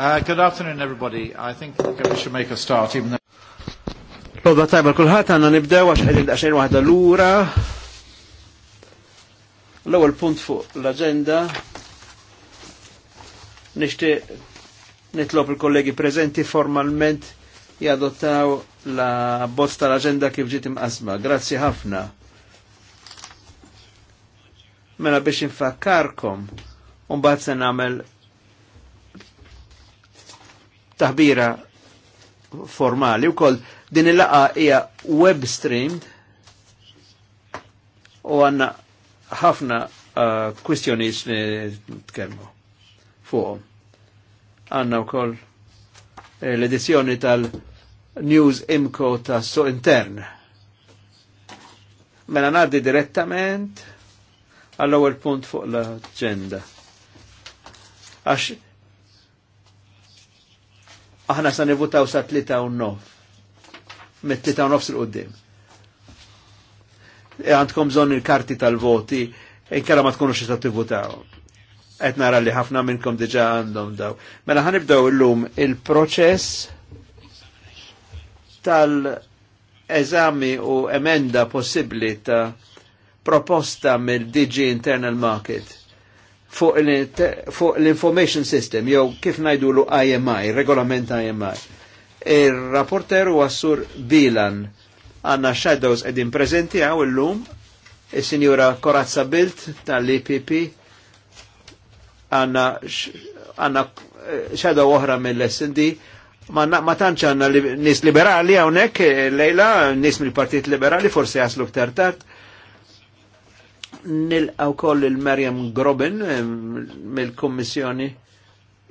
Uh, good afternoon, everybody. I think we should make a start, even though... Loba tajba għanna nibdew għax għedin l-ura. L-ewel punt fuq l-agenda. Nishti nitlob il-kollegi prezenti formalment jadottaw la bosta l-agenda kif ġiet imqasma. Grazzi ħafna. Mela biex infakkarkom, un bat se namel taħbira formali u koll din il-laqa hija web streamed u għanna ħafna uh, kwistjonist li tkellmu fuqhom. Għanna wkoll eh, l-edizzjoni tal-News Imco ta' so intern. Mela ngħaddi direttament għall-ewwel punt fuq l-aġenda. Għax aħna sa nivutaw sa tlita u nof. Mit tlita u nof sil-qoddim. E għandkom e zon il-karti tal-voti, inkella ma tkunux xista tivutaw. Et nara li ħafna minnkom diġa għandhom daw. Mela ħanibdaw illum il-proċess tal-eżami u emenda possibli ta' proposta mill-DG Internal Market fuq l-Information System, jew kif najdu l IMI, regolament IMI. Il-rapporter u għassur Bilan, għanna Shadows edin prezenti għaw il-lum, il-Sinjura Korazza Bilt tal-IPP, għanna għanna eh, Shadow oħra mill-SD, ma, tantx tanċ għanna nis liberali għawnek, eh, lejla, nis mill-Partit Liberali, forse jaslu ktar tard nilqaw koll il-Marjam Grobin mill-Kommissjoni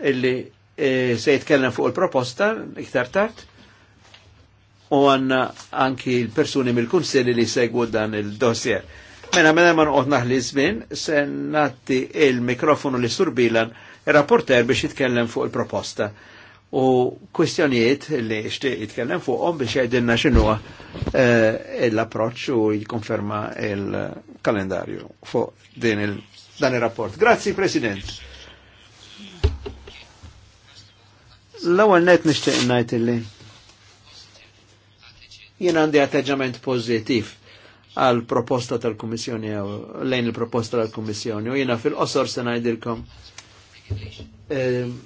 illi e, se jitkellem fuq il-proposta iktar tard u għanna anki l-persuni mill-Kunsilli li segwu dan il-dossier. Mena mena ma nqot naħli żmien se natti il-mikrofonu li surbilan il-rapporter biex jitkellem fuq il-proposta u kwestjonijiet li xti jitkellem fuqhom biex jgħidilna x'inhuwa e, l-approċċ u jikonferma il- kalendarju fuq din il dan il-rapport. Grazzi, President. L-ewwel net nixtieq ngħid illi jien għandi atteġġament pożittiv għal proposta tal-Kummissjoni lejn il-proposta tal-Kummissjoni u jiena fil-qosor se ngħidilkom ehm,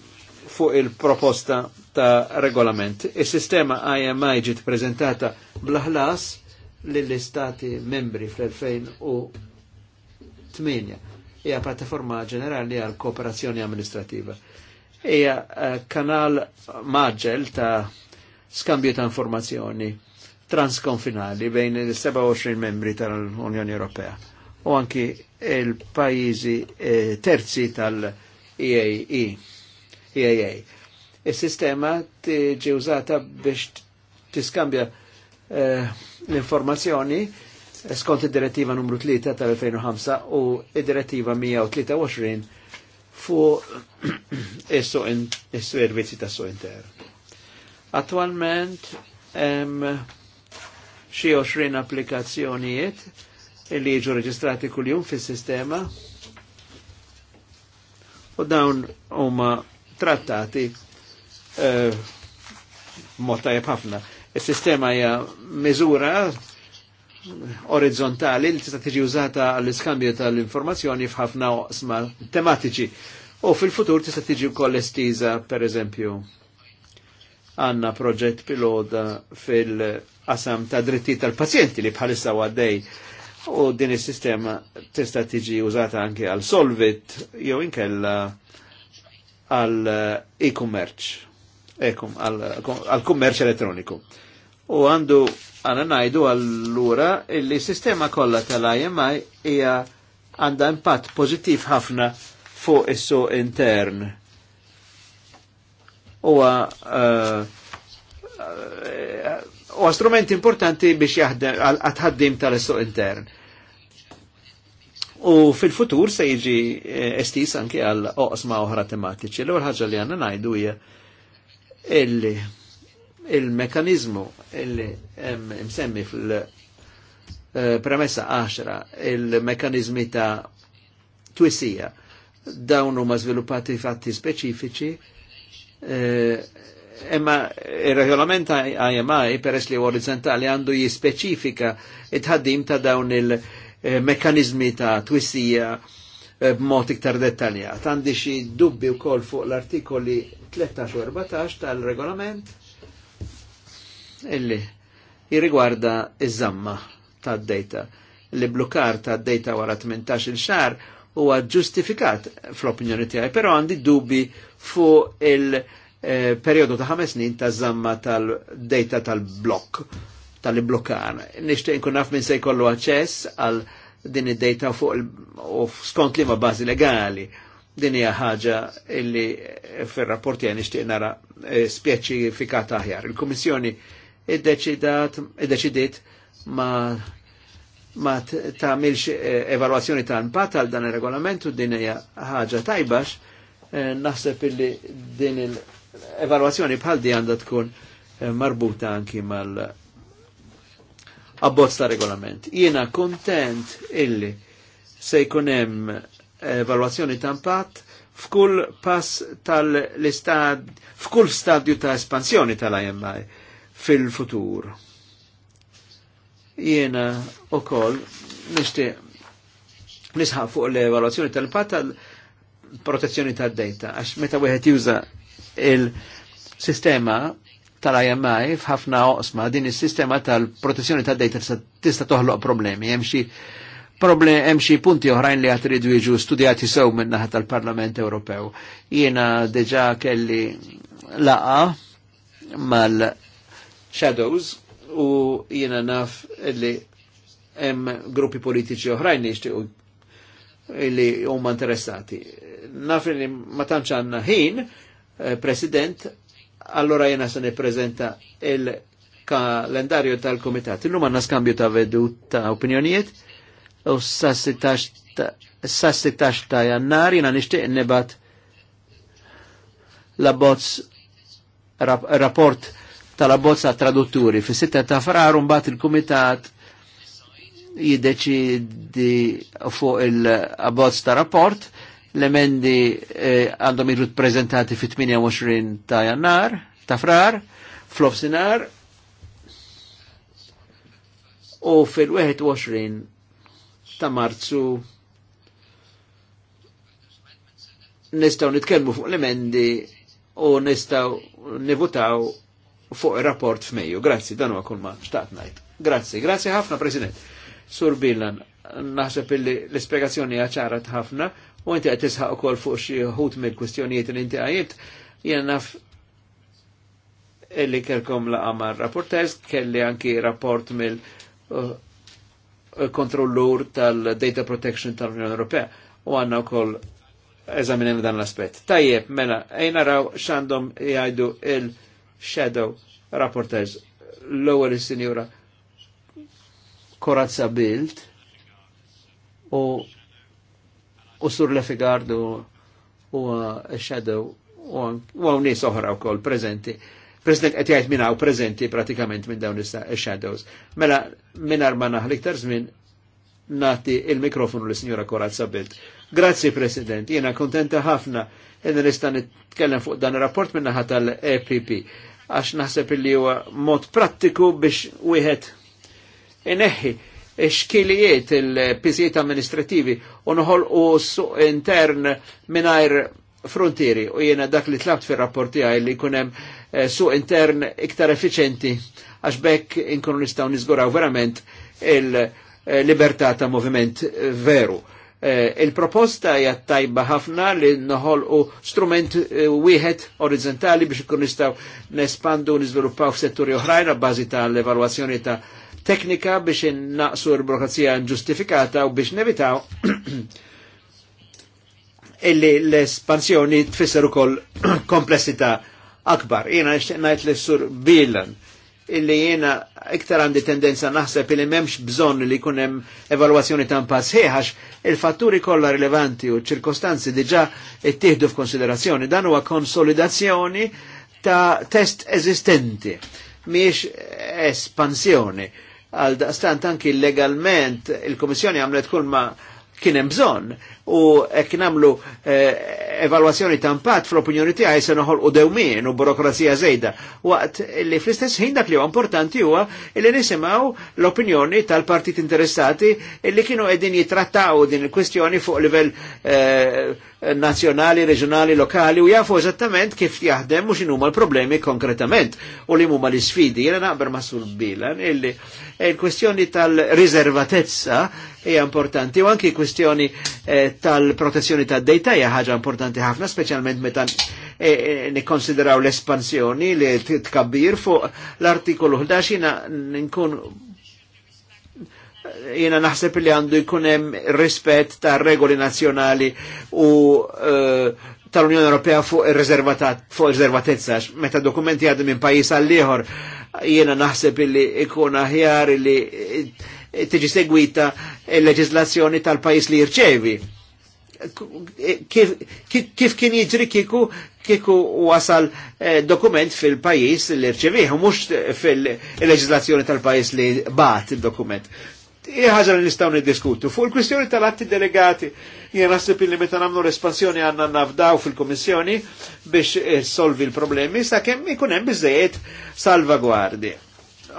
fuq il-proposta ta' regolament. Is-sistema IMI ġiet preżentata bl-ħlas l istati membri fl-2008. Hija pjattaforma ġenerali għal kooperazzjoni amministrativa. Hija eh, kanal maġġel ta' skambju ta' informazzjoni transkonfinali bejn il-27 membri tal-Unjoni Ewropea u anki il-pajizi eh, terzi tal-EAE. EAA. Il-sistema tiġi użata biex tiskambja Eh, l-informazzjoni eh, skont id-direttiva numru 3 tal-2005 u id-direttiva 123 fuq is-servizzi tas su inter. Attualment hemm xi 20 applikazzjonijiet li jiġu reġistrati kuljum fis-sistema u dawn huma trattati uh, mod tajjeb ħafna il sistema hija miżura orizzontali li tista' tiġi użata għall-iskambju tal-informazzjoni f'ħafna oqsma tematiċi. U fil-futur tista' tiġi wkoll estiża pereżempju għandna proġett pilota fil-qasam ta' dritti tal-pazjenti li bħalissa għaddej u din is-sistema tista' tiġi użata anke għal solvit jew inkella għal e-commerce għal-kummerċ elettroniku. U għandu għana najdu għallura illi sistema kollha tal-IMI hija għandha impatt pożittiv ħafna fuq is-su intern. Huwa eh, eh, u strumenti importanti biex jaħdem għatħaddim tal-suq intern. U fil-futur se jiġi eh, estis anki għal oqsma oħra tematiċi. L-ewwel ħaġa li għandna najdu hija illi il-mekanizmu illi msemmi fil-premessa eh, 10 il-mekanizmi ta' twissija dawn huma żviluppati fatti speċifiċi eh, imma il-regolament IMI peress li orizzontali għandu jispeċifika it-ħaddim ta' dawn il-mekanizmi ta' twissija eh, b'mod iktar dettaljat. Għandi xi dubbi wkoll fuq l-artikoli 13 u 14 tal-regolament illi jirrigwarda iż-żamma tad-data. Li blukar tad-data wara 18 xar huwa ġustifikat fl-opinjoni tiegħi, però għandi dubi fuq il-perjodu eh, ta' ħames snin ta' żamma tal-data tal-blok tal-blokkar. Nishtiq nkun naf minn se jkollu aċċess għal din id-data fuq skont li ma bażi legali din hija ħaġa illi fir rapporti għan nixtieq nara eh, spjeċifikata aħjar. Il-Kummissjoni iddeċidiet ma ma tagħmilx eh, evalwazzjoni ta' impatt għal dan ir-regolamentu din hija ħaġa tajbax, eh, naħseb illi din il-evalwazzjoni bħal di għandha tkun marbuta anki mal abbozz ta' regolament. Jiena kontent illi se jkun hemm evaluazzjoni ta' impatt f'kull pass tal-istad, f'kull stadju ta' espansjoni tal-IMI fil-futur. Jiena u koll nishti nisħab fuq l-evaluazzjoni tal-impatt tal-protezzjoni tad-data, għax meta wieħed juża il-sistema tal-IMI f'ħafna oqsma din is-sistema tal-protezzjoni tad-data tista' toħloq problemi, hemm xi problem hemm xi punti oħrajn li qed iridu jiġu studjati sew min-naħa tal-Parlament Ewropew. Jiena deġa kelli laqa mal-Shadows u jiena naf li hemm gruppi politiċi oħrajn nixtiequ li huma interessati. Naf li ma tantx għandna ħin, eh, President, allora jena se nippreżenta il-kalendarju tal-Komitat. Illum għandna skambju ta' vedut ta' opinjonijiet u s 16 ta' jannar jina nishtiq nibat la bozz rapport tal ta' tradutturi. Fi sitta ta' frar bat il-Kumitat jiddeċidi fuq il-abbozz ta' rapport l-emendi eh, għandhom eh, irrut prezentati fi 28 ta' jannar, ta' frar, flofsinar, u fil-21 ta' marzu nistaw nitkellmu fuq l-emendi u nistaw nivutaw fuq il-rapport f'Mejju. Grazzi, dan huwa kulma. ma xtaqt ngħid. Grazzi, grazzi ħafna President. Sur Billan, naħseb illi l-ispjegazzjoni ċarat ħafna u inti qed tisħaq ukoll fuq xi ħut mill-kwistjonijiet li inti għajiet, jien naf illi kelkom la għamar rapportez, kelli anki rapport mill kontrollur tal-Data Protection tal-Unjoni Ewropea u għanna u koll eżaminin dan l-aspet. Tajjeb, mela, ejna raw xandom jgħajdu il-Shadow Rapporters l ewel il sinjura Korazza Bild u u Sur Lefigardu u uh, Shadow u għaw nis oħra u koll prezenti. Uh, President qed jgħid minn hawn preżenti pratikament minn dawn is-shadows. Mela mingħajr ma naħli iktar żmien nagħti il-mikrofonu lis sinjora Korazza Bilt. Grazzi President, jiena kontenta ħafna li nista' nitkellem fuq dan ir-rapport minn naħa tal-EPP għax naħseb li huwa mod prattiku biex wieħed ineħħi xkilijiet il-pizijiet amministrativi u noħol u intern minn frontieri u jiena dak li tlabt fir rapporti għaj li kunem eh, su intern iktar efficienti għax bekk inkunu nistaw nizguraw verament il-libertà eh, ta' moviment veru. Eh, il-proposta hija tajba ħafna li noħol u strument wieħed orizzontali biex ikun nistaw nespandu u niżviluppaw f'setturi oħrajn bażi tal-evalwazzjoni ta' teknika biex naqsu l-burokrazija ġustifikata u biex nevitaw illi l-espansjoni tfisser ukoll komplessità akbar. Jena nixtieq ngħid li sur Bilan illi jiena iktar għandi tendenza naħseb li m'hemmx bżonn li jkun hemm evalwazzjoni ta' impass il-fatturi kollha rilevanti u ċirkostanzi diġà ttieħdu f'konsiderazzjoni dan huwa konsolidazzjoni ta' test eżistenti miex espansjoni għal daqstant anki legalment il-Komissjoni għamlet kull ma kien hemm bżonn u hekk nagħmlu eh, evalwazzjoni ta' impatt fl-opinjoni tiegħi se noħolqu dewmien u burokrazija żejda. Waqt li fl-istess ħin dak li huwa importanti huwa li nisimgħu l-opinjoni tal-partit interessati li kienu qegħdin jitrattaw din il-kwestjoni fuq livell eh, nazzjonali, reġjonali, lokali u jafu eżattament kif jaħdem u x'inhuma l-problemi konkretament u li huma l-isfidi. Jiena naqber ma' Sur Bilan illi il-kwestjoni tal-riservatezza hija importanti u anki kwestjoni eh, tal-protezzjoni tad-dejta hija ħaġa importanti ħafna, speċjalment meta eh, eh nikkonsideraw l-espansjoni li tkabbir fuq l-artikolu 11 jina nkun jena naħseb li għandu hemm rispett ta' regoli nazjonali u eh, tal-Unjoni Ewropea fuq il-rezervatezza, meta dokumenti għadu minn pajis għall-liħor, jena naħseb li ikun aħjar li Eh, tiġi segwita il-leġislazzjoni tal-pajis li jirċevi. Kif, kien jiġri kiku kiku wasal eh, dokument fil-pajis li rċeviħu, mux fil-leġislazzjoni tal-pajis li bat il-dokument. Iħħaġa li nistaw diskutu Fu l kwistjoni tal-atti delegati, s nasib li meta namlu l-espansjoni għanna nafdaw fil-komissjoni biex eh, solvi l-problemi, sa' kemmi ikun hemm salvaguardi.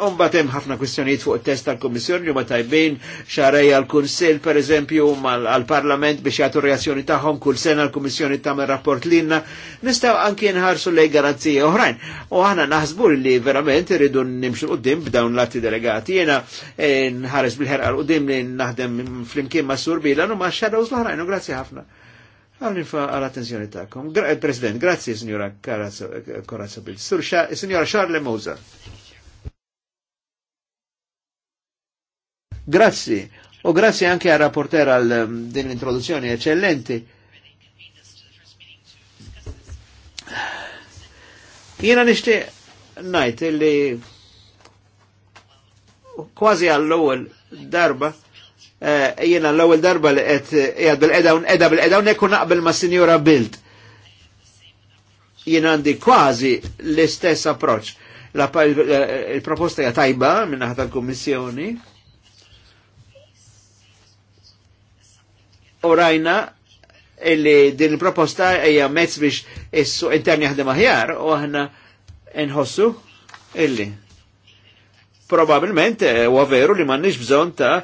Umbat hemm ħafna kwistjonijiet fuq it-test tal-Kummissjoni li ma tajbin għal-Kunsil, per pereżempju għal parlament biex jagħtu reazzjoni taħħom kull sena l-Kummissjoni tagħmel rapport l-inna, nistgħu anki nħarsu lej garanzija oħrajn. U aħna naħsbu li verament irridu nimxu qudiem b'dawn l-atti delegati. Jiena eh, nħares bil għal qudiem li naħdem flimkien ma' surbila, Bilan u ma' xadows l-oħrajn u grazzi ħafna. Għalni fa għal-attenzjoni taħkom. Eh, President, grazzi signora Corazza Bil. Signora Charles Moser. Grazzi, u grazzi anche għal rapporter al, ehm, din l eccellenti. Jena nishti najt li kważi għall-ewwel darba eh, jena l-ewwel darba li qed qiegħed bil-qeda un qeda bil-qeda un nekku naqbel ma' Sinjora Bilt. Jien għandi kważi l-istess approċċ. Eh, il-proposta hija tajba minn naħa tal-Kummissjoni Orajna illi din il-proposta hija mezz biex issu interni jaħdem aħjar u aħna nħossu illi. Probabilment eh, huwa veru li m'għandniex bżonn ta'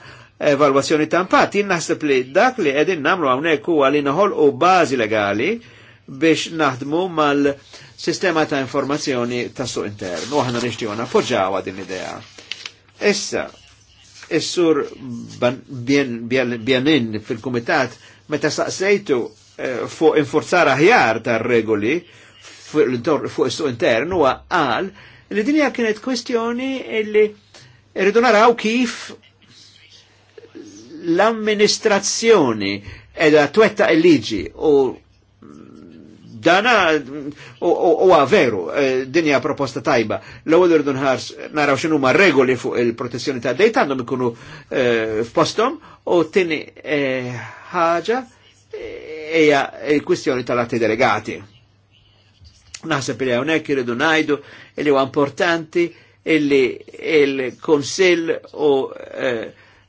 evalwazzjoni ta' impatt. Jien naħseb li dak li qegħdin nagħmlu hawnhekk huwa li u bażi legali biex naħdmu mal-sistema ta' informazzjoni ta' suq intern. U aħna nixtiju appoġġawha din idea Issa, Is-sur Bjanin fil-Kumitat meta saqsejtu eh, fuq infurzar aħjar tar-regoli fuq is-suq intern u għal li dinja kienet kwestjoni li rridu naraw kif l-amministrazzjoni edha twetta il-liġi u dana u veru, eh, dinja proposta tajba. L-ewwel irdu nħars naraw x'inhu ma regoli fuq il-protezzjoni ta' dejt għandhom ikunu eh, f'postom u tini eh, ħaġa hija l-kwistjoni tal-atti delegati. Naħseb li hawnhekk iridu ngħidu li huwa importanti illi il konsil u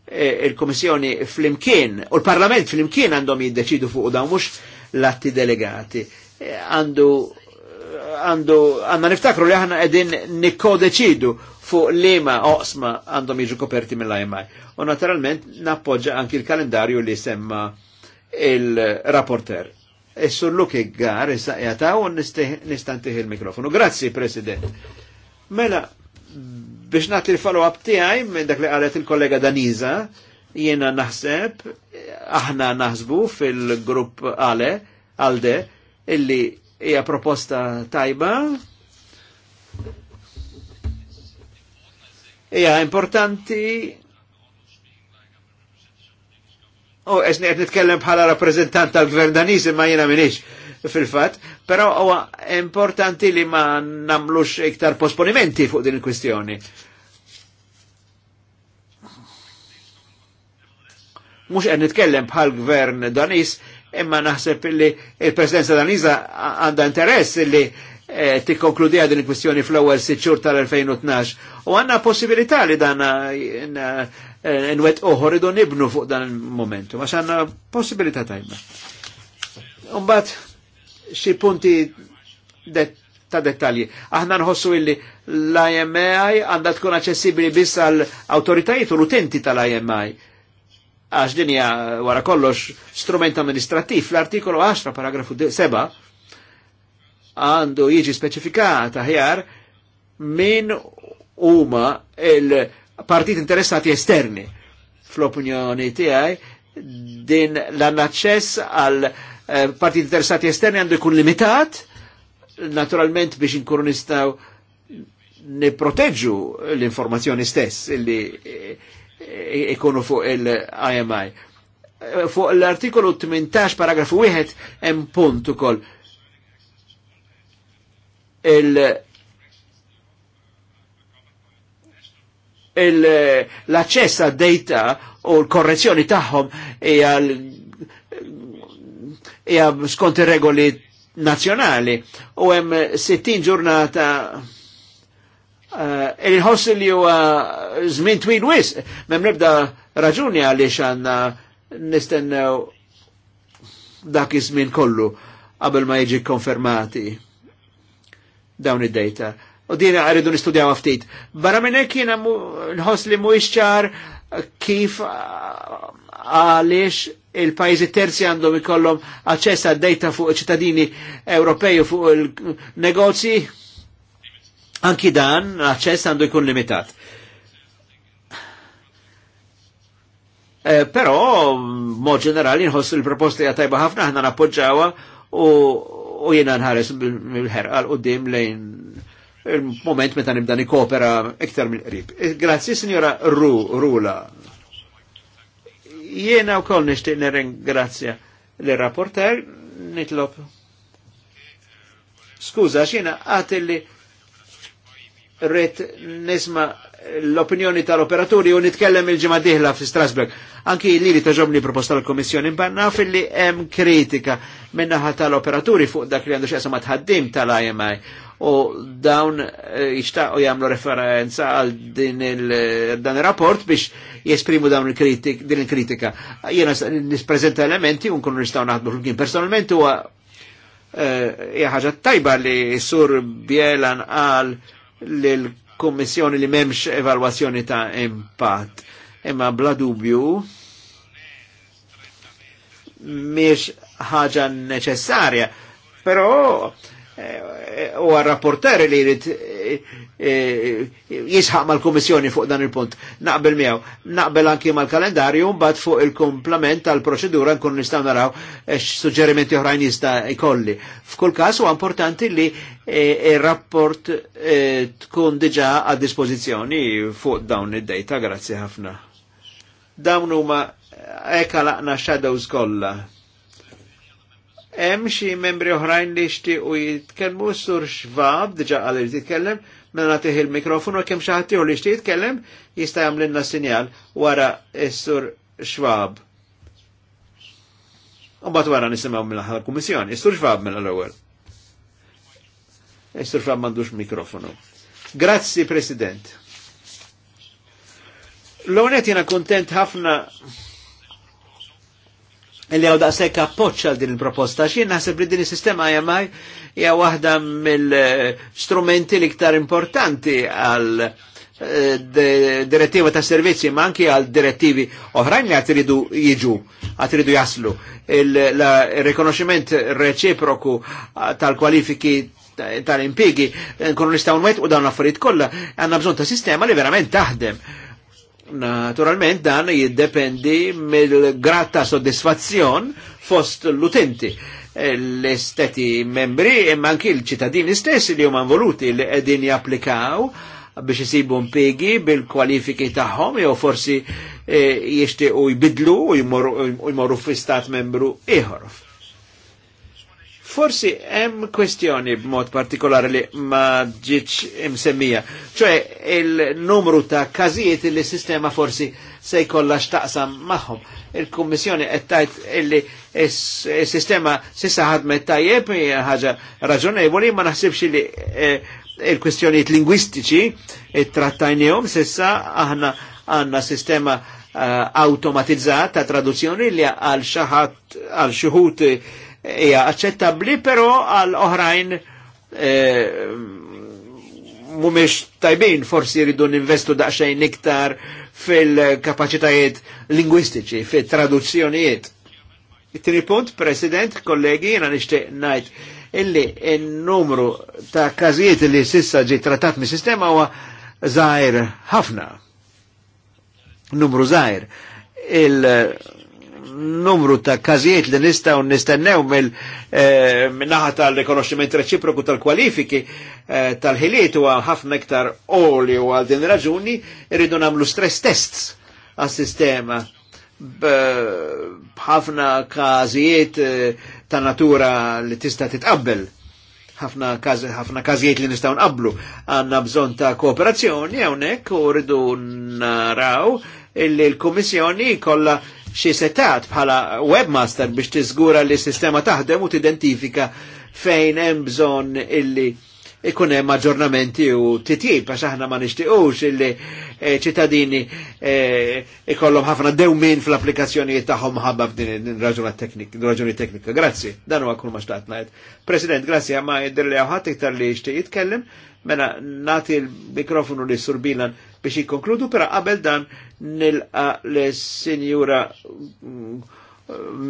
il-Komissjoni fl-imkien u l-Parlament fl-imkien għandhom jiddeċidu fuq dawn mhux l-atti delegati għandu għandu għanna niftakru li għanna għedin nikkodeċidu fuq lema oqsma għandhom jiġu koperti mill-IMI. U naturalment nappoġġa anki il-kalendarju li semma il-rapporter. Issur Luki Gar, issa jataw, nistantih il-mikrofonu. Grazzi, President. Mela, biex nagħti l-follow-up tijaj, minn dak li qalet il-kollega Daniza, jiena naħseb, aħna naħsbu fil-grupp għale, għalde, illi hija proposta tajba. Hija importanti u esni qed nitkellem bħala rappresentant tal-gvern Danis imma jiena minix fil-fatt, però huwa importanti li ma namlux iktar posponimenti fuq din il-kwistjoni. Mhux qed nitkellem bħal gvern Danis, imma naħseb li il-presidenza daniza għanda interess li eh, ti konkludija din il-kwistjoni fl-ewwel siċċur tal-2012 u għandna possibilità li dan eh, nwet oħor idu nibnu fuq dan il-momentu, għax għandna possibilità tajma. Umbat, xi punti ta' dettalji. Aħna nħossu illi l-IMI għandha tkun aċċessibbli biss għall autoritajiet u l-utenti tal-IMI għax dinja wara kollox strument amministrativ. L-artikolu 10 paragrafu 7 għandu jieġi speċifikata ħjar min huma il-partit interessati esterni. Fl-opinjoni tiegħi din l-annaċċess għal eh, partit interessati esterni għandu jkun limitat, naturalment biex inkunu nistaw niproteġu l-informazzjoni stess illi eh, ikunu fuq il-IMI. Fuq l-artikolu 18 paragrafu 1 hemm punt ukoll il- l-access data u l-korrezzjoni tagħhom hija hija skont ir-regoli nazzjonali u hemm 60 ġurnata Eh, Il-ħoss li ju zmin twin wis, mem nibda raġuni għalix għanna nistennew dak iż-żmien kollu qabel ma jiġi konfermati dawn id-dejta. U din għaridu nistudjaw ftit. Barra minn hekk jiena nħoss li mhuwiex ċar kif eh, għaliex il-pajzi terzi għandhom ikollhom aċċess għad-dejta fuq ċittadini Ewropej fuq il-negozji Anki dan, l-aċċess għandu jkun limitat. Eh, però, mod ġenerali, nħoss il-proposta hija tajba ħafna, ħna nappoġġawha u, u jiena nħares mill ħer għal qudiem lejn il-moment meta nibda nikopera iktar mill-qrib. Eh, grazzi, signora Ru, Rula. Jiena wkoll nixtieq ringrazzja l-rapporter Nitlop. Skuża, xina għatilli li rrit nisma l-opinjoni tal-operaturi u nitkellem il-ġimma diħla fi Strasburg. Anki li li taġobni proposta l-Komissjoni, mbanna fil-li hemm kritika minnaħat tal-operaturi fuq dak li għandu xesam tħaddim tal-IMI u dawn eh, u jamlu referenza għal din il-dan il-rapport biex jesprimu dawn il-kritik, din il-kritika. Jena nisprezenta elementi unkun nistaw naħdmu l kien personalment u eh, ħaġa tajba li sur Bielan għal l-Kommissjoni li memx evalwazzjoni ta' impatt. Imma bla dubju, miex ħaġa neċessarja, Pero, u e, e, li jrid Eh, eh, jisħaq mal-Komissjoni fuq dan il-punt. Naqbel miegħu, naqbel anki mal-kalendarju mbagħad fuq il-komplement tal-proċedura nkun nistgħu naraw eh, suġġerimenti oħrajn jista' jkolli. F'kull każ huwa importanti li ir-rapport tkun diġà għad dispożizzjoni fuq dawn id-dejta, grazzi ħafna. Dawn huma hekk laqna shadows kollha Hemm xi membri oħrajn li xtiequ jitkellmu sur xvab diġà qal jitkellem, mela nagħtih il-mikrofonu kemm xi ħadd li xtieq jitkellem jista' jagħmlilna sinjal wara s-sur xvab. mbagħad wara nisimgħu mill-aħħar kummissjoni, is-sur xvab l mela ewwel Is-sur eh, xvab m'għandux mikrofonu. Grazzi President. L-għonet jena kontent ħafna li għaw daqsek għal din il-proposta. Xien naħseb li din il-sistema IMI hija waħda mill-strumenti l-iktar importanti għal eh, direttiva ta' servizzi ma anki għal direttivi oħrajn li għatridu jiġu, għatridu jaslu. Il-rekonoximent reċiproku eh, tal-kwalifiki tal-impigi, eh, nkunu nistaw nwet u dawn affarijiet kollha, għandna bżonn ta' sistema li verament taħdem Naturalment dan jiddependi mill-gratta soddisfazzjon fost l-utenti e, l-esteti membri imma e anki l-ċittadini stessi li huma involuti li qegħdin japplikaw biex jisibu impigi bil-kwalifiki taħħom jew forsi e, u jbidlu u jmorru fi stat membru ieħor Forsi hemm kwestjoni b'mod partikolari li ma ġitx imsemmija, ċoe il-numru ta' kazijiet li sistema forsi se jkollha x'taqsam magħhom. Il-Kummissjoni qed tgħid li s sistema sissa ħadmet tajjeb ħaġa raġonevoli ma naħsibx li eh, il-kwestjonijiet lingwistiċi trattajnihom sissa aħna għandna sistema eh, automatizzat ta' traduzzjoni li għal xaħat għal xuħut hija aċċettabbli, però għal oħrajn eh, mhumiex tajbin forsi jridu ninvestu daqsxejn iktar fil-kapaċitajiet lingwistiċi, fil-traduzzjonijiet. it punt, President, kollegi, jena nixtieq ngħid illi n-numru ta' każijiet li sissa ġi trattat mis-sistema huwa żgħir ħafna numru zaħir. Il numru ta' kazijiet li nistaw nistennew mill eh, tal-rikonoxximent reċiproku tal-kwalifiki eh, tal-ħiliet u ħafna iktar oli u għal din raġuni irridu namlu stress tests għas-sistema b'ħafna kazijiet eh, ta' natura li tista' titqabbel ħafna każijiet li nistgħu nqablu għandna bżonn ta' kooperazzjoni hawnhekk u rridu naraw illi l-Kummissjoni kollha xi setat bħala webmaster biex tiżgura li s-sistema taħdem u tidentifika fejn hemm bżonn illi ikun hemm aġġornamenti u titjib għax aħna ma nixtiequx illi eh, ċittadini eh, ikollhom ħafna dewmin fl-applikazzjonijiet tagħhom ħabba f'din raġuni teknika. Grazzi, dan huwa kull ma xtaqt ngħid. President, grazzi ma jidher li ħadd iktar li jixtieq jitkellem, mela nagħti l-mikrofonu li surbilan biex jikonkludu, pera qabel dan nilqa l-Sinjura mm,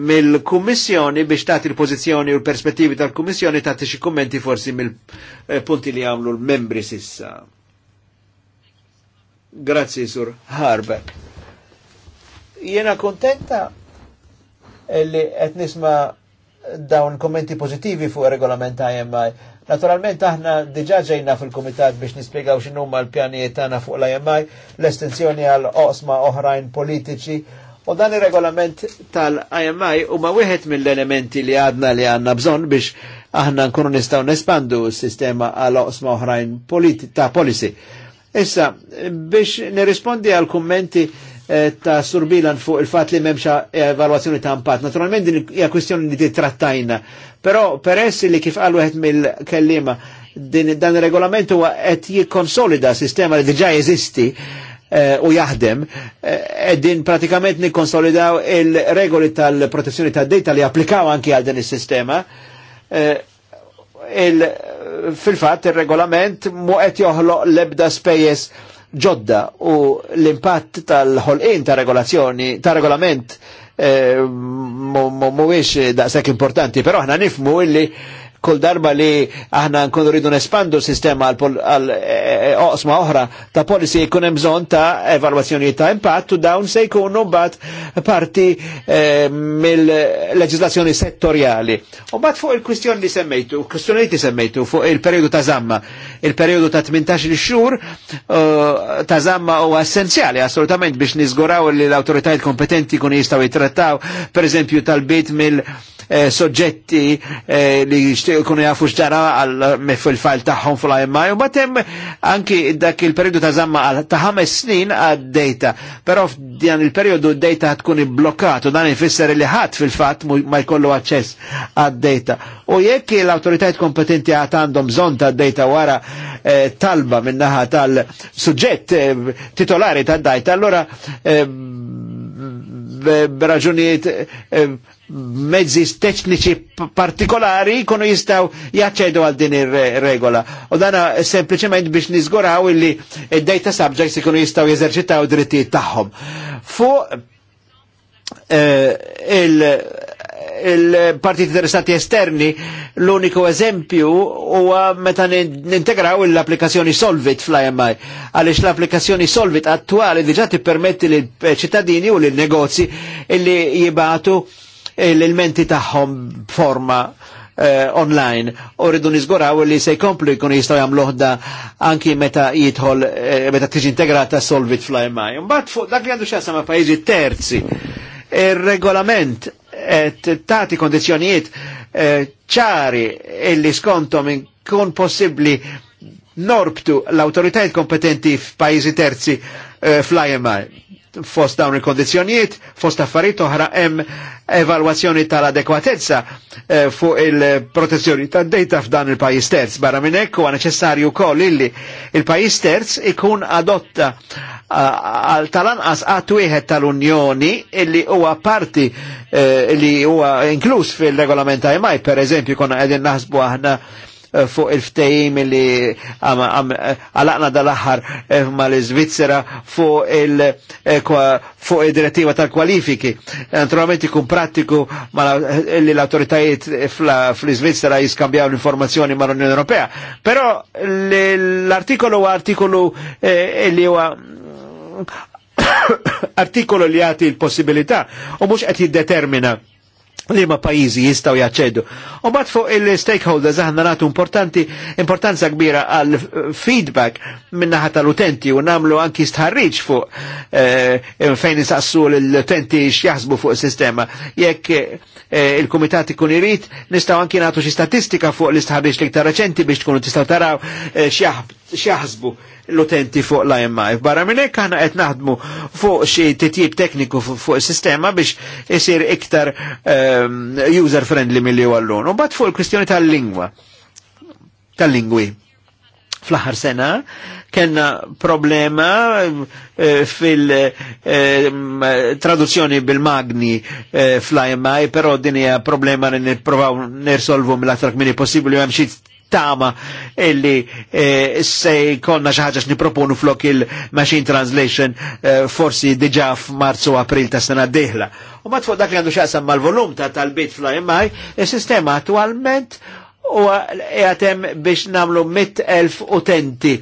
mill-Kummissjoni biex tagħti l-pożizzjoni u l-perspettivi tal-Kummissjoni tagħti xi kummenti forsi mill-punti li għamlu l-membri sissa. Grazzi, Sur Harber. Jena kontenta li qed nisma' dawn kommenti pożittivi fuq regolament IMI Naturalment aħna diġa ġejna fil-Kumitat biex nispjegaw x'inhuma l-pjanijiet tagħna fuq l-IMI, l-estensjoni għal oqsma oħrajn politiċi U dan il-regolament tal-IMI huma wieħed mill-elementi li għadna li għanna bżonn biex aħna nkunu nistgħu nespandu s-sistema għal oqsma oħrajn ta' policy. Issa, biex nirrispondi għal kummenti Eh, ta' surbilan fuq il-fat li memxa evaluazzjoni ta' impatt. Naturalment din hija kwestjoni li titrattajna. Però peress li kif qal wieħed mill-kellima din dan ir-regolament huwa qed jikkonsolida sistema li diġà jeżisti eh, u jaħdem, eh, din pratikament nikkonsolidaw il-regoli tal-protezzjoni tad-data li applikaw anki għal din is-sistema fil-fat il-regolament mu qed joħloq l-ebda spejjeż ġodda u l-impatt tal-ħolqin ta' regolazzjoni, ta' regolament eh, mhuwiex daqshekk importanti, però aħna nifmu illi kull darba li aħna nkunu rridu nespandu sistema għal e, e, e, oqsma oħra ta' policy jkun hemm bżonn ta' evalwazzjoni ta' impatt u dawn se jkunu mbagħad parti mill-leġislazzjoni settorjali. U mbagħad fuq il-kwistjoni li semmejtu, kwistjoni li semmejtu fuq il-perjodu ta' zamma, il-perjodu ta' 18 xhur uh, ta' zamma u essenzjali assolutament biex niżguraw li l-awtoritajiet kompetenti kun jistgħu jittrattaw, per eżempju tal-bit mill-soġġetti eh, eh, li jishtiqu kunu jafu xġara għal fil-fajl taħħom fl-IMI u batem anki dak il-periodu ta' zamma għal taħħam ħames snin għad-data. Pero f'dan il-periodu d-data tkun iblokkat u dan jfisser li ħadd fil fat ma jkollu aċċess għad-data. U jekk l autoritajt kompetenti għat għandhom bżon ta' data wara eh, talba minnaħa tal-suġġett eh, titolari ta' data, allora eh, b-raġunijiet mezzi tekniċi partikolari kunu jistaw jaċċedu għal din ir-regola. U dana sempliciment biex nizguraw illi id-data subjects ikunu jistaw jeżerċitaw drittijiet tagħhom. Fuq eh, il-partiti interessati esterni l-uniku eżempju huwa meta nintegraw l-applikazzjoni Solvit fl-IMI għaliex l-applikazzjoni Solvit attuali diġa permetti lill eh, ċittadini u l negozji illi jibatu E l-elementi taħħom forma uh, eh, online u rridu nizguraw li se jkomplu jkun jistaw jagħmluh anki meta jitħol, uh, eh, meta tiġi integrata solvit fl-IMI. Mbagħad fuq dak li għandu x'għasam ma' pajjiżi terzi. il regolament et tati kondizzjonijiet eh, ċari eh, illi skontom kun possibli norbtu l autoritajt kompetenti f'pajjiżi terzi eh, fl-IMI fost dawn il-kondizjonijiet, fost affarijiet oħra hemm evalwazzjoni tal-adekwatezza eh, fuq il-protezzjoni ta' data f'dan il-pajjiż terz. Barra minn hekk huwa neċessarju wkoll illi il-pajjiż terz ikun adotta eh, tal-anqas għat wieħed tal-Unjoni illi huwa parti eh, illi huwa inkluż fil-regolament IMI, per eżempju, konna qegħdin naħsbu aħna Eh, fuq il-ftejim li għalaqna dal-axar eh, ma l-Svizzera fuq il-direttiva eh, tal-kwalifiki. Naturalment ikun pratiku li l-autoritajiet fl-Svizzera jiskambjaw l-informazzjoni ma l-Unjoni Ewropea. Però l-artikolu u artikolu li huwa artikolu li għati l-possibilità u mux għet jiddetermina li ma pajizi jistaw jaċċedu. U bat fuq il-stakeholders aħna natu importanti, importanza kbira għal feedback minnaħat tal-utenti u namlu anki stħarriċ fuq eh, fejn nisassu l-utenti xjaħsbu fuq il-sistema. Jekk eh, il komitati ikun irrit, nistaw anki natu xi statistika fuq l-istħarriċ li iktar reċenti biex tkunu tistaw taraw eh, xjaħsbu l-utenti fuq l-IMI. Barra minn hekk aħna qed naħdmu fuq xi titjib tekniku fuq is-sistema biex isir iktar Um, user friendly mill-li għallun. U bat fuq il-kwistjoni tal-lingwa, tal-lingwi. fl ħar sena kena problema fil-traduzzjoni eh, eh bil-magni eh, fl-IMI, però din problema li nirsolvu mill-attrak minni possibbli u hemm Tama illi eh, se konna xaħġax niproponu flok il-machine translation eh, forsi diġa f'Marzu April ta' sena diħla. U mat dak li għandu xaqsam mal-volum ta' tal-bit fl-IMI, il-sistema attualment u għatem biex namlu 100.000 utenti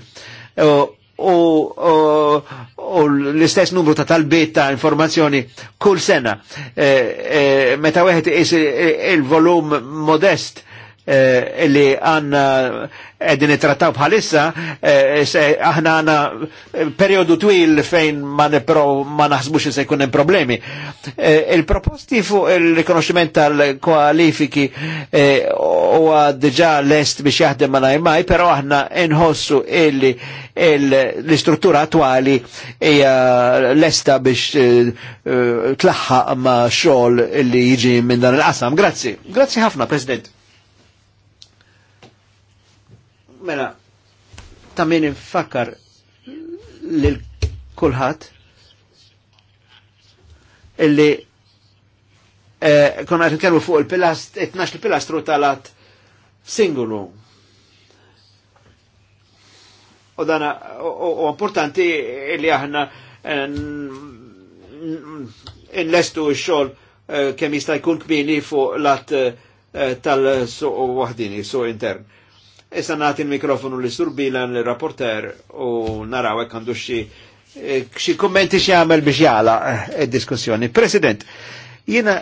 u, u, l-istess numru ta' talbiet ta' informazzjoni kull sena. Eh, meta weħet is il-volum modest eh, li għanna edin nitrattaw bħalissa, eh, aħna għanna eh, periodu twil fejn ma, nepro, ma naħsbux se jkun problemi. Eh, il-proposti fuq il-rikonoxximent tal-kwalifiki u diġa lest biex jaħdem ma najmaj, pero aħna nħossu illi l-istruttura attuali hija lesta biex tlaħħaq ma xogħol li jiġi minn dan il-qasam. Grazzi, grazzi ħafna, President. Mela, ta' min infakkar lil kulħadd illi eh, konna qed nitkellmu fuq il-pilast etnax il pilastru talat singulu. U dana u importanti illi aħna inlestu eh, x-xogħol eh, kemm jista' jkun kmini fuq l-att eh, tal-suq u waħdini, suq intern Issa nagħti il mikrofonu li sur Bilan l-rapporter u naraw hekk għandu xi eh, xi kummenti xi jagħmel biex jala eh, il diskussjoni President, jina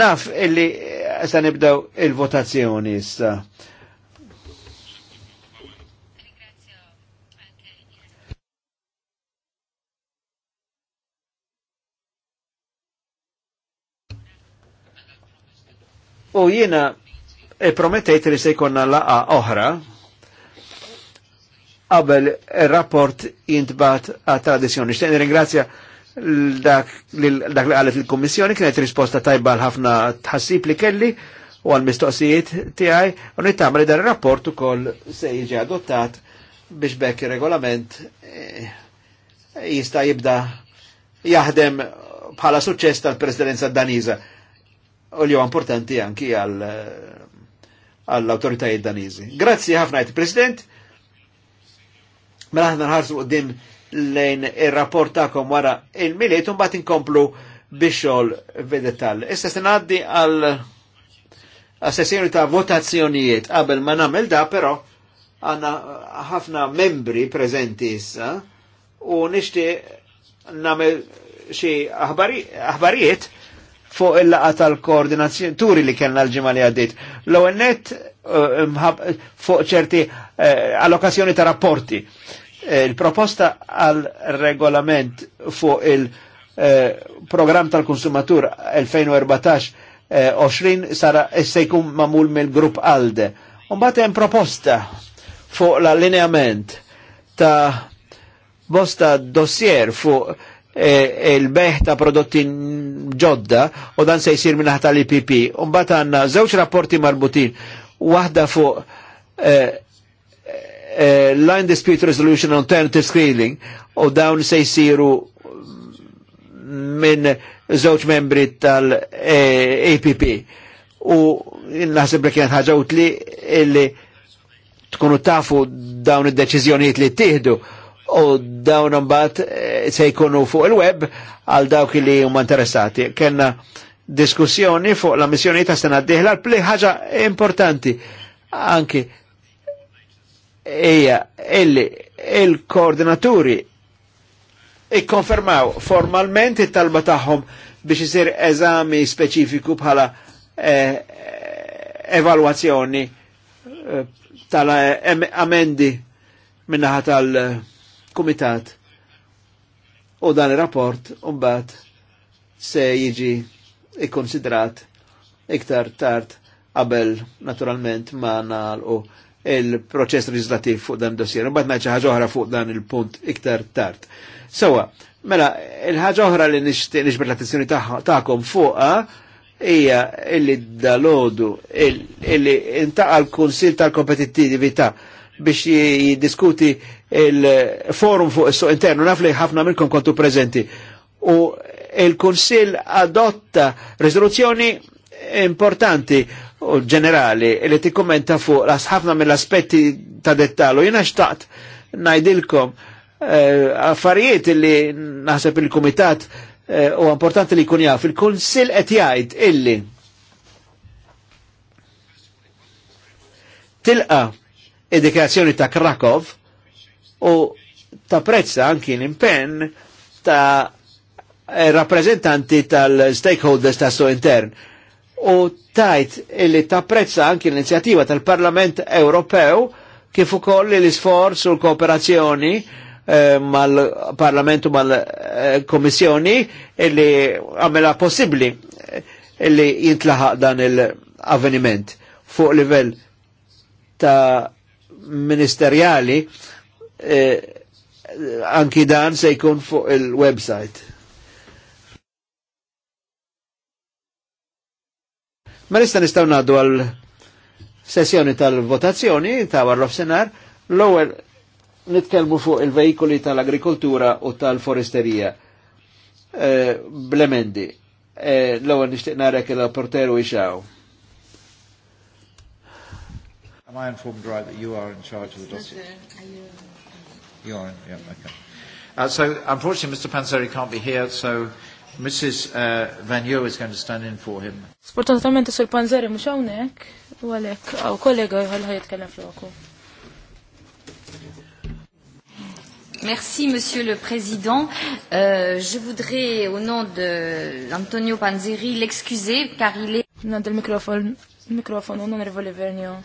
naf illi eh, sa nibdaw il-votazzjoni issa. U jiena E promettejt li se jkonna laqa oħra qabel rapport jintbat għat tradizjoni. Xtejn ringrazzja dak li għalet il-Kommissjoni kienet risposta tajba l-ħafna tħassib li kelli u għal-mistoqsijiet tiegħi u li dan ir-rapport ukoll se jiġi adottat biex bekk ir regolament eh, jista' jibda jaħdem bħala suċċess tal-Presidenza Daniża. U li huwa importanti anki għal eh, għall-autoritajiet danizi. Grazzi ħafna għajt President. Mela ħna nħarsu qoddim lejn il-rapport ta'kom wara il-miliet un bat inkomplu biexol vedetal. Issa s-naddi għal sessjoni ta' votazzjonijiet qabel ma namel da, però għanna ħafna membri prezenti issa u nishti namel xie aħbarijiet fuq il-laqa tal-koordinazzjoni li kellna l ġimma li għaddit. L-ewwel eh, fuq ċerti eh, allokazzjoni ta' rapporti. Eh, il-proposta għal regolament fuq il program tal-konsumatur 2014-20 sara se jkun mamul mill-grupp ALDE. Umbagħad hemm proposta fuq l-allineament ta' bosta dossier fuq E, il-beħ e ta' prodotti ġodda u dan se jisir minnaħ tal-IPP. Umbat għanna zewċ rapporti marbutin, wahda fuq e, e, Line Dispute Resolution on Alternative Screening u dawn se jisiru minn zewċ membri tal-APP. u naħseb li kien ħagġa utli illi tkunu tafu dawn id-deċizjoniet li tieħdu u dawn mbagħad eh, se jkunu fuq il-web għal dawk li huma interessati. Kenna diskussjoni fuq la missjoni ta' sena d-dieħla pli ħaġa importanti anki ija illi il-koordinaturi ikkonfermaw formalment it-talba tagħhom biex isir eżami speċifiku bħala eh, evalwazzjoni eh, tal-amendi eh, minnaħa tal- eh, komitat u dan il-rapport umbat se jiġi ikkonsidrat iktar tard qabel naturalment ma u il-proċess legislativ fuq dan dossier. Mbagħad ngħid xi ħaġa oħra fuq dan il-punt iktar tard. Sewa, mela il-ħaġa oħra li nixtieq nixbet l-attenzjoni tagħkom fuqha hija illi dalodu illi intaqa l-Kunsil tal-Kompetittività biex jiddiskuti il-forum fuq il-so internu naf li ħafna minnkom kontu prezenti. U il-Kunsill adotta rezoluzzjoni importanti u ġenerali li kommenta fuq ħafna mill-aspetti ta' dettalu. Jena xtaqt najdilkom eh, affarijiet li naħseb il-Kumitat eh, u importanti li kun jaf. Il-Kunsill et jajt illi tilqa id dikazzjoni ta' Krakow u ta' prezza anki l-impenn ta' eh, rappresentanti tal-stakeholders ta' so intern u tajt illi ta' prezza anki l-inizjativa tal-Parlament Ewropew kif ukoll l-isforz u l-kooperazzjoni eh, mal-Parlamentu mal-Komissjoni illi għamela possibli eh, illi jintlaħaq dan il-avveniment fuq livell ta' ministerjali eh, anki dan se jkun fuq il-website. Ma nista nistaw naddu għal sessjoni tal-votazzjoni ta' warrof senar, l-ewwel nitkellmu fuq il-vejkoli tal-agrikoltura u tal-foresterija. Eh, blemendi, eh, l-ewwel nixtieq narek il-porteru ixaw. Am I informed right that you are in charge of the dossier? Yes, sir. You are Yeah, okay. Uh, so, unfortunately, Mr. Panzeri can't be here, so Mrs. Uh, Van Yeo is going to stand in for him. Sfortunatamente, Sir Panzeri mux hawnhekk, u għalhekk aw kollega jħol ħajitkellem floku. Merci, Monsieur le Président. Euh, je voudrais, au nom de Antonio Panzeri, l'excuser car il est... Non, Nad il mikrofon, mikrofon, Non Vernio.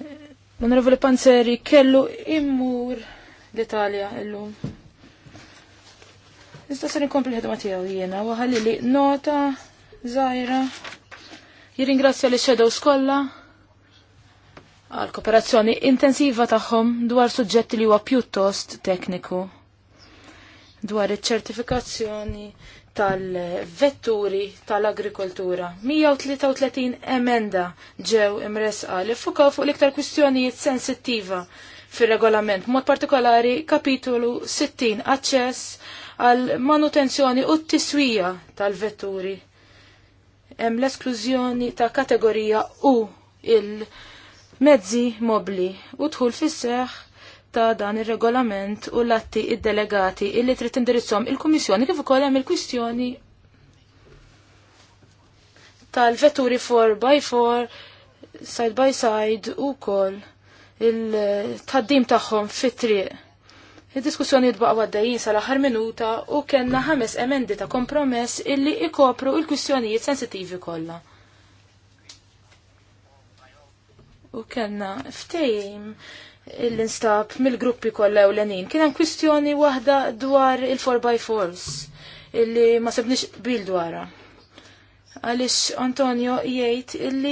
Eh, onorevole Panzeri, kellu immur l-Italja illum. Nista sa' nkompli l-ħedma tiegħu jiena u li nota zaħira, Jirringrazzja li xedaw kollha għal kooperazzjoni intensiva tagħhom dwar suġġetti li huwa pjuttost tekniku dwar iċ-ċertifikazzjoni tal-vetturi tal-agrikoltura. 133 emenda ġew imresqa li fukaw fuq l-iktar kwistjonijiet sensittiva fil-regolament, mod partikolari kapitolu 60 aċċess għal manutenzjoni u t-tiswija tal-vetturi. Hemm l-esklużjoni ta' kategorija U il-mezzi mobli u dħul fis ta' dan ir-regolament u l-atti id-delegati illi trid indirizzhom il-Kummissjoni kif ukoll hemm il-kwistjoni tal-vetturi 4x4 side by side u koll il-taddim tagħhom fit-triq. Id-diskussjoni tbaqa' għaddajin sal-aħħar minuta u kellna ħames emendi ta' kompromess illi ikopru l-kwistjonijiet sensittivi kollha. U kellna ftejim il instab mill-gruppi kollha ewlenin. Kien hemm kwistjoni waħda dwar il-4 x 4s illi ma sebniex bil dwarha. Għalix Antonio jgħid illi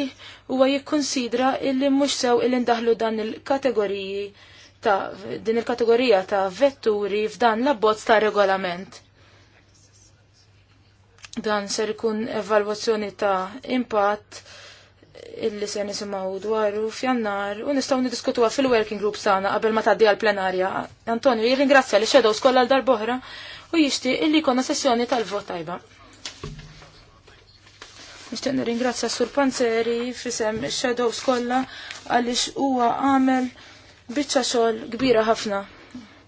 huwa jikkonsidra illi mhux sew illi ndaħlu dan il-kategoriji ta' din il-kategorija ta' vetturi f'dan l-abbozz ta' regolament. Dan ser ikun evalwazzjoni ta' impatt illi se nisimgħu dwaru f'jannar u nistgħu niddiskutuha fil-working group sana qabel ma tgħaddi għall-plenarja. Antonio jirringrazzja li xedow skolla l-darbohra u jixtieq illi jkollna sessjoni tal-vot tajba. Nixtieq nirringrazzja Sur Panzeri fisem ix-shadows kollha għaliex huwa għamel biċċa xogħol kbira ħafna.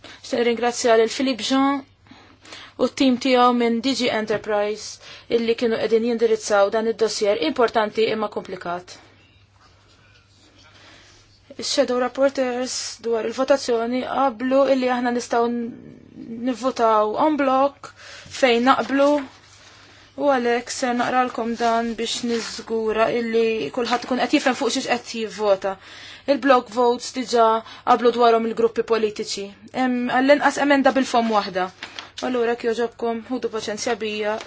Nixtieq nirringrazzja lil Filip Jean u t-tim tiegħu minn DG Enterprise illi kienu qegħdin jindirizzaw dan id-dossier importanti imma komplikat. Ix-shadow rapporters dwar il-votazzjoni qablu illi aħna nistgħu nivvotaw on block fejn naqblu U għalek ser naqralkom dan biex nizgura illi kullħat kun qed jifhem fuq xiex qed jivvota. Il-block votes diġa qablu dwarhom il-gruppi politiċi. Għall-inqas emenda bil-fom waħda. Allura kjoġobkom ħudu paċenzja bija.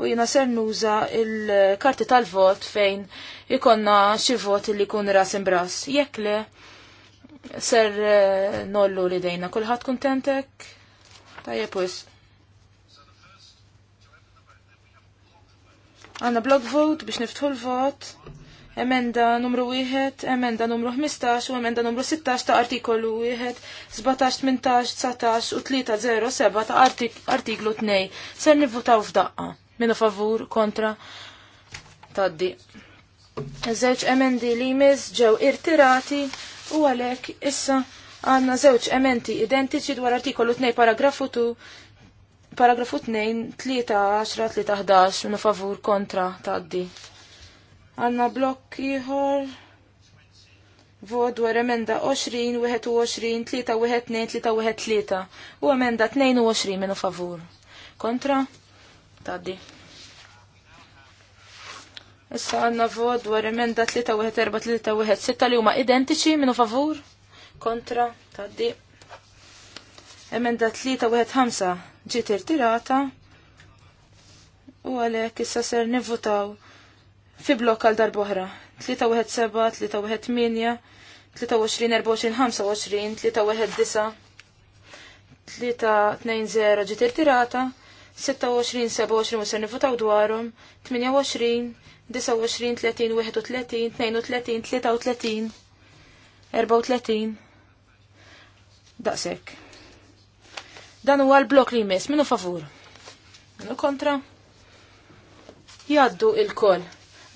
U jina ser nuża il-karti tal-vot fejn ikonna xi vot li kun ras imbras. Jekk le ser eh, nollu li dejna kulħadd kuntentek. Tajjeb wisq. Għanna block vote biex niftħu l-vot. Emenda numru 1, emenda numru 15 u emenda numru 16 ta' artikolu 1, 17, 18, 19 u 07 ta' artik artiklu 2. Ser nivvutaw f'daqqa. Minu favur, kontra, taddi. Zewċ emendi li jmiss ġew irtirati u għalek issa għanna zewċ emendi identiċi dwar artikolu 2 paragrafu 2 Paragrafu 2, 3, 10, 3, 11, minnu favur kontra taddi. Għanna blokk ieħor. vod dwar emenda 20, 21, 3, 1, 2, 3, 3. U emenda 22 minu favur. Kontra? Taddi. Issa għanna vod dwar emenda 3, 1, 4, 3, 1, 6 li huma identiċi minu favur. Kontra? Taddi. Emenda 3, 1, 5 ġiet irtirata u għalhekk issa ser nivvutaw fi blok għal darbohra. 317, 318, 23-24-25, 319, 320 ġiet irtirata, 26-27 ser nivvutaw dwarhom, 28, 29, 30, 31, 32, 33, 34, daqshekk Dan huwa l-blok li jmiss, minu favur. Minu kontra? Jaddu il-koll.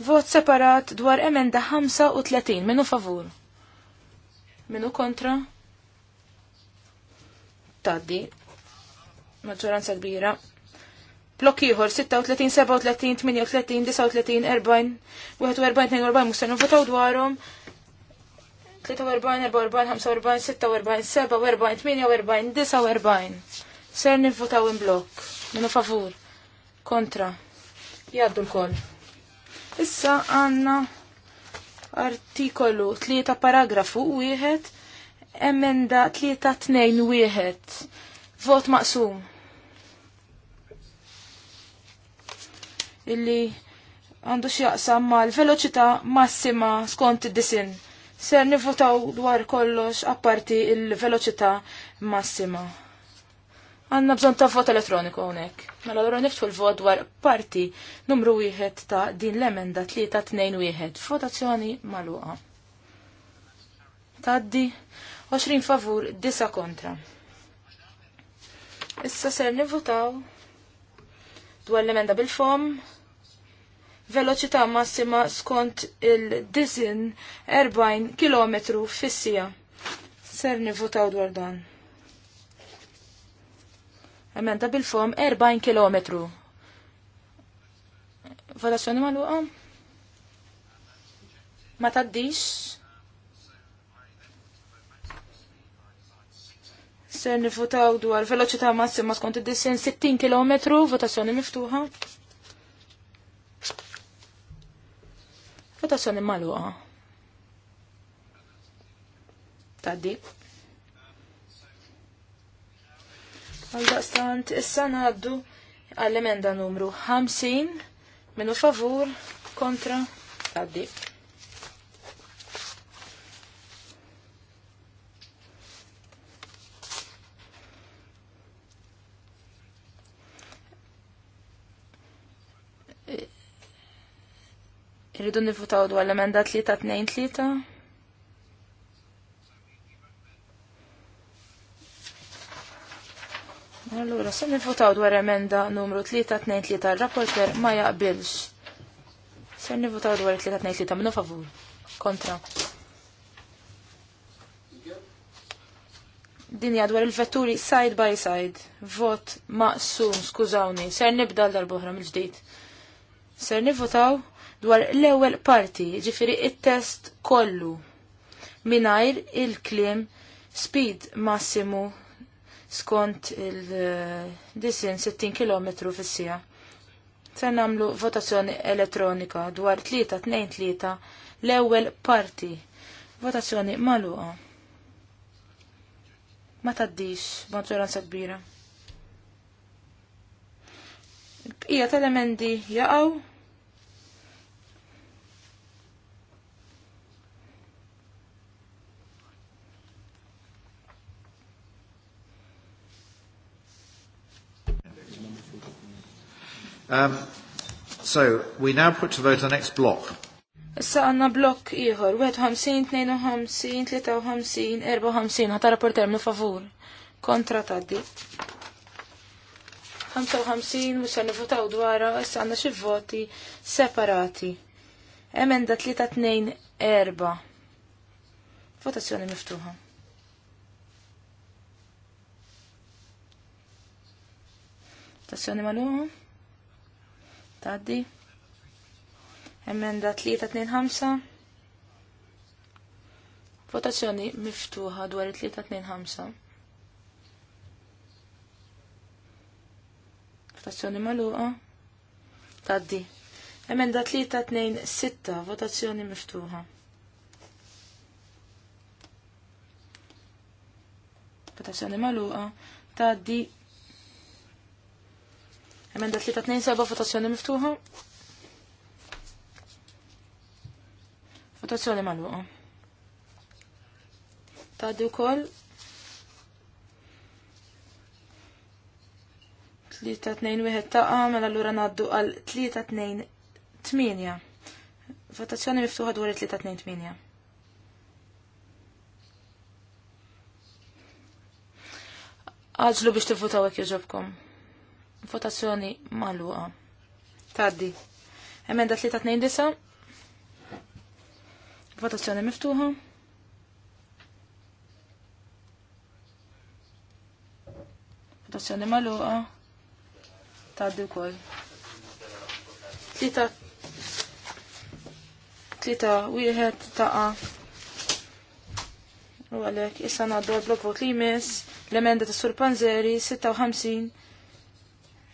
Vot separat dwar emenda 35, minu favur. Minu kontra? Taddi. Maġġoranza kbira. Blok ieħor 36, 37, 38, 39, 40, 41, 42 musa nivvotaw dwarhom 43, 44, 45, 46, 47, 48, 49. Ser nivvotaw in blok. Minu favur. Kontra. Jaddu l-koll. Issa għanna artikolu 3 paragrafu 1 emenda 3-2-1. Vot maqsum. Illi għandu xjaqsam ma l-veloċità massima skont id-disin ser nivvotaw dwar kollox apparti il-veloċità massima. Għanna bżon ta' vot elettroniku hawnhekk. Mela l niftħu l-vot dwar parti numru wieħed ta' din l-emenda 3-2-1. Votazzjoni maluqa. Taddi 20 favur, 9 kontra. Issa ser nivvotaw dwar l-emenda bil-fom veloċità massima skont il-dizin 40 km fissija. Ser nifutaw dwar dan. Emenda bil-fom 40 km. Votazzjoni luqa? Ma taddix? Ser nivvotaw dwar veloċità massima skont id dizin 60 km, votazzjoni miftuħa. Votazzjoni maluqa. Taddi. Għaldaqstant, issa naddu għall-emenda numru 50 minu favur kontra taddi. Irridu nivutaw dwar l-emenda 3-2-3. Allura, se nivutaw dwar emenda numru 3-2-3, rapporter ma jaqbilx. Se nivutaw dwar 3-2-3, minnu favur. Kontra. Dinja dwar il-vetturi side by side. Vot maqsum, skużawni. Ser nibda l-darbohra mill-ġdijt. Ser nivutaw dwar l-ewwel parti, ġifiri il test kollu mingħajr il-kliem speed massimu skont il-disin 60 km fis-sija. Se nagħmlu votazzjoni elettronika dwar 3-2-3 l-ewwel parti. Votazzjoni magħluqa. Ma taddix maġġoranza kbira. Ija tal-emendi jaqgħu Um, so, we now put to vote the next block. Issa għanna blokk iħor, 51, 52, 53, 54, ħata rapporter mi favur. Kontra taddi. 55, mux għanna votaw dwara, issa għanna xi voti separati. Emenda 3, 2, 4. Votazzjoni miftuħa. Votazzjoni maluħa? Taddi. Emenda 325. Votazzjoni miftuħa dwar 325. Votazzjoni maluqa. Taddi. Emenda 326. Votazzjoni miftuħa. Votazzjoni maluqa. Taddi Emenda 327 votazzjoni miftuħa. Votazzjoni maluqa. Taddu wkoll 3-2-1 taqa, mela allura ngħaddu għal 3-2-8. Votazzjoni miftuħa dwar 3-2-8. Għaġlu biex tivvutaw jekk Votazzjoni maluqa. Taddi. Emenda 329. Votazzjoni miftuħa. Votazzjoni maluqa. Taddi wkoll. Tlita tlita wieħed taqa. U għalhekk issa ngħaddu għadlok vot li jmiss l-emenda ta' Sur Panzeri 56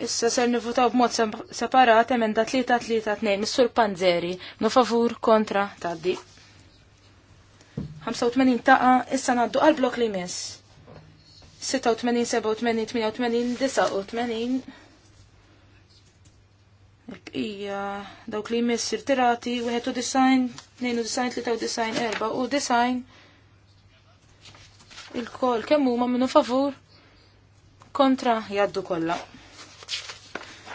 Issa ser nivutaw b'mod separat emenda 3-3-2 mis-sur Panzeri, no favur kontra taddi. 85 taqa, issa naddu għal-blok li mis. 86, 87, 88, 89. Ija, dawk li mis sirtirati, 91, 92, 93, 4 u design. Il-kol, kemmu ma minnu favur? Kontra jaddu kolla.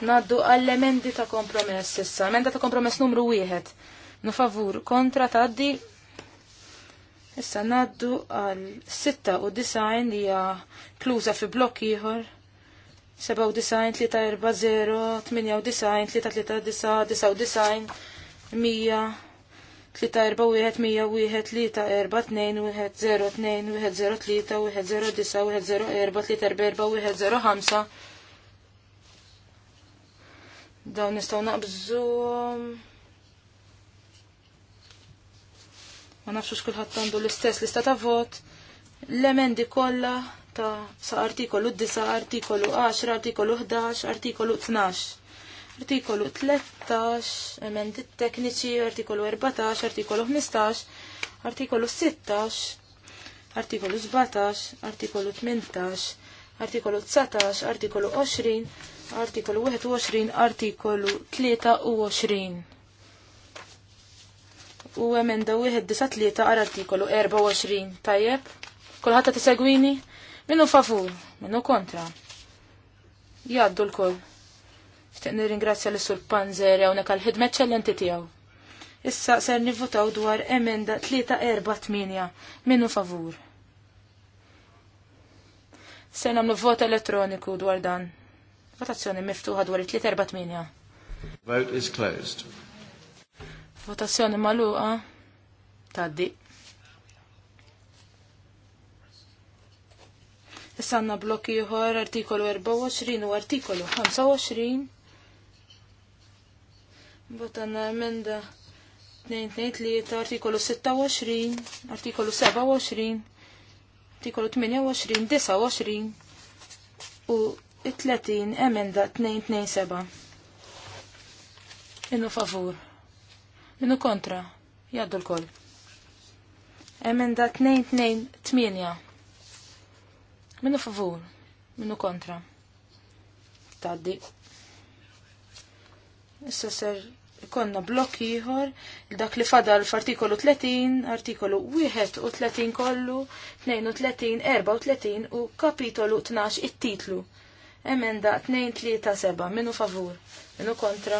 Naddu għall-emendi ta' kompromess issa. Emenda ta' kompromess numru wieħed. Nu favur kontra taddi. Issa naddu għal 6 u design li hija kluża fi blokk ieħor. 7 u 3 340, 8 u design 339, 100, 341, 101, 342, 102, 103, 109, 104, 344, 105 daw nistaw naqbżu Ma nafxux kulħadd għandu l-istess lista ta' vot. L-emendi kollha ta' sa' artikolu 9, artikolu 10, artikolu 11, artikolu 12. Artikolu 13, emendi tekniċi, artikolu 14, artikolu 15, artikolu 16, artikolu 17, artikolu 18, artikolu 19, artikolu 20, artikolu 21, artikolu 23. U emenda 193 għal artikolu 24. Tajjeb, t tisegwini? minnu favur, minnu kontra. Jaddu l-koll. Ftiqni ringrazzja l sur Panzer għawnek għal-ħidmet ċellenti tijaw. Issa ser nivvotaw dwar emenda 348. minnu favur. Ser namlu vot elettroniku dwar dan. Votazzjoni miftuħa dwar il-348. Vote is closed. Votazzjoni maluqa. Taddi. Issa għandna blokk ieħor artikolu 24 u artikolu 25. Botanna emenda 223 artikolu 26, artikolu 27, artikolu 28, 29 u 30 emenda 227. Inu favur. Inu kontra. Jaddu l-koll. Emenda 228. Minu favur. Minu kontra. Taddi. Issa ser konna blokk ieħor dak li fadal f'artikolu 30, artikolu 31 kollu, 32, 34 u kapitolu 12 it-titlu. Emenda 237 minu favur, minu kontra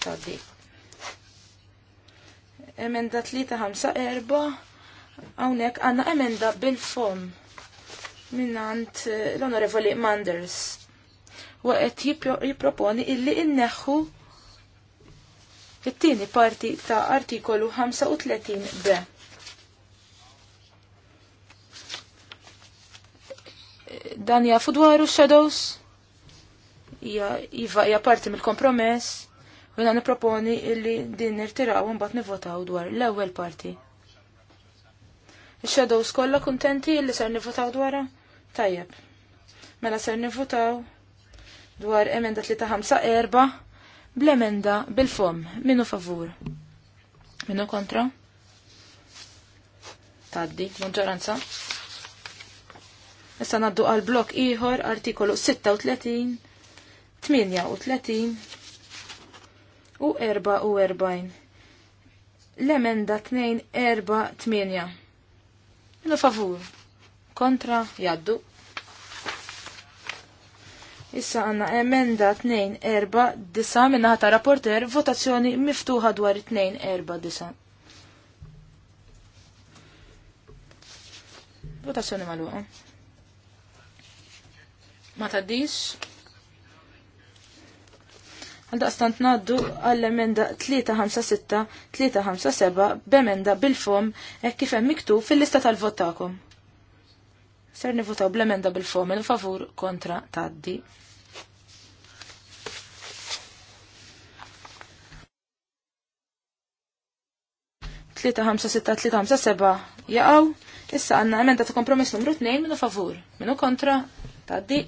taddi. Emenda 354 għawnek għanna emenda bil-fom minnant eh, l-onorevoli Manders. Waqet jiproponi illi inneħu it-tieni parti ta' artikolu 35b. dan jafu dwaru shadows hija iva, parti mill-kompromess u jina niproponi illi din nirtiraw mbagħad nivvotaw dwar l-ewwel parti. Ix-shadows kollha kuntenti illi ser nivvotaw dwarha? Tajjeb. Mela ser nivvotaw dwar emenda 354 bl-emenda bil-fom minnu favur. Minnu kontra? Taddi, maġġoranza. Issa naddu għal blok iħor, artikolu 36, 38 u 4 u 44. L-emenda 8. Minu favur. Kontra jaddu. Issa għanna emenda 2-4-9 minna ħata rapporter votazzjoni miftuħa dwar 2-4-9. Votazzjoni mal-waqa ma taddix. Għaldaqstant naddu għall-emenda 356-357 b'emenda bil-fom hekk kif hemm miktub fil-lista tal votakom tagħkom. Ser nivutaw bl-emenda bil-fom il-favur kontra taddi. Tlita ħamsa sitta, tlita ħamsa seba jaqaw. Issa għanna emenda ta' kompromiss numru 2 minu favur, minu kontra taddi.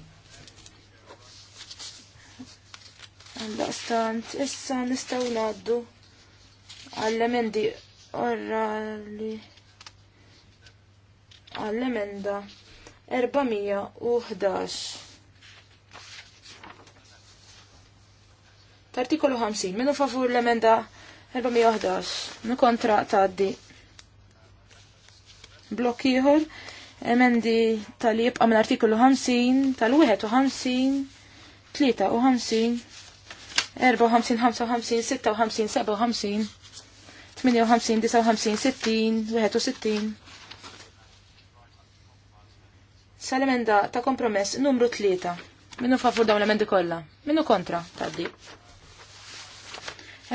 Għaldaqstant, issa nistaw naddu għall-emendi orali għall-emenda 411. Tartikolu 50, minu favur l-emenda 411, minu kontra taddi. Blok ieħor, emendi tal-jibqa mill-artikolu 50, tal-51, 53, 54 55 59 Sal-emenda ta' kompromess numru 3 Minnu favur dawn l-emendi kolla Minnu kontra taddi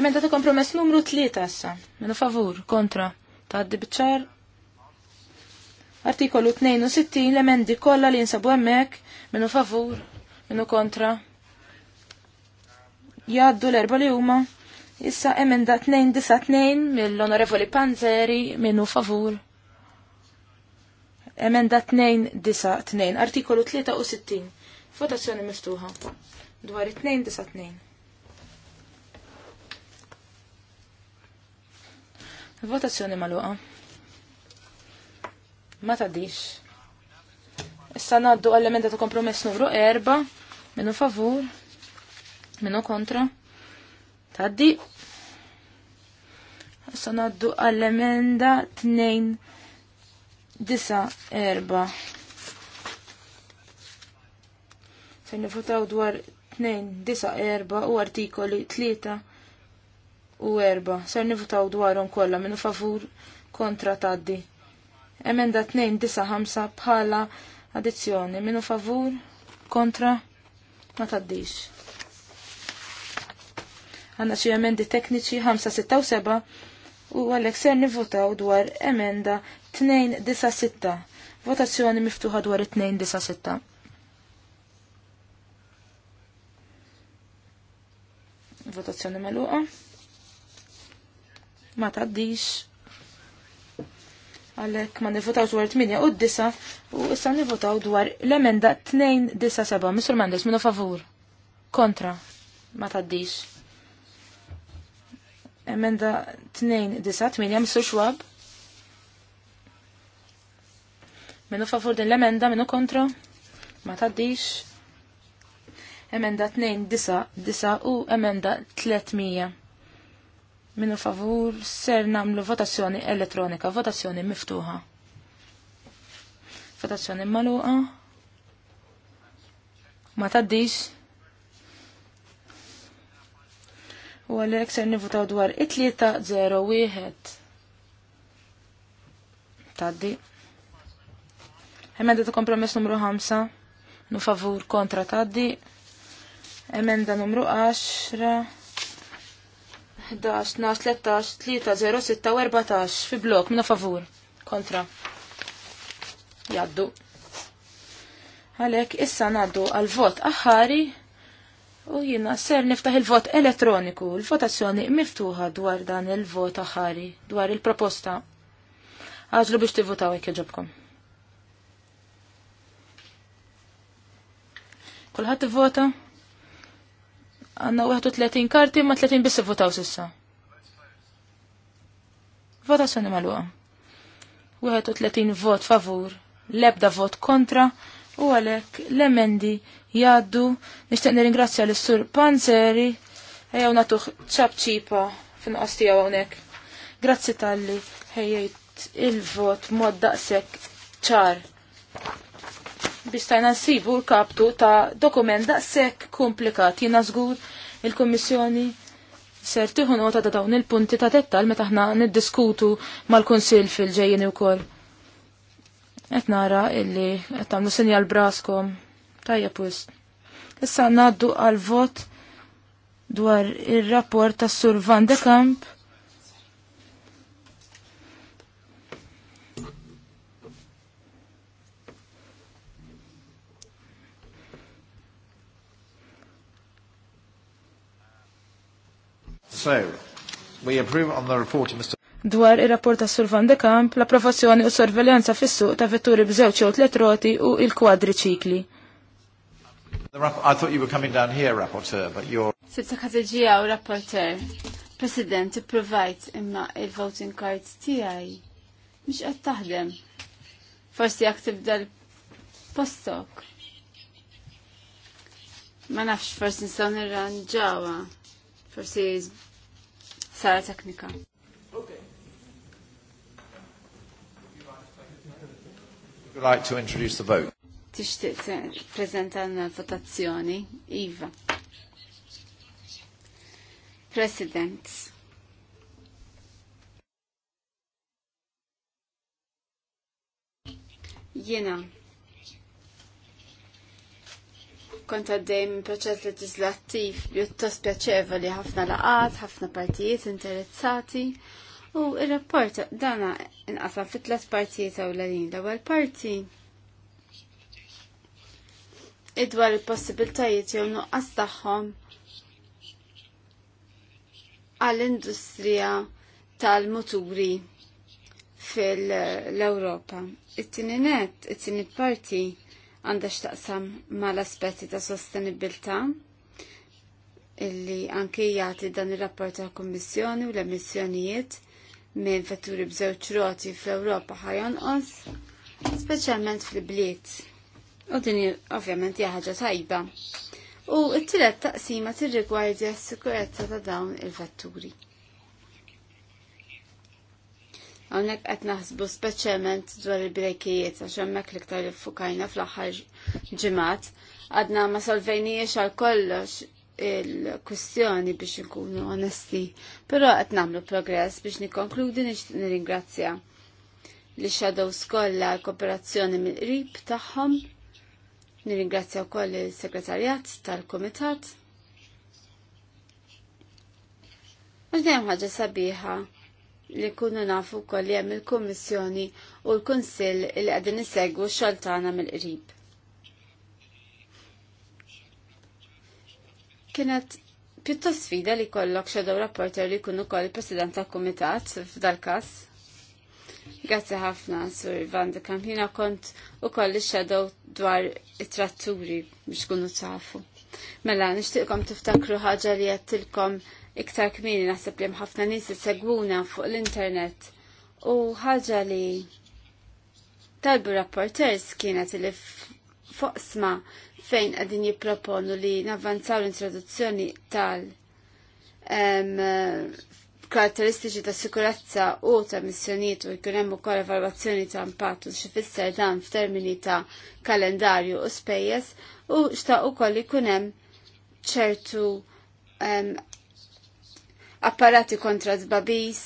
Emenda ta' kompromess numru 3 essa. Minnu favur kontra taddi bċar Artikolu 62 l-emendi kolla li jinsabu emmek Minnu favur Minnu kontra jaddu l-erba li huma. Issa emenda 292 mill-Onorevoli Panzeri minnu favur. Emenda 292, artikolu 63, votazzjoni miftuħa dwar 292. Votazzjoni maluqa. Ma tadix. Issa naddu għall-emenda ta' kompromess numru 4 minnu favur minu kontra taddi. Issa naddu għall-emenda 294. Se nifutaw dwar erba u artikoli 3 u 4. Se nifutaw dwarhom kollha minu favur kontra taddi. Emenda 5 bħala addizzjoni minu favur kontra ma taddix għanna xie emendi tekniċi 5-6-7 u għallek ser nivvotaw dwar emenda 2-9-6. Votazzjoni miftuħa dwar 2-9-6. Votazzjoni meluqa. Ma taddix. Għalek ma nivvotaw dwar 8 u 9 u issa nivvotaw dwar l-emenda 2-9-7. Mr. Mendes, minu favur. Kontra. Ma taddix. Emenda 298 Mr. xwab. Minnu favur din l-emenda, minu kontra. Ma taddix. Emenda disa u emenda 300. Minu favur ser namlu votazzjoni elettronika, votazzjoni miftuħa. Votazzjoni maluqa. Ma taddix. u għalhekk ser nivutaw dwar it-tlieta 0-1. Taddi. Emenda ta' kompromess numru 5, nu favur kontra taddi. Emenda numru 10, 11, 12, 13, 3, 0, 6, 14, fi blok, minna favur, kontra. Jaddu. Għalek, issa naddu għal-vot aħħari U jina ser niftaħ il-vot elettroniku, il-votazzjoni miftuħa dwar dan il-vot aħari, dwar il-proposta. Għazlu biex tivvotaw jekk ġobkom. Kulħadd vota Għanna 31 karti ma 30 biss votaw sissa. Votazzjoni magħluqa. 31 vot favur, l-ebda vot kontra u għalhekk l-emendi jaddu. Nishtiq nirringrazzja l-Sur Panzeri, ejjew natuħ ċabċipa fin-qas tiegħu hawnhekk. Grazzi tal-li il-vot mod daqshekk ċar. Biex nsibu l-kaptu ta' dokument daqshekk komplikat Jina żgur il-Kummissjoni ser tieħu nota ta' dawn il-punti ta' tettal meta aħna niddiskutu mal-Kunsill fil-ġejjeni wkoll. Qed nara illi qed tagħmlu sinjal braskom Tajja pus. Issa naddu għal vot dwar il-rapport ta' Sur Van de Kamp. So, we approve on the report of Mr. Dwar ir-rapport ta' Sur Van de Kamp, l-approvazzjoni u sorveljanza fis-suq ta' vetturi b'żewġ jew tliet roti u il-kwadriċikli. I thought you were coming down here, Rapporteur, but you're... Sibta kataġija u Rapporteur. President, to provide imma il-voting card tijaj. Mix għed taħdem. Forsi jak tibda l-postok. Ma nafx forsi nistaw nirranġawa. Forsi sara teknika. like to introduce the vote tixtieq prezentanna l-votazzjoni. Iva. President. Jiena kont għaddej minn proċess leġislattiv pjuttost pjaċevoli ħafna laqat, ħafna partijiet interessati u ir-rapport dana inqasam fit tlet partijiet ewlenin. L-ewwel parti idwar il-possibiltajiet jew nuqqas tagħhom għall-industrija tal-muturi fil ewropa it tieni net, it tieni parti għandha xtaqsam mal-aspetti ta' sostenibilità illi anke jagħti dan ir-rapport ta' kummissjoni u l-emissjonijiet minn vetturi b'żewġ roti fl-Ewropa ħajonqos, speċjalment fil-bliet. U din ovvjament hija ħaġa tajba. U t-tielet taqsima tirrigwardja s-sikurezza ta' dawn il-vetturi. Hawnhekk qed naħsbu speċjalment dwar il-brejkijiet għax hemmhekk l-iktar iffukajna fl-aħħar ġimgħat għadna ma solvejniex għal kollox il kwistjoni biex nkunu onesti, pero qed nagħmlu progress biex nikkonkludi nixtieq nirringrazzja li shadow skolla l-kooperazzjoni mill-qrib tagħhom Nirringrazzja wkoll il-Segretarjat tal-Kumitat. Għax dejjem ħaġa sabiħa li kunu nafu wkoll li hemm il-Kummissjoni u l-Kunsill li qegħdin nisegwu xoltana mill-qrib. Kienet pjuttost sfida li kollok shadow rapporter li kunu koll president tal kumitat f'dal każ. Grazzi ħafna, Sur Van de Campina kont u koll shadow dwar it-tratturi biex kunu tafu. Mela, nixtieqkom tiftakru ħaġa li jattilkom iktar kmini naħseb li ħafna nies segwuna fuq l-internet u ħaġa li talbu rapporters kienet li foqsma fejn għadin jipproponu li navvanzaw l-introduzzjoni tal karatteristiċi ta' sikurezza u ta' missjonijiet u jkun hemm ukoll evalwazzjoni ta' impatt u xifisser dan f'termini ta' kalendarju u spejjeż u xtaq ukoll jkun hemm ċertu apparati kontra zbabis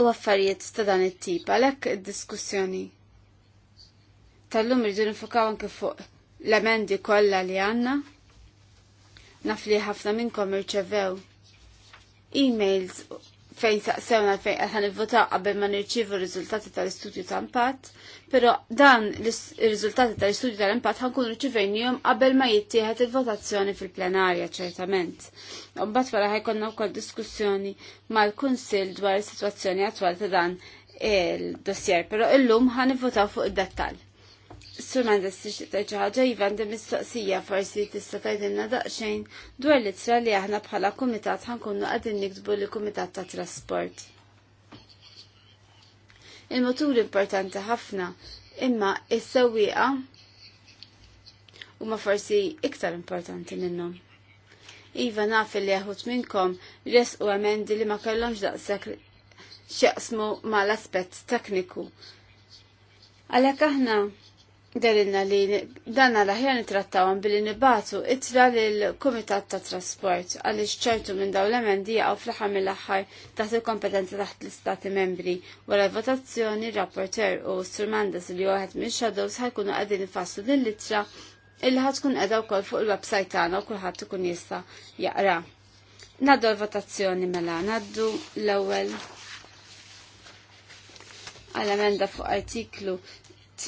u affarijiet ta' dan it-tip, għalhekk id-diskussjoni. Tal-lum rridu nifokaw anke fuq l-emendi kollha li għandna. Naf li ħafna minnkom irċevew emails fejn saqsewna fejn qed ħanivvotaw qabel ma nirċievu r-riżultati tal-istudju tal impatt, però dan ir-riżultati tal-istudju tal-impatt ħankun jom qabel ma jittieħed il-votazzjoni fil-plenarja ċertament. Mbagħad wara ħajkonna wkoll diskussjoni mal-Kunsill dwar is-sitwazzjoni għatwal ta' dan il-dossier, però il ħanivvotaw fuq id-dettall. Sur Mendes tixtieq tgħid xi iva, għandi mistoqsija forsi tista' tgħidilna daqsxejn dwar l tra li aħna bħala kumitat ħankunu għadin niktbu li kumitat ta' trasport. Il-motur importanti ħafna imma is-sewwieqa huma forsi iktar importanti minnhom. Iva naf li jaħut minnkom u emendi li ma kellhomx daqshekk x'jaqsmu mal-aspett tekniku. Għalhekk aħna Darinna li danna laħjar trattawan billi nibatu itra l-Kumitat ta' Trasport għaliex ċertu minn daw l-emendi għaw fl ħam mill-axħar taħt il-kompetenza taħt l-Istati membri wara votazzjoni rapporter u strumandas li għahet minn Shadows ħajkunu għadin ifasslu din litra illi ħatkun għedha wkoll fuq il-websajt tagħna u kulħadd ikun jista' jaqra. Naddu l-votazzjoni mela, naddu l-ewwel għal emenda fuq artiklu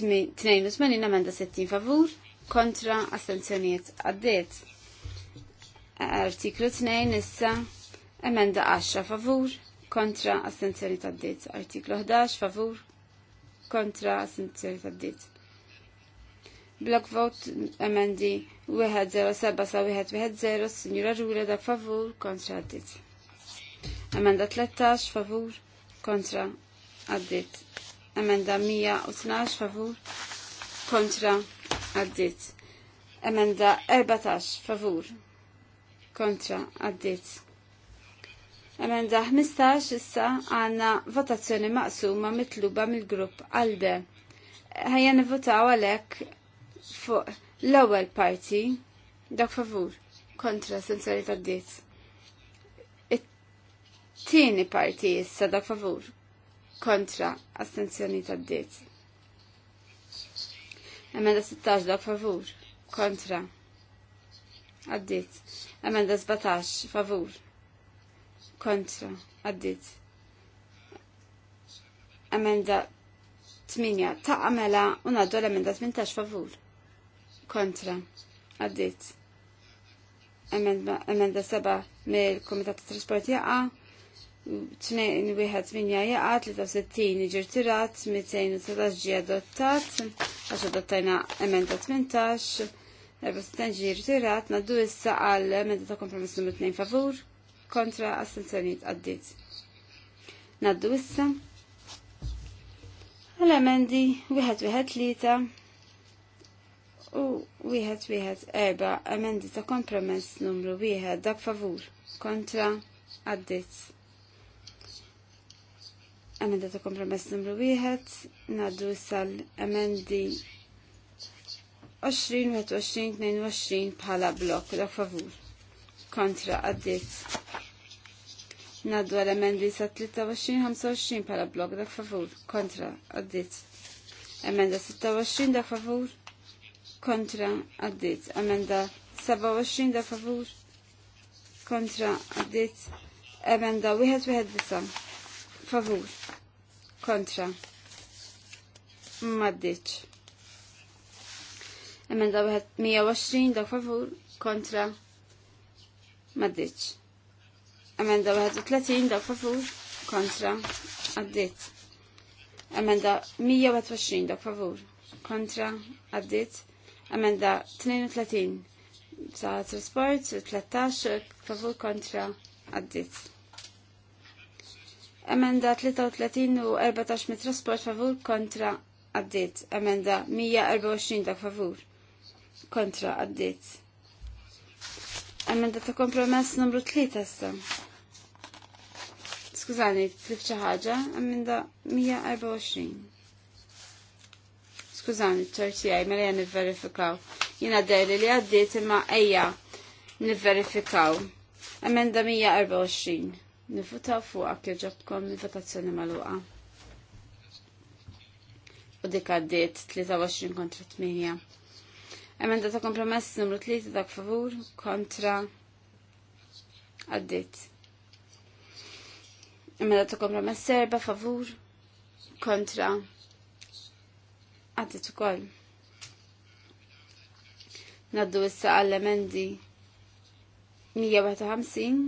82 amenda 60 favur kontra astenzjoniet għaddiet. Artiklu 2 issa emenda 10 favur kontra astenzjoniet għaddiet. Artiklu 11 favur kontra astenzjoniet għaddiet. Block vote emendi 107 sa 110 signora Rura da favur kontra għaddiet. Emenda 13 favur kontra għaddiet. Emenda 112 favur kontra għaddit. Emenda 14 favur kontra għaddit. Emenda 15 issa għanna votazzjoni maqsuma mitluba mill-grupp għalbe. Ħajja nivvotaw għalek fuq l-ewwel parti dak favur kontra sensorita tad-diet. It-tieni parti issa dak favur kontra astenzjoni taddit. Emenda 16 da' favur kontra għaddit. Emenda 17 favur kontra għaddit. Emenda 8 ta' għamela unaddu l-emenda 18 favur kontra għaddit. Emenda 7 mill-Komitat Trasporti jaqa' 2-1-8 jaqat 63 ġir tirat 213 ġi adottat għax adottajna emenda 18 64 ġir tirat naddu issa għal emenda ta' kompromiss numru 2 favur kontra astenzjoniet għaddit. Naddu issa għal emendi wieħed 1 u wieħed 1 emendi ta' kompromess numru wieħed dak favur kontra għaddit Emenda ta' kompromess numru 1 naddu sal emendi 20, 21, 22 bħala blok, dak favur. Kontra, għaddit. Naddu għal-emendi sa' 23, 25 bħala blok, dak favur. Kontra, għaddit. Emenda 26, dak favur. Kontra, għaddit. Emenda 27, da favur. Kontra, għaddit. Emenda 1, 1, 9 favur kontra maddiċ. Emenda 120 dak favur kontra maddiċ. Emenda 30, dak favur kontra għaddit. Emenda 121 dak favur kontra addit. Emenda 32 sa trasport 13 favur kontra għaddit. Emenda 33 u 14 me trasport favur kontra għaddit. Emenda 124 dak favur kontra għaddit. Emenda ta' kompromess numru 3 issa. Skużani, tlifċa xi ħaġa, emenda 124. Skużani, ċerti għaj, mela jgħan verifikaw. Jina dejli li għaddit imma ejja nivverifikaw. Emenda 124. Nifutaw fuq għak ġobkom votazzjoni maluqa. U dik għaddiet 23 kontra 8. Emenda ta' kompromess numru 3 dak favur kontra għaddiet. Emenda ta' kompromess serba favur kontra għaddiet ukoll. Naddu issa għall-emendi 151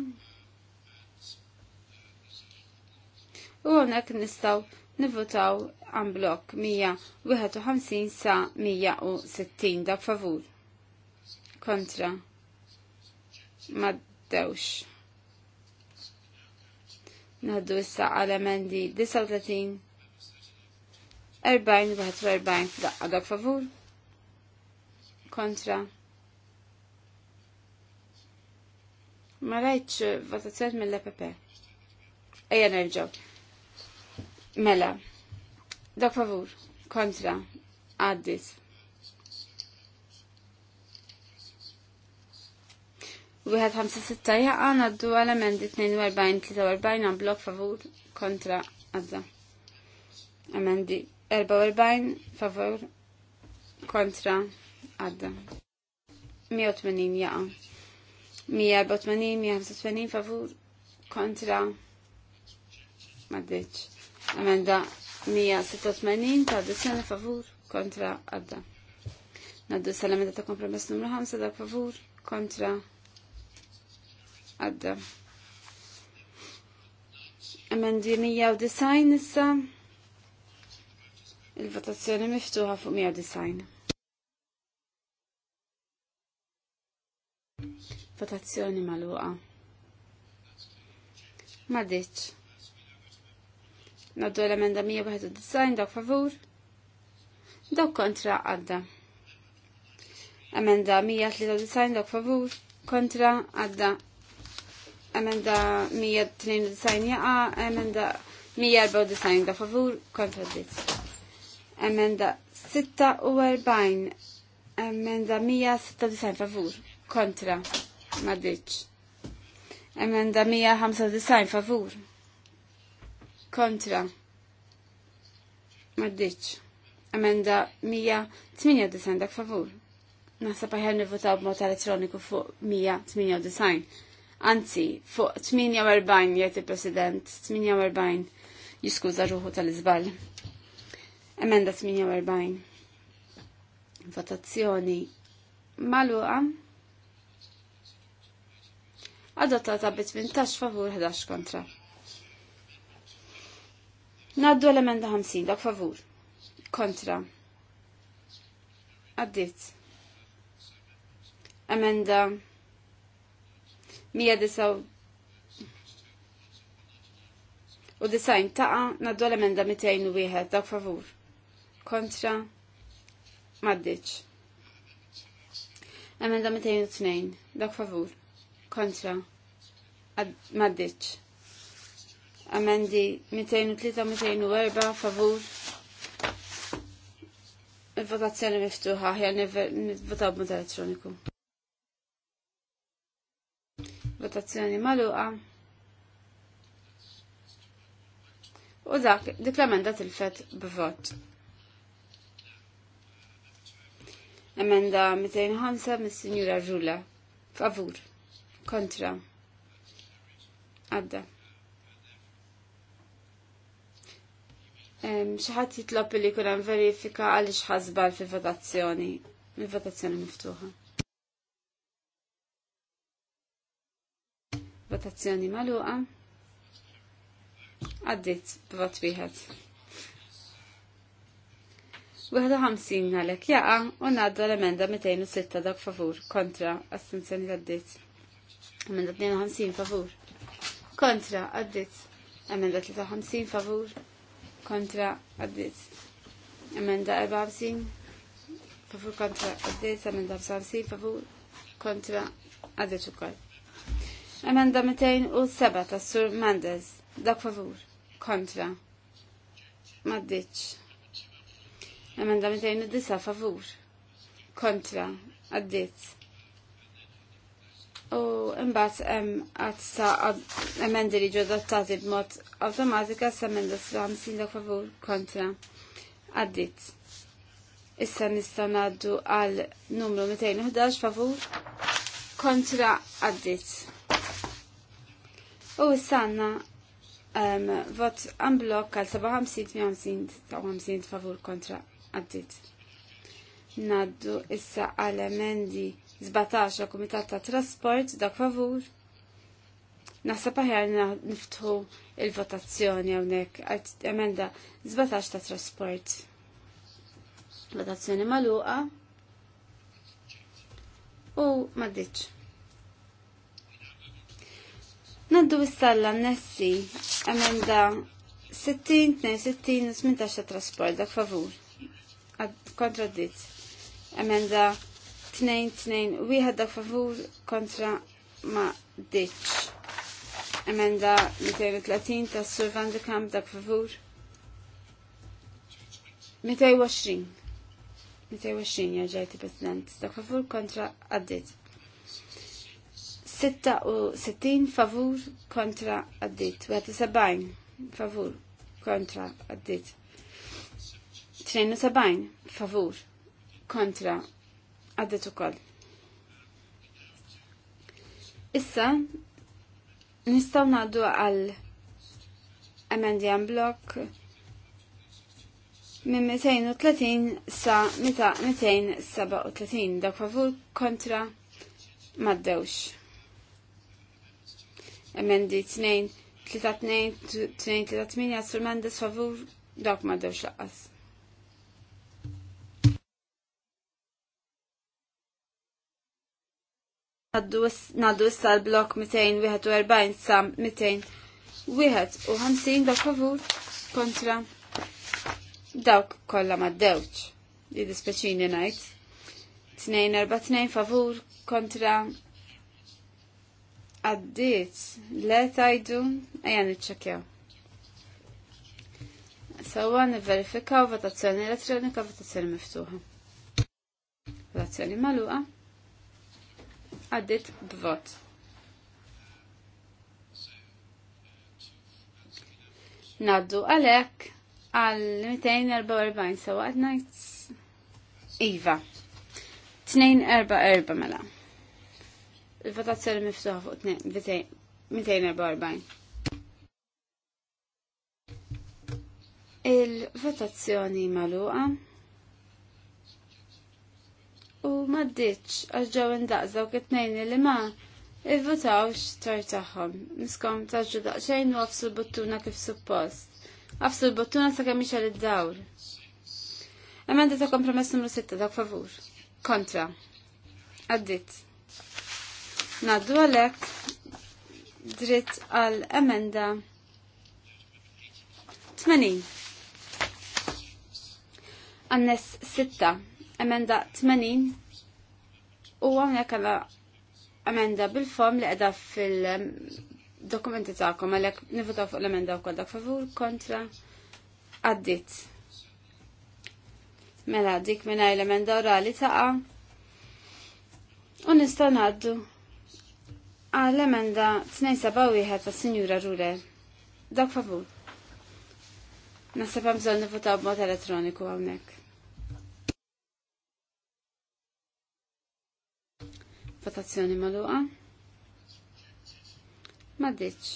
u għonek nistaw nivotaw għan blok 151 sa 160 da favur. Kontra. Maddewx. Nħaddu issa għal emendi 39 40 41 f'daqqa da favur. Kontra. Ma rajtx votazzjoni mill-EPP. Ejja nerġaw. Mela, dak favur, kontra, għaddit. Wieħed 56 jaqa naddu għal-emendi 42-43 għan blok favur kontra għadda. Emendi 44 favur kontra għadda. 180 jaqa. 184-185 favur kontra maddeċ. Emenda 186 ta' adozzjoni favur kontra għadda. Naddu s-salamenda ta' kompromess numru 5 ta' favur kontra għadda. Emendi 190 issa il-votazzjoni miftuħa fuq 190. Votazzjoni maluqa. Ma diċ. Naddu l-emenda 191 dak favur. Dak kontra għadda. Emenda 193 dak favur. Kontra għadda. Emenda 192 jaqa. Emenda 194 dak favur. Kontra dit. Emenda 46. Emenda 196 favur. Kontra. Maddiċ. Emenda 195 favur kontra maddiċ. Amenda 198 dak favur. Naħseb nivota nivvotaw b'mod elettroniku fuq 198. Anzi, fuq 48 jgħid il-President, 48 jiskuża ruħu tal-iżball. Emenda 48. Votazzjoni maluqa adottata bi 18 favur 11 kontra. Naddu l-emenda 50, dak favur. Kontra. Għaddit. Emenda 109 u design taqa naddu l-emenda 201, dak favur. Kontra. Maddiċ. Emenda 202, dak favur. Kontra. Maddiċ. Amendi 203-204 favur. Il-votazzjoni miftuħa, ħja nivvotaw b'mod elettroniku. Votazzjoni maluqa. U dak, dik l-emenda tilfet b'vot. Emenda 205 mis-Sinjura Rula. Favur. Kontra. Għadda. xaħat jitlob li kuna verifika għalli ħazbal fi votazzjoni, votazzjoni miftuħa. Votazzjoni maluqa. Għaddit b'vot wieħed. 51 għalek jaqa u naddu l-emenda 206 dak favur kontra astenzjoni għaddit. Emenda 52 favur kontra għaddit. Emenda 53 favur kontra għaddit. Emenda 54 fafu kontra għaddit, emenda 55 favur kontra għaddit ukoll. Emenda 207 ta' Sur Mendez, dak favur kontra maddiċ. Emenda 209 favur kontra għaddit. U mbagħad għat sa emendi li ġew adottati b'mod awtomatika sa emenda 50 dak favur kontra għaddit. Issa nistan għaddu għal numru 211 favur kontra għaddit. U issa għandna um, vot blok għal 57-50 favur kontra għaddit. Naddu issa għal emendi 17 Kumitat ta' Trasport dak favur. Naħseb aħjar niftħu il-votazzjoni hawnhekk emenda 17 ta' Trasport. Votazzjoni magħluqa u maddiċ. Naddu istalla nessi emenda 60, 62, 18 ta' trasport dak favur. Kontra ditt. Emenda Tnejn, tnejn, wieħed da favur kontra ma ditx. Emenda 230 ta' Sur Van de Kamp da favur. 220. 220 jaġajti President. Da favur kontra għaddit. 66 favur kontra għaddit. 71 favur kontra għaddit. 72 favur kontra u ukoll. Issa nistgħu ngħaddu għal emendi blok minn 230 sa 237 dak favur kontra maddewx. Amendi 2 3-2-3-8 sul-mandas favur dak maddewx laqqas. għaddu issa l-blok 241 sa 251 dak favur kontra dawk kollha maddewċ. Li dispeċini ngħid. 242 favur kontra għaddiet le tajdu ejja iċċakjaw Sawa u votazzjoni elettronika votazzjoni miftuħa. Votazzjoni maluqa għaddit b'vot. Naddu għalek għal 244 sewa għad Iva. 244 mela. Il-votazzjoni miftuħa fuq 244. Il-votazzjoni maluqa u maddiċ għax ġew indaqża u kitnejn li ma ivvotawx x'tar tagħhom. Miskom taġġu daqsxejn u għafsu l-buttuna kif suppost. Għafsu l bottuna sa kemmi ixal id-dawr. Emenda ta' kompromess numru 6 dak favur. Kontra. Għaddit. Naddu għalek dritt għal emenda 80. Annes 6 emenda 80 u għamnek għala emenda bil-fom li għedha fil-dokumenti ta'kom għalek nivutaw fuq l-emenda u kodak favur kontra għaddit. Mela dik minna l-emenda orali taqa u nistan għaddu għal-emenda 271 ta' Sinjura Rure. Dak favur. Nasab għamżon b b'mod elettroniku għawnek. Votazzjoni maluqa. Maddiċ.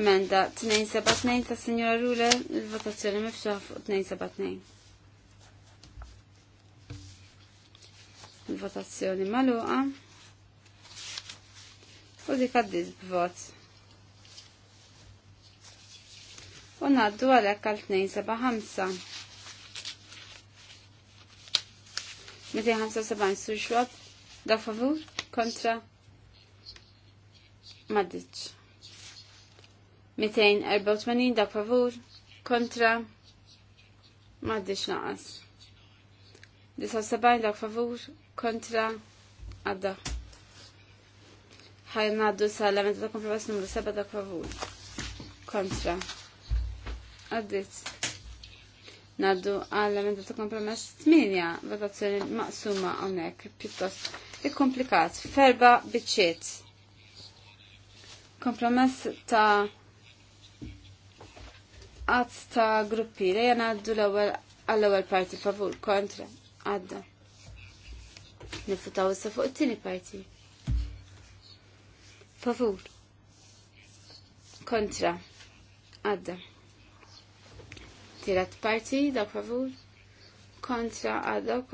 Emenda 272 ta' Signora Rule, il-votazzjoni mifxa fuq 272. Il-votazzjoni maluqa. U dik għaddit b'vot. U naddu għalek għal 275. 275 sur Da favur kontra Madic. 284 da favur kontra Madic naqas. 79 da favur kontra adda. Ħajna għaddu sa l-emenda ta' komprovas numru 7 da favur kontra għaddit naddu għall emenda ta' kompromess 8 votazzjoni maqsuma għonek, pjuttost Il-komplikat, ferba biċċiet. Kompromess ta' għad ta' gruppi li għaddu l-ewel għall-ewel parti favur kontra għadda. Nifutaw issa fuq it-tieni parti. Favur. Kontra. Għadda. Tirat parti, da' favur. Kontra għadda u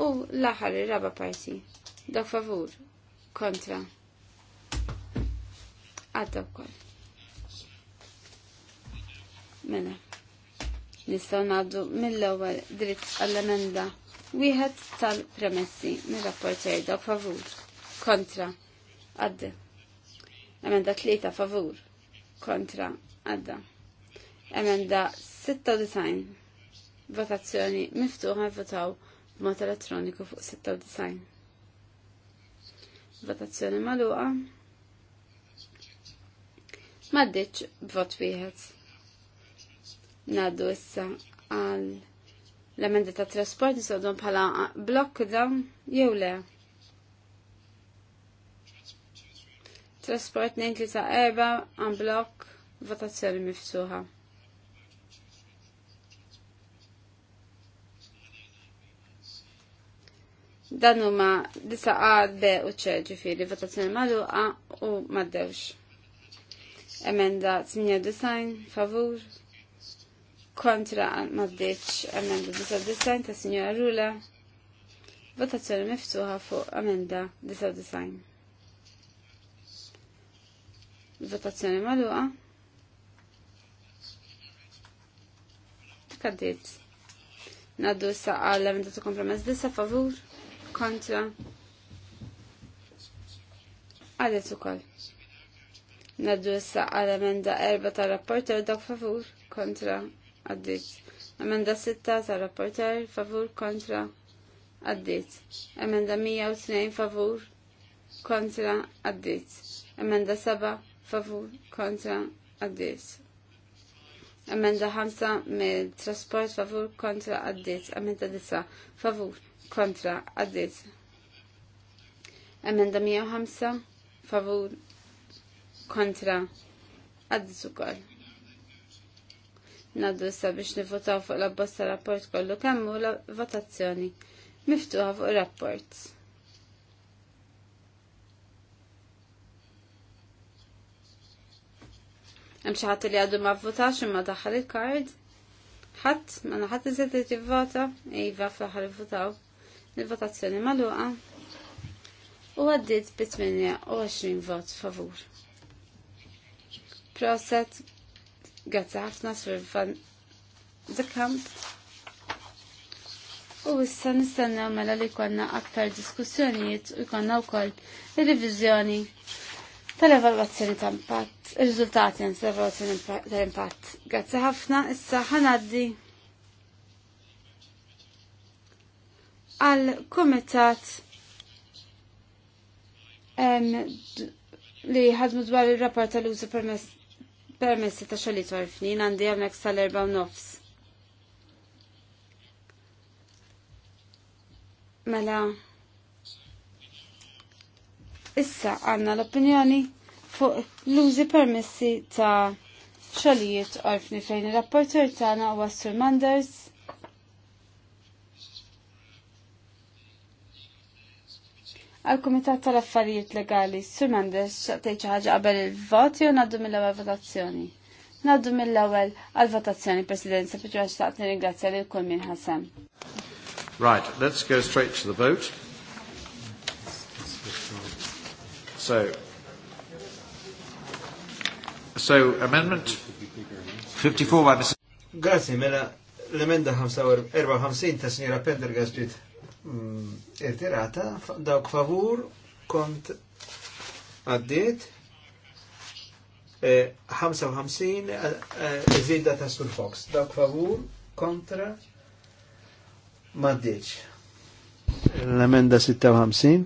U l-aħħar ir-raba parti. Da favur kontra. Għadda wkoll. Mela. Nistgħu ngħaddu mill-ewwel dritt għall-emenda wieħed tal-premessi mir-rapporter dak favur kontra. Għadda. Emenda tlieta favur kontra. Għadda. Emenda 96 votazzjoni miftuħa votaw mod elettroniku fuq 96. Votazzjoni magħluqa. Maddiċ b'vot wieħed. Naddu issa għal l-emendi ta' trasport nisodhom bħala blokk dawn jew le. Trasport 9 3 4 għan blokk votazzjoni mifsuħa. Dan huma disa A, B u C ġifieri votazzjoni magħluqa u m'għaddewx. Emenda 98 favur kontra m'għaddiċ emenda 99 ta' Signora Rula. Votazzjoni miftuħa fuq emenda 99. Votazzjoni magħluqa. Kaddiet. Naddu sa' għal-emenda ta' kompromess disa favur kontra għalli ukoll. Naddu issa għal emenda erba ta' rapporter dok favur kontra għaddit. Emenda sitta ta' rapporter favur kontra għaddit. Emenda 102 favur kontra għaddit. Emenda 7 favur kontra għaddit. Emenda 5 mill trasport favur kontra għaddit. Emenda 9 favur kontra għaddit. Emenda 105 favur kontra għaddit ukoll. Naddu issa biex nivotaw fuq l bosta rapport kollu kemmu la votazzjoni miftuħa fuq rapport. Hemm xi ħadd li għadu ma vvotax imma daħħal il-kard. Ħadd ma naħat iżed li tivvota, iva fl-aħħar votaw Il-votazzjoni maluqa u għaddit bi 28 vot favur. Proset għazza ħafna sur van the camp. U issa nistennew mela li konna aktar diskussjonijiet u konna wkoll ir revizjoni tal-evalwazzjoni ta' impatt, ir-riżultati tal-evalwazzjoni tal-impatt. Grazzi ħafna, issa ħanaddi għal komitat li ħadmu dwar il-rapport tal-użu permessi ta' xalit warfnin għandi għamnek sal-erba u nofs. Mela, issa għanna l-opinjoni fuq l-użi permessi ta' xalijiet orfni fejn il-rapporter tagħna Wassur Manders għal komitat tal-Affarijiet Legali, Sur Mendes, xaqtej ħaġa qabel il-vot jew naddu mill ewel votazzjoni? Naddu mill ewel għal-votazzjoni, President, se fiġu għax taqtni taqt li l kull minn ħasem. Right, let's go straight to the vote. So, so amendment 54 by Mr. Grazie, mela l-emenda 54 ta' sinjera Pendergast ġit irtirata, mm, dawk favur kont għaddiet 55 e, e, e, zidda ta' Sur Fox, dawk favur kontra maddiċ. L-emenda 56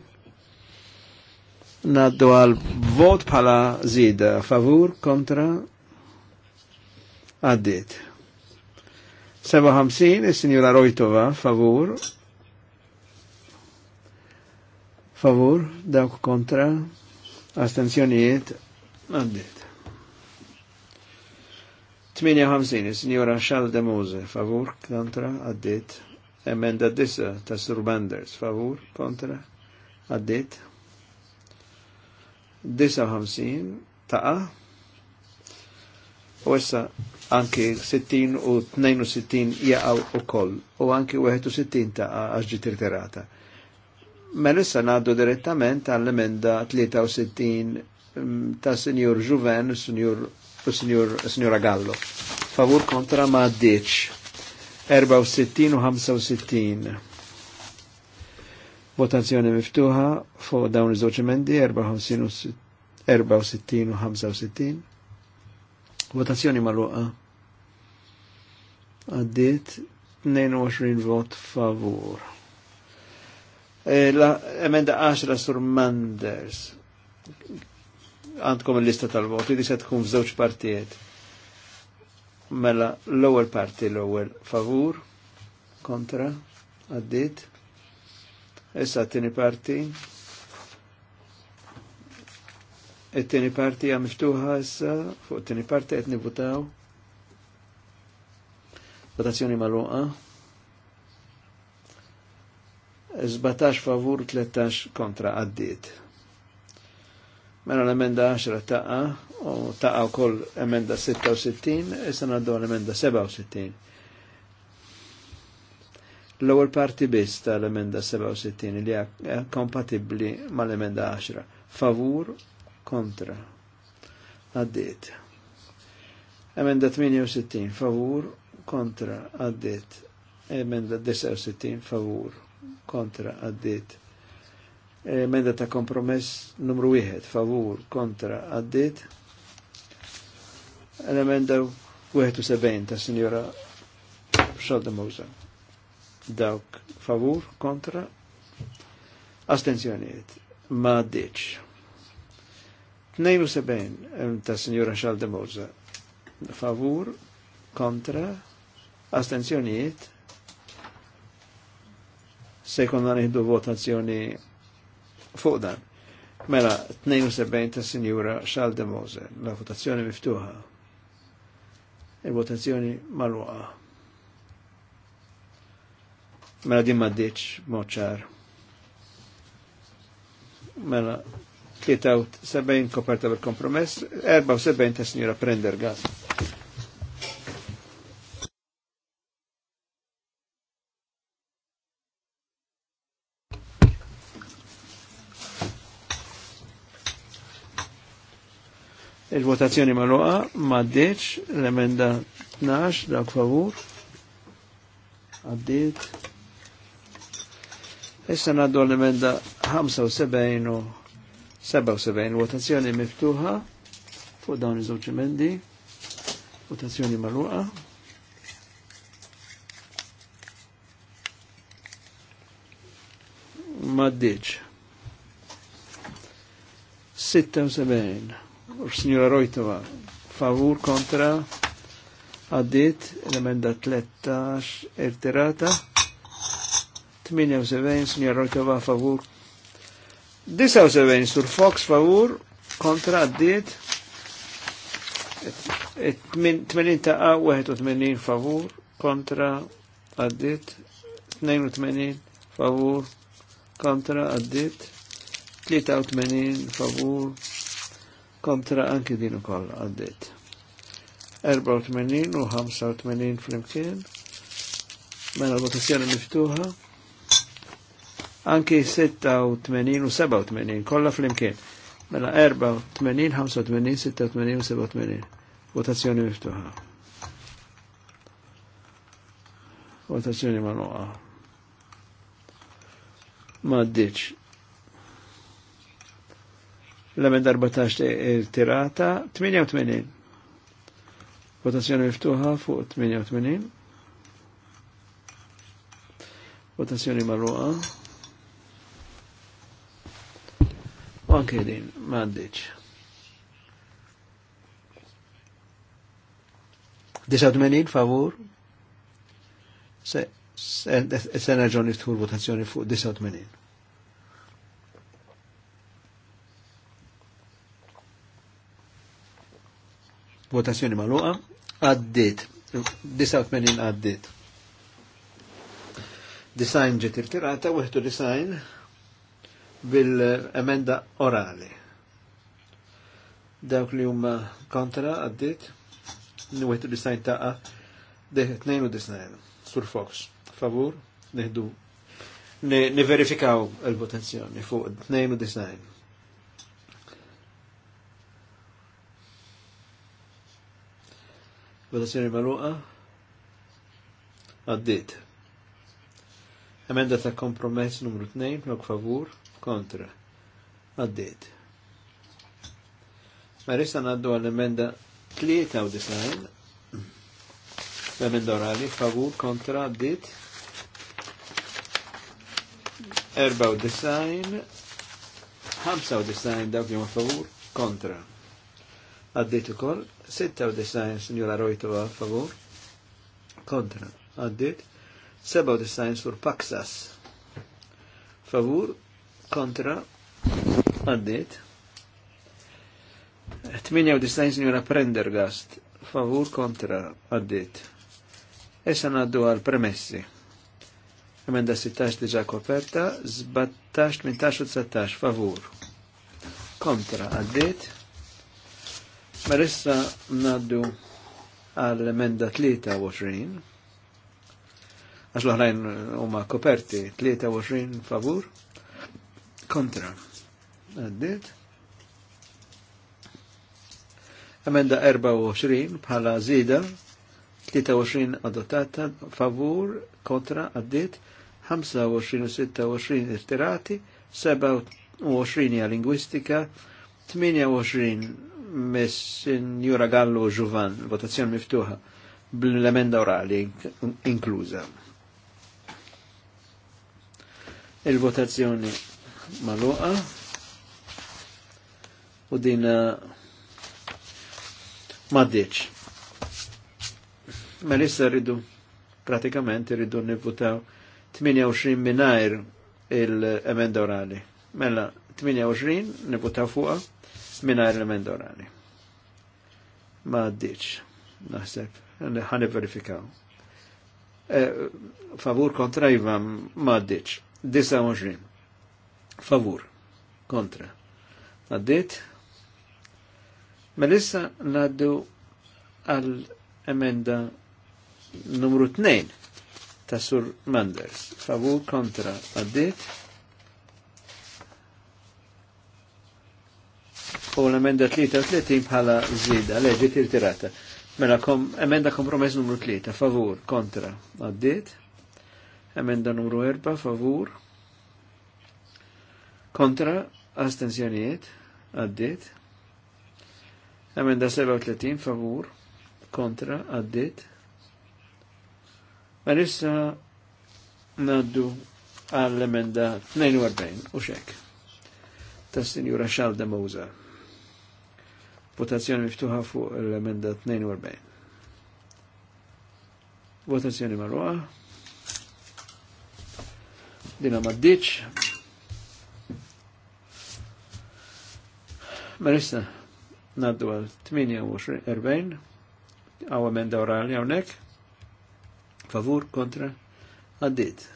naddu għal vot pala zida favur kontra għaddit. 57 il-Sinjura Rojtova favur favur, dawk kontra, astenzjoniet, għandiet. 58, signora de Mose, favur, kontra, għandiet. Emenda dissa ta' Surbanders, favur, kontra, għandiet. 59, ta' u issa anki 60 u 62 jaqaw u koll u anki 61 ta' għax ġitirterata. Mela issa ngħaddu direttament għall-emenda 63 mm, ta' Sinjur Juven u Sinjura Gallo. Favur kontra ma' ddiċ. 64 u 65. Votazzjoni miftuħa fuq dawn iż-żewġ emendi 64 u 65. Votazzjoni magħluqa. Għaddiet 22 vot favur. Eh, la emenda 10 sur Manders. Għandkom il-lista tal-voti li se tkun f'żewġ partijiet. Mela l-ewwel parti l-ewwel favur, kontra, għaddit. Issa t-tieni parti. It-tieni parti hija miftuħa issa, fuq it-tieni parti qed nivutaw. Votazzjoni magħluqa. 17 favur 13 kontra għaddit. Mela l-emenda 10 taqa u taqa u koll emenda 66, jessan għaddu e l-emenda 67. L-ewwel parti biss tal-emenda 67 li eh, kompatibli kompatibbli mal-emenda 10. Favur kontra. għaddit. Emenda 68 favur kontra għaddit. Emenda 69 favur kontra għaddit. Emenda ta' kompromess numru 1, favur, kontra għaddit. L-emenda 71 ta' signora Xaldemuza. Dawk favur, kontra, astenzjoniet, ma għaddit. 72 ta' signora Xaldemuza. Favur, kontra, astenzjoniet, se jkunna nieħdu votazzjoni fuq dan. Mela, 72 ta' sinjura Charles de Mose, la votazzjoni miftuħa. Il-votazzjoni mal Mela din ma ddiċ moċċar. Mela, 73 koperta bil-kompromess, 74 ta' sinjura Prendergast Il-votazzjoni marruqa maddeċ, l-emenda 12, dak favur. għaddit Issa naddu l-emenda 75 u 77, votazzjoni miftuħa fuq dawn iż-żewġ emendi. Votazzjoni marruqa. Maddiċ. 76 Signora Rojtova, favur kontra għaddit l-emenda 13 irtirata 78 signora Rojtova favur 79 sur Fox favur kontra għaddit 80 ta' 81 favur kontra għaddit 82 favur kontra għaddit 83 favur kontra anki din u koll għaddit. 84 u 85 flimkien, mela votazzjoni miftuħa, anki 86 u 87 kollha flimkien. Mela 84, 85, 86 u 87. Votazzjoni miftuħa. Votazzjoni manuqa. Ma ddiċ l-emenda 14 il-tirata, 88. Votazzjoni miftuħa fuq 88. Votazzjoni marruqa. U anke din, mandiċ. 89 favur. Se, se, se, se, se, se, se, se, se, se, se, se, Votazzjoni maluqa. Għaddit. 89 għaddit. Design ġiet irtirata, wieħdu design bil-emenda orali. Dawk li huma kontra għaddit. Wieħdu design taqa' deħ 92 sur Fox. Favur, neħdu. ne verifikaw il-votazzjoni fuq 92. Votazzjoni maluqa. Għaddit. Emenda ta' kompromess numru 2, blok favur, kontra. Għaddit. Marissa naddu għall-emenda 3 93. L-emenda orali, favur, kontra, għaddit. u 95 dawk jom ma favur, kontra għaddit ukoll, 96 sinjura Rojtu għal favur, kontra għaddit, 97 sur Paksas favur, kontra għaddit, 98 sinjura Prendergast favur, kontra għaddit. Issa għaddu għal premessi. Emenda 16 diġa koperta, 17, 18 u 19 favur. Kontra għaddit. Marissa mela naddu għal emenda 23, għax l-oħrajn huma koperti 23 favur, kontra. Għaddit. Emenda 24 bħala zida, 23 adottata favur, kontra, għaddit, 25 u 26 irtirati, 27 hija lingwistika, 28 mis-Sinjura Gallo Juvan, votazzjoni miftuħa, bl-emenda orali inkluża. Il-votazzjoni maluqa u din maddiċ. Ma lissa rridu, pratikament rridu nivvutaw 28 minajr il-emenda orali. Mela, 28 nivvutaw fuqa minna element orali. Ma għaddiċ, naħseb, ħani verifikaw. Eh, favur kontra jivam, ma għaddiċ, 29. Favur, kontra. Għaddiċ, Melissa naddu għal emenda numru 2 ta' Sur Manders. Favur kontra għaddiċ. u l-emenda 33 bħala zida, leġi tirtirata. Mela, kom, emenda kompromess numru 3, favur, kontra, għaddit. Emenda numru 4, favur, kontra, astensjonijiet, għaddit. Emenda 37, favur, kontra, għaddit. Marissa mela, naddu għall-emenda 42 u xek. tas Sinjura Xalda Mowza. Votazzjoni miftuħa fuq l-emenda 42. Votazzjoni marwa. Dina maddiċ. Marissa, naddu għal 48, għaw emenda orali għawnek, favur kontra għaddit.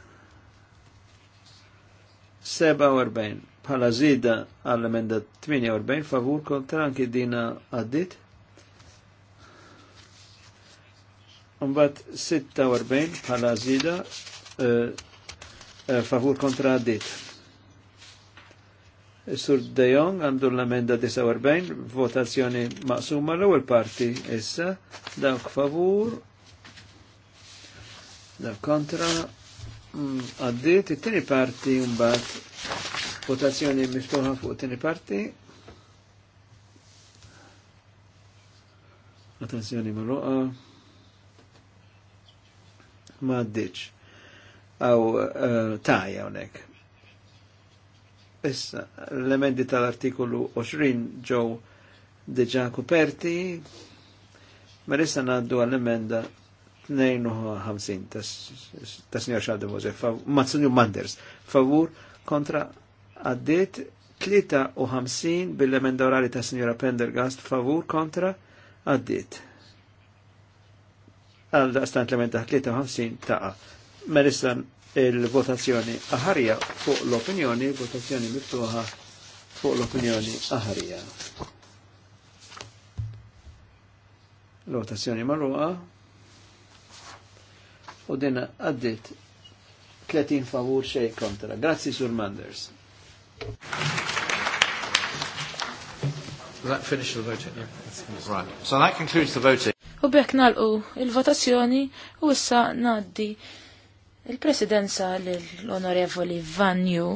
47, bħala zida għall-emenda 48 favur kontra anki dina għaddit. Umbat 46 bħala zida eh, eh, favur kontra għaddit. Sur De Jong għandu l-amenda 49, votazzjoni maqsuma l-ewwel parti issa, dawk favur, dawk kontra, mm, għaddit, it-tieni parti mbagħad Votazzjoni miftuħa fuq tini parti. Attenzjoni marruqa. Ma ddiċ. Aw taħja unek. Issa, l-emendi tal-artikolu 20 ġew diġa koperti, ma issa naddu għall-emenda 52 tas Sr. Xaldi Mose, Mazzinju Manders, favur kontra għaddit 53 bil-emenda orali ta' Signora Pendergast favur kontra għaddit. Għal daqstant l-emenda 53 ta' merissan il-votazzjoni aħarja fuq l-opinjoni, votazzjoni miftuħa fuq l-opinjoni aħarja. L-votazzjoni marruqa u dinna għaddit 30 favur xej kontra. Grazzi, Sur Manders. Right. So that concludes the voting. U bekk nalqu il-votazzjoni u issa naddi il-presidenza l-onorevoli Vanju.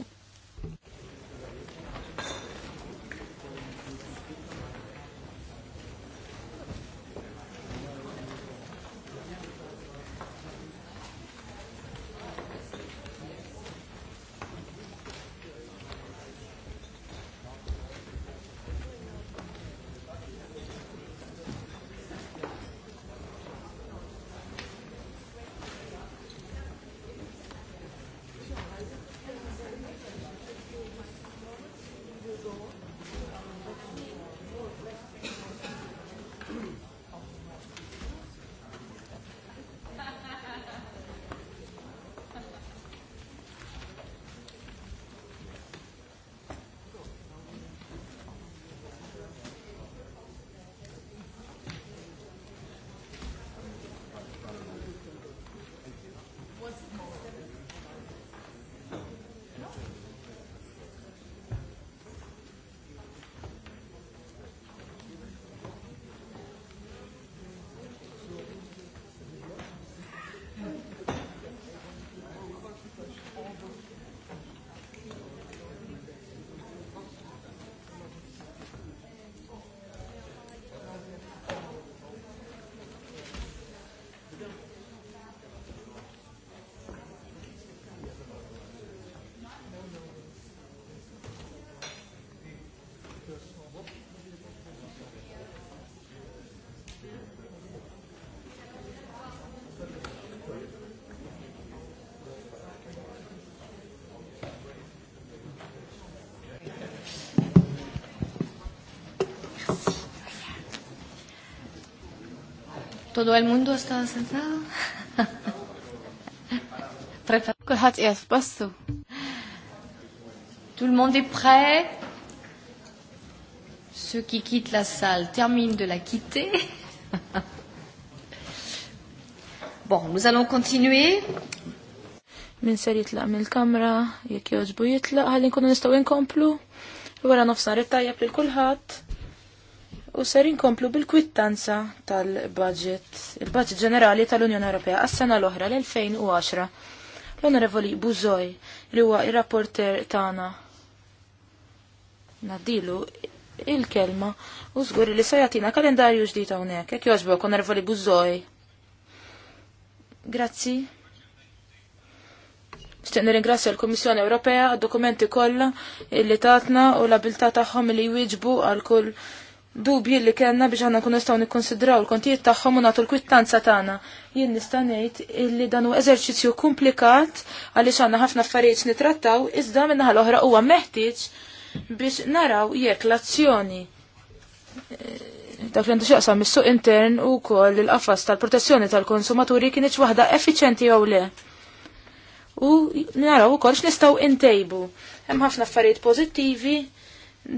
Todo el mundo está sentado? Tout le monde est prêt Ceux qui quittent la salle terminent de la quitter. bon, nous allons continuer. Min ser jitlaq mill-kamra, jekk jogħġbu jitlaq, ħalli nkunu nistgħu nkomplu. Wara nofsan rittajjeb lil kulħadd u ser inkomplu bil-kwittanza tal-budget, il-budget ġenerali tal-Unjoni Ewropea għas-sena l-oħra l-2010. L-Onorevoli Buzoj li huwa ir-rapporter tagħna nadilu il-kelma u żgur li se jagħtina kalendarju ġdid hawnhekk, hekk jogħġbok Onorevoli Buzoj. Grazzi. Xtiq nirringrazzja l-Kummissjoni Ewropea għad-dokumenti kollha li tatna u l-abilità tagħhom li jwieġbu għal kull dubji li kellna biex aħna kun nistgħu nikkonsidraw l-kontijiet tagħhom u nagħtu l-kwittanza tagħna. Jien nista' ngħid illi dan huwa eżerċizzju komplikat għaliex għandna ħafna affarijiet nitrattaw iżda minnaħa l-oħra huwa meħtieġ biex naraw jekk l-azzjoni eh, dak li għandu xaqsam mis-suq intern u kol il-qafas tal-protezzjoni tal-konsumaturi kienieċ waħda effiċenti jew le. U naraw u koll x'nistgħu intejbu. Hemm ħafna affarijiet pożittivi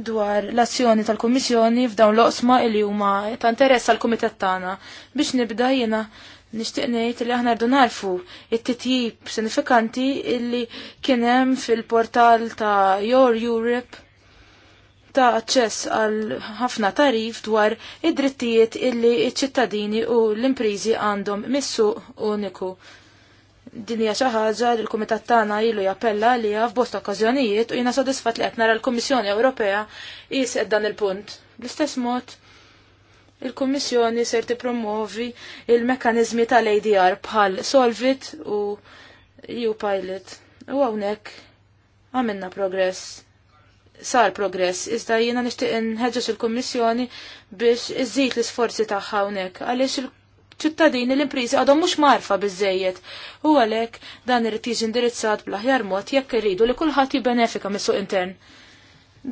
dwar l-azzjoni tal-Kummissjoni f'dawn l-oqsma li huma ta' interess għall-Kumitat tagħna. Biex nibda jiena nixtieq ngħid li aħna rdu narfu it-titjib sinifikanti illi kien hemm fil-portal ta' Your Europe ta' aċċess għal ħafna tarif dwar id-drittijiet illi ċ-ċittadini u l-imprizi għandhom mis-suq uniku din hija xi ħaġa li l-kumitat tagħna ilu jappella li hija f'bost okkażjonijiet u jiena sodisfatt li qed nara l-Kummissjoni Ewropea jisqed dan il-punt. Bl-istess mod il-Kummissjoni ser tippromovi il-mekkaniżmi tal-ADR bħal Solvit u EU Pilot. U hawnhekk għamilna progress sar progress, iżda jiena nixtieq inħeġġeġ il-Kummissjoni biex iżżid l-isforzi tagħha hawnhekk għaliex il ċittadini l-imprizi għadhom mhux marfa biżejjed. U għalhekk dan irid jiġi indirizzat bl-aħjar mod jekk irridu li kulħadd jibbenefika mis-suq intern.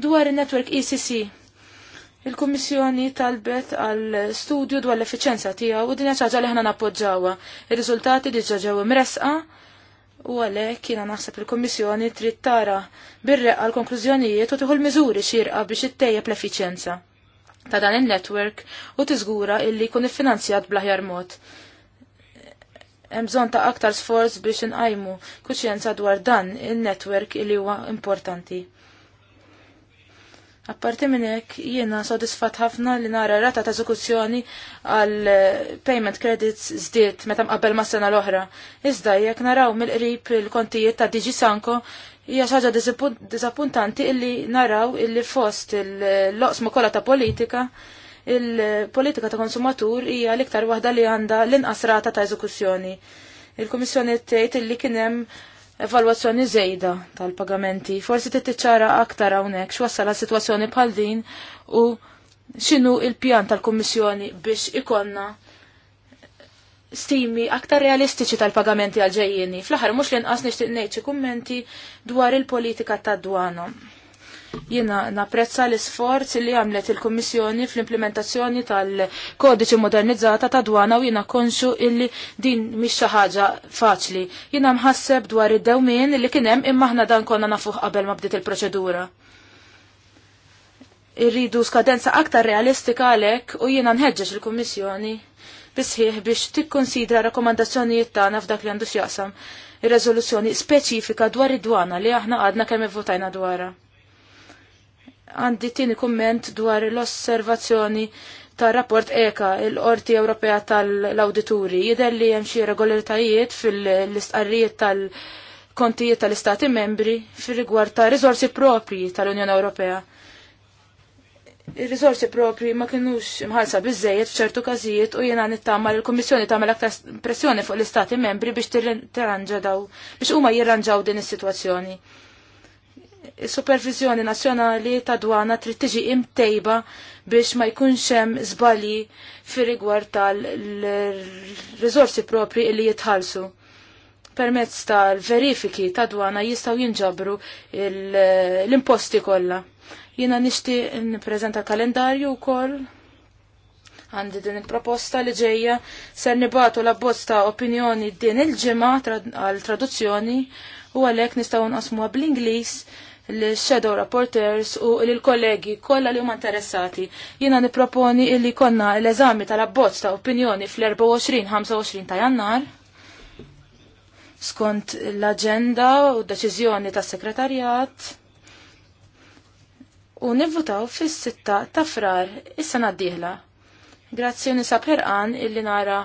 Dwar in network ECC, il-Kummissjoni talbet għal studju dwar l-effiċenza tiegħu u din ħaġa li ħna nappoġġawha. Ir-riżultati diġà ġew imresqa u għalhekk jiena naħseb il-Kummissjoni trid tara birreqqa l-konklużjonijiet u tieħu l-miżuri xierqa biex ittejjeb l-effiċenza ta' dan il-network u tiżgura illi jkun iffinanzjat bl-aħjar mod. Hemm bżonn ta' aktar sforz biex inqajmu kuxjenza dwar dan il-network illi huwa importanti. Apparti minn hekk jiena sodisfatt ħafna li nara rata ta' eżekuzzjoni għal payment credits żdied meta mqabbel mas-sena l-oħra. Iżda jekk naraw mill-qrib il-kontijiet ta' Digi Sanko hija xaġa disappuntanti illi naraw illi fost il-loqsma kollha ta' politika il-politika ta' konsumatur hija l-iktar waħda li għandha l-inqas rata ta' eżekuzzjoni. Il-Kummissjoni tgħid illi kien hemm evalwazzjoni żejda tal-pagamenti. Forsi tittiċċara aktar hawnhekk x'wassal għas-sitwazzjoni bħal din u x'inhu il-pjan tal-Kummissjoni biex ikonna stimi aktar realistiċi tal-pagamenti għal-ġejjini. Fl-aħħar mhux li nqas nixtieq ngħid xi kummenti dwar il-politika ta' dwana Jiena napprezza l sforz li għamlet il-Kommissjoni fl-implementazzjoni tal-kodiċi modernizzata ta' dwana u jiena konxu illi din mhix xi ħaġa faċli. Jiena mħasseb dwar id-dewmien li kien hemm imma aħna dan konna nafuh qabel ma bdiet il-proċedura. Irridu skadenza aktar realistika għalhekk u jiena nħeġġeġ il-Kummissjoni bisħieħ biex tikkonsidra rakkomandazzjonijiet tagħna f'dak li għandu x'jaqsam ir-reżoluzzjoni speċifika dwar id-dwana li aħna għadna kemm votajna dwarha. Għandi tieni kumment dwar l-osservazzjoni ta' rapport EKA, il-Qorti Ewropea tal-Awdituri, jidher li hemm xi regolaritajiet fil-istqarrijiet tal-kontijiet tal-Istati membri fir rigward ta' riżorsi propri tal-Unjoni Ewropea il-rizorsi propri ma kienux imħalsa bizzejiet f'ċertu każijiet u jiena nittama l-Kummissjoni tagħmel aktar pressjoni fuq l-Istati membri biex tirranġa daw biex huma jirranġaw din is-sitwazzjoni. Is-supervizjoni nazzjonali ta' dwana trid tiġi imtejba biex ma jkunx hemm żbalji fir-rigward tal-riżorsi propri li jitħallsu permezz tal-verifiki ta' dwana jistgħu jinġabru l-imposti kollha Jiena nixtieq nippreżenta kalendarju wkoll għandi din il-proposta li ġejja ser nibatu la bosta opinjoni din il-ġimgħa għal traduzzjoni u għalhekk nistgħu nqasmuha bl-Ingliż li shadow rapporters u l-kollegi kollha li huma interessati. Jiena nipproponi li konna l-eżami tal-abbozz ta' opinjoni fl-24-25 ta' jannar skont l-agenda u d-deċiżjoni tas-sekretarjat u nivvutaw fis-sitta ta' frar is-sena d-dieħla. Grazzi u nisab ħerqan illi nara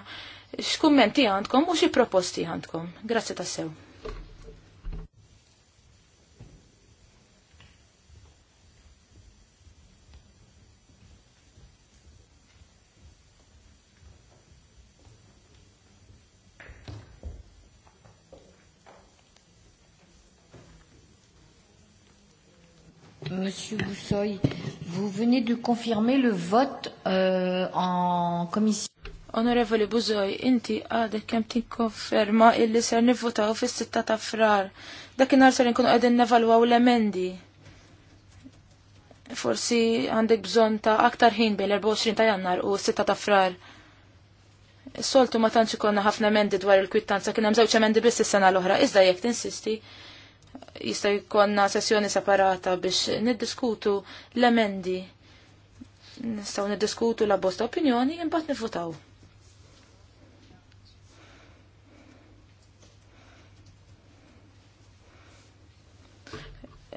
x'kummenti għandkom u xi proposti għandkom. Grazzi tassew. Monsieur Boussoy, vous venez de confirmer le vote euh, en commission. Onorevoli Buzoj, inti għadek kem tinkonferma illi ser nivvotaw fis sitta ta' frar. Dakinhar ser nkunu qegħdin nevalwaw l-emendi. Forsi għandek bżonn ta' aktar ħin bejn l-24 ta' jannar u s-sitta ta' frar. Soltu ma tantx ikonna ħafna emendi dwar il-kwittanza kien hemm żewġ emendi biss is-sena l-oħra, iżda jekk tinsisti jista' jkollna sessjoni separata biex niddiskutu l-emendi. Nistgħu niddiskutu la bosta opinjoni imbagħad nivvotaw.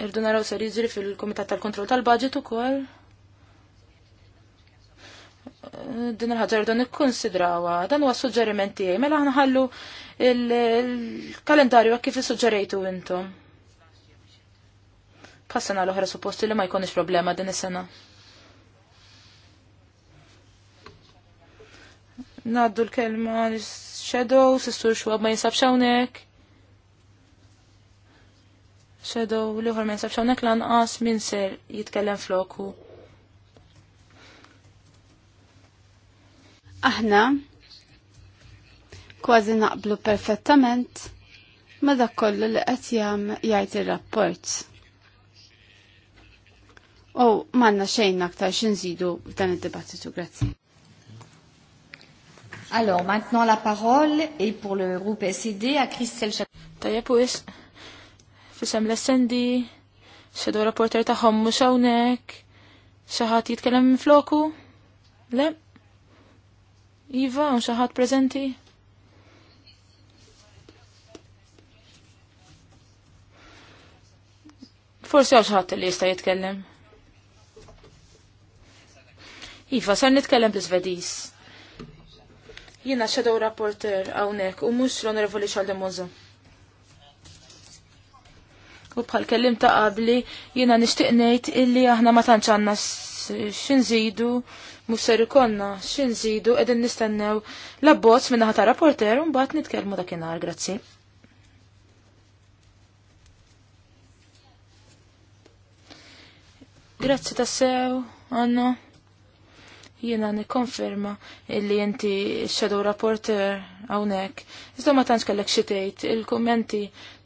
Irdu naraw ser jiġri fil-Kumitat tal-Kontroll tal-Budget ukoll. Din il-ħaġa irdu nikkonsidrawha. Dan huwa suġġeriment tiegħi mela ħanħallu il-kalendarju kif issuġġerejtu intom. Passana l-oħra supposti li ma jkunx problema din is-sena. Naddu l-kelma shadow, sistur xwab ma jinsabx hawnhekk. Shadow li uħor ma xawnek lan lanqas min ser jitkellem floku. Aħna kważi naqblu perfettament ma dak kollu li qed jgħid ir-rapport. U manna xejn aktar xinżidu f'dan id-dibattitu, grazzi. Allora maintenant la parole e pour le groupe SED a Christelle Chapin. Tajab u is, l-essendi, xedu rapporter ta' xommu x'awnek. xaħat jitkellem floku? Le? Iva, un xaħat prezenti? Forsi għal xaħat li jista jitkellem. Iva, sar nitkellem bl svedis Jiena shadow rapporter hawnhekk u mhux l-Onorevoli Xaldemoza. U bħal kellim ta' qabli jiena nixtieq ngħid illi aħna ma tantx għandna x'inżidu mhux ser ikollna x'inżidu qegħdin nistennew l-abbozz minn rapporter u mbagħad nitkellmu dakinhar, grazzi. Grazzi tassew, Anna jiena nikkonferma illi inti shadow rapporter hawnhekk. Iżda ma tantx kellek xi tgħid, il-kummenti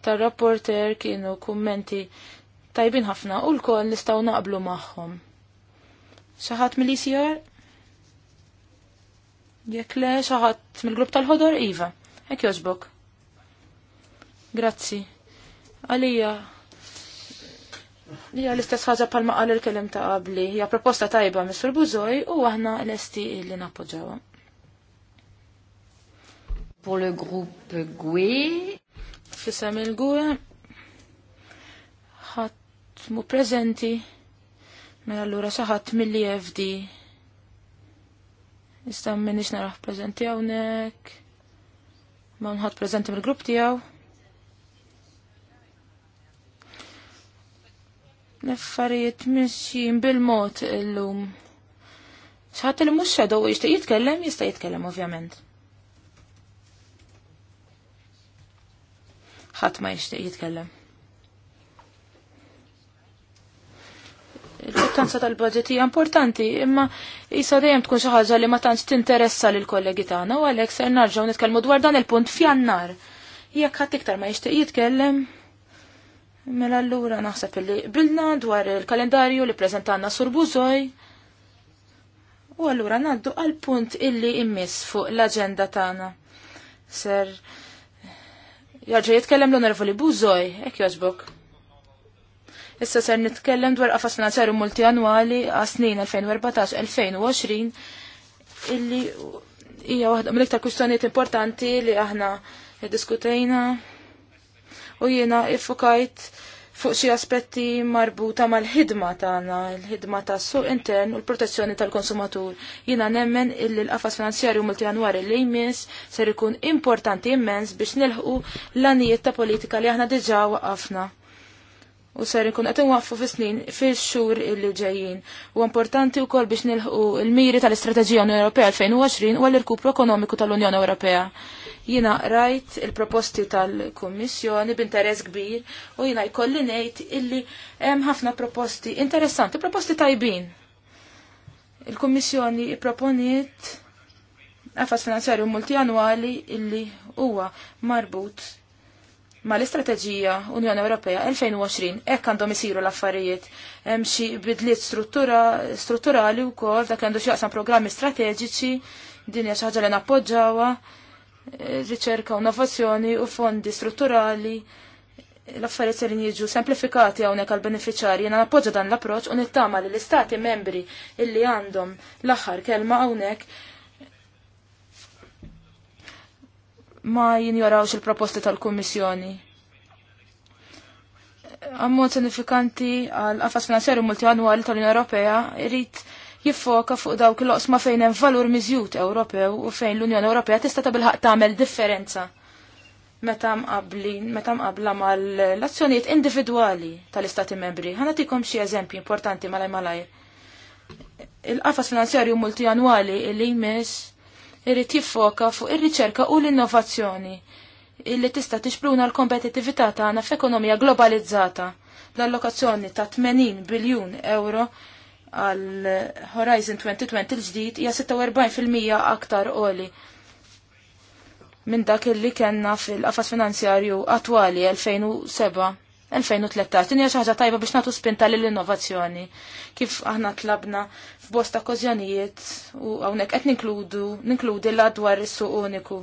tar-rapporter kienu kummenti tajbin ħafna u l-koll nistgħu naqblu magħhom. Xi mill-ICR? Jekk le xi mill-grupp tal-ħodor iva, hekk jogħġbok. Grazzi. Għalija Li l-istess ħaġa palma qal il-kelim ta' qabli, hija proposta tajba Mr. Buzoj u aħna lesti li nappoġġawha. Pour le groupe Gwe. Fisem il gwe ħadd mu prezenti. mela allura xi ħadd milli FD. Issa minix naraħ preżenti hawnhekk. Ma nħadd preżenti mill-grupp tiegħu. L-affarijiet mixjin bil-mod illum. Xaħat il-muxa xadow jista jitkellem, jista' jitkellem ovvjament. ħadd ma jista jitkellem. Il-importanza tal-budget hija importanti, imma jisa dejjem tkun xi ħaġa li ma tantx tinteressa lil kollegi tagħna u għalhekk ser narġgħu nitkellmu dwar dan il-punt fjannar. Jekk ħadd iktar ma jixtieq jitkellem, Mela allura naħseb li bilna dwar il-kalendarju li prezentanna sur Buzoj. U allura naddu għal punt illi immis fuq l-agenda tagħna. Ser jarġa' jitkellem l-onorevoli Buzoj, hekk jogħġbok. Issa ser nitkellem dwar qafas finanzjarju multianwali għas snin 2014-2020 illi hija waħda mill-iktar kwistjonijiet importanti li aħna diskutejna u jiena iffukajt fuq xi aspetti marbuta mal-ħidma tagħna, il-ħidma tas-suq intern u l-protezzjoni tal-konsumatur. Jiena nemmen illi l-qafas finanzjarju multijanwari li jmiss ser ikun importanti immens biex nilħu l-anijiet ta' politika li aħna diġà waqafna. U ser ikun qed inwaqqfu fis-snin fix-xhur illi ġejjin. U importanti wkoll biex nilħu l-miri tal-Istrateġija Unjoni Ewropea 2020 u għall-irkupru ekonomiku tal-Unjoni Ewropea. Jina rajt il-proposti tal-Kummissjoni b'interess kbir u jina jkolli ngħid illi hemm ħafna proposti interessanti, proposti tajbin. Il-Kummissjoni proponiet għafas finanzjarju multianwali illi huwa marbut mal-istrateġija Unjoni Ewropea 2020 hekk għandhom isiru l-affarijiet hemm xi bidliet struttura, strutturali wkoll dak għandu xi jaqsam programmi strateġiċi din hija xi ħaġa li nappoġġawha riċerka, u innovazzjoni u fondi strutturali l-affarijiet serin jiġu semplifikati hawnhekk għal beneficjarji jiena appoġġa dan l-approċċ u nittama li l-istati membri illi għandhom l-aħħar kelma hawnhekk ma jinjorawx il-proposti tal-Kummissjoni. Ammont sinifikanti għal qafas finanzjarju multianwali tal-Unjoni Ewropea irid jiffoka fuq dawk il-oqsma fejn hemm valur miżjut Ewropew u fejn l-Unjoni Ewropea tista' ta' bilħaq tagħmel differenza meta mqablin, meta mqabla mal-azzjonijiet individwali tal-Istati membri. Ħanatikom xi eżempji importanti malaj malaj. Il-qafas finanzjarju multijanwali li jmiss irid jiffoka fuq ir-riċerka u l-innovazzjoni illi tista' tixpruna l-kompetittività tagħna f'ekonomija globalizzata. L-allokazzjoni ta' 80 biljun euro għal Horizon 2020 l-ġdid hija 46% aktar qoli minn dak li kellna fil-qafas finanzjarju attwali 2007-2013. Din hija xi ħaġa tajba biex nagħtu spinta lill-innovazzjoni. Kif aħna tlabna f'bosta okkożjonijiet u hawnhekk qed ninkludu ninkludi l dwar is-suq uniku.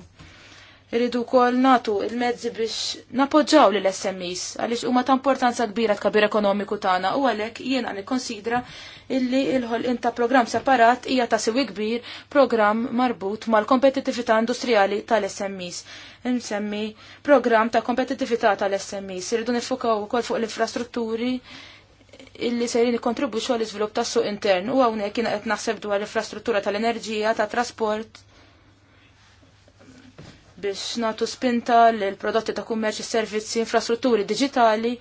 Irridu wkoll natu il-mezzi biex napoġġaw l SMEs għaliex huma ta' importanza kbira tkabir ekonomiku tagħna u għalhekk jiena nikkonsidra illi il-ħol inta programm separat hija ta' siwi kbir programm marbut mal-kompetitività industrijali tal-SMEs. Insemmi programm ta' kompetitività tal-SMEs. Irridu nifukaw ukoll fuq l-infrastrutturi illi serin kontribuċu għal izvilup tas-suq intern u hawnhekk jina qed naħseb dwar l-infrastruttura tal-enerġija, tat trasport biex natu spinta l-prodotti ta' kummerċ, servizzi, infrastrutturi digitali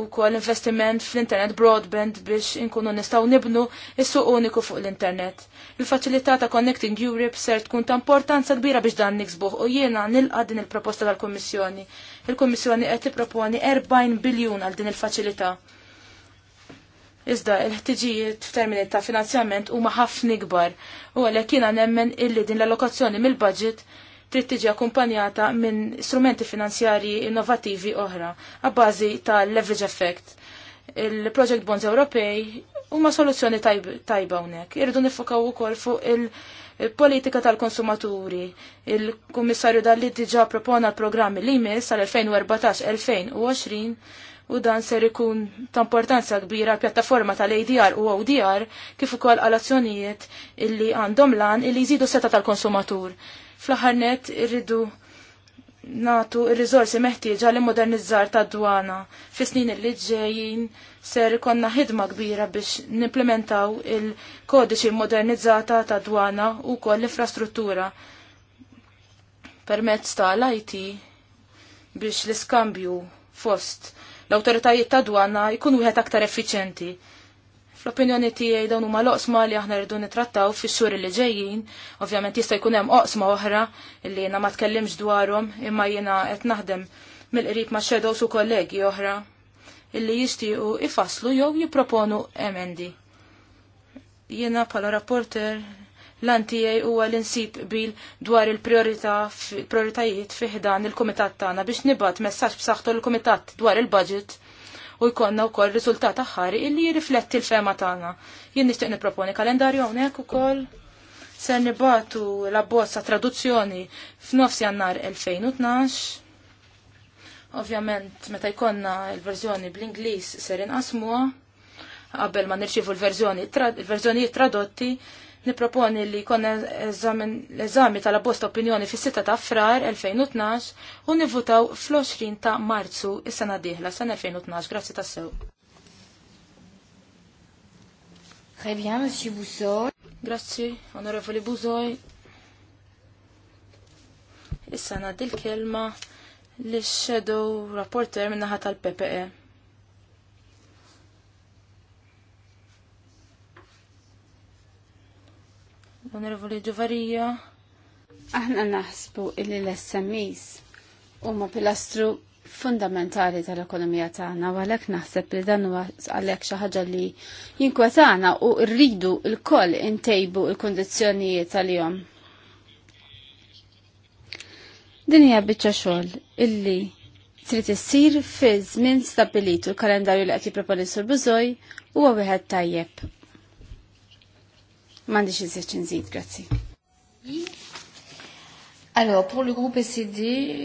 u kol investiment fl-internet broadband biex inkunu nistaw nibnu is-suq uniku fuq l-internet. Il-faċilità ta' Connecting Europe ser tkun ta' importanza kbira biex dan niksbuħ u jiena nilqa din il-proposta tal-Kommissjoni. Il-Kommissjoni qed tipproponi 40 biljun għal din il-faċilità. Iżda il-ħtiġijiet f'termini ta' finanzjament huma ħafna kbar u għalhekk jiena nemmen illi din l-allokazzjoni mill-budget trid tiġi akkumpanjata minn strumenti finanzjarji innovattivi oħra għabbażi tal-leverage effect. Il-project bonds Ewropej huma soluzzjoni tajba hawnhekk. Irridu nifokaw ukoll fuq il-politika tal-konsumaturi. Il-Kummissarju dalli diġà propona l-programmi li jmiss għal 2014-2020 u dan ser ikun ta' importanza kbira pjattaforma tal-ADR u ODR kif ukoll għal azzjonijiet illi għandhom lan illi jżidu seta tal-konsumatur fl-aħħar irridu natu il-rizorsi meħtieġa li modernizzar ta' dwana. Fis-snin li ġejjin ser konna ħidma kbira biex nimplementaw il-kodiċi modernizzata ta' dwana u koll l-infrastruttura permezz tal-IT biex l-iskambju fost l-autoritajiet ta' dwana jkun wieħed aktar effiċenti. L-opinjoni tiegħi dawn huma l-oqsma li aħna rridu nitrattaw fix-xhur li ġejjin, ovvjament jista' jkun hemm oqsma oħra li jiena ma tkellimx dwarhom imma jiena qed naħdem mill-qrib ma' shadows u kollegi oħra illi jistiequ ifasslu jew jipproponu emendi. Jiena bħala rapporter lan tiegħi huwa l insib bil dwar il-priorità prioritajiet fi ħdan il-kumitat tagħna biex nibgħat messaġġ b'saħħtu l-kumitat dwar il-budget u jkollna wkoll riżultat aħħari illi jirrifletti l-fema tagħna. Jien nixtieq nipproponi kalendarju hawnhekk ukoll ser nibatu l bozza traduzzjoni f'nofs jannar 2012. Ovvjament, meta jkollna l-verżjoni bl-Ingliż ser inqasmuha qabel ma nirċivu l-verżjoni tradotti Niproponi li konna l-eżami tal abost opinjoni fis-6 ta' frar 2012 u nivutaw fl-20 ta' marzu is-sena diħla, sena 2012. Grazzi ta' sew. Très bien, Monsieur Boussoy. Grazie, Onorevoli Boussoy. Issa nadil kelma li shadow rapporter minnaħat tal-PPE. Onorevoli Ġuvarija. Aħna naħsbu illi l-SMEs huma pilastru fundamentali tal-ekonomija tagħna u għalhekk naħseb li dan huwa għalhekk xi ħaġa li jinkwetana u rridu l-koll intejbu l-kundizzjonijiet tal-jom. Din hija biċċa xogħol illi trid issir fi żmien stabilit u l-kalendarju li qed jipproponi sur Bużoj huwa wieħed tajjeb. Mandi xie seċin zid, grazzi. Allora, pour le groupe SD,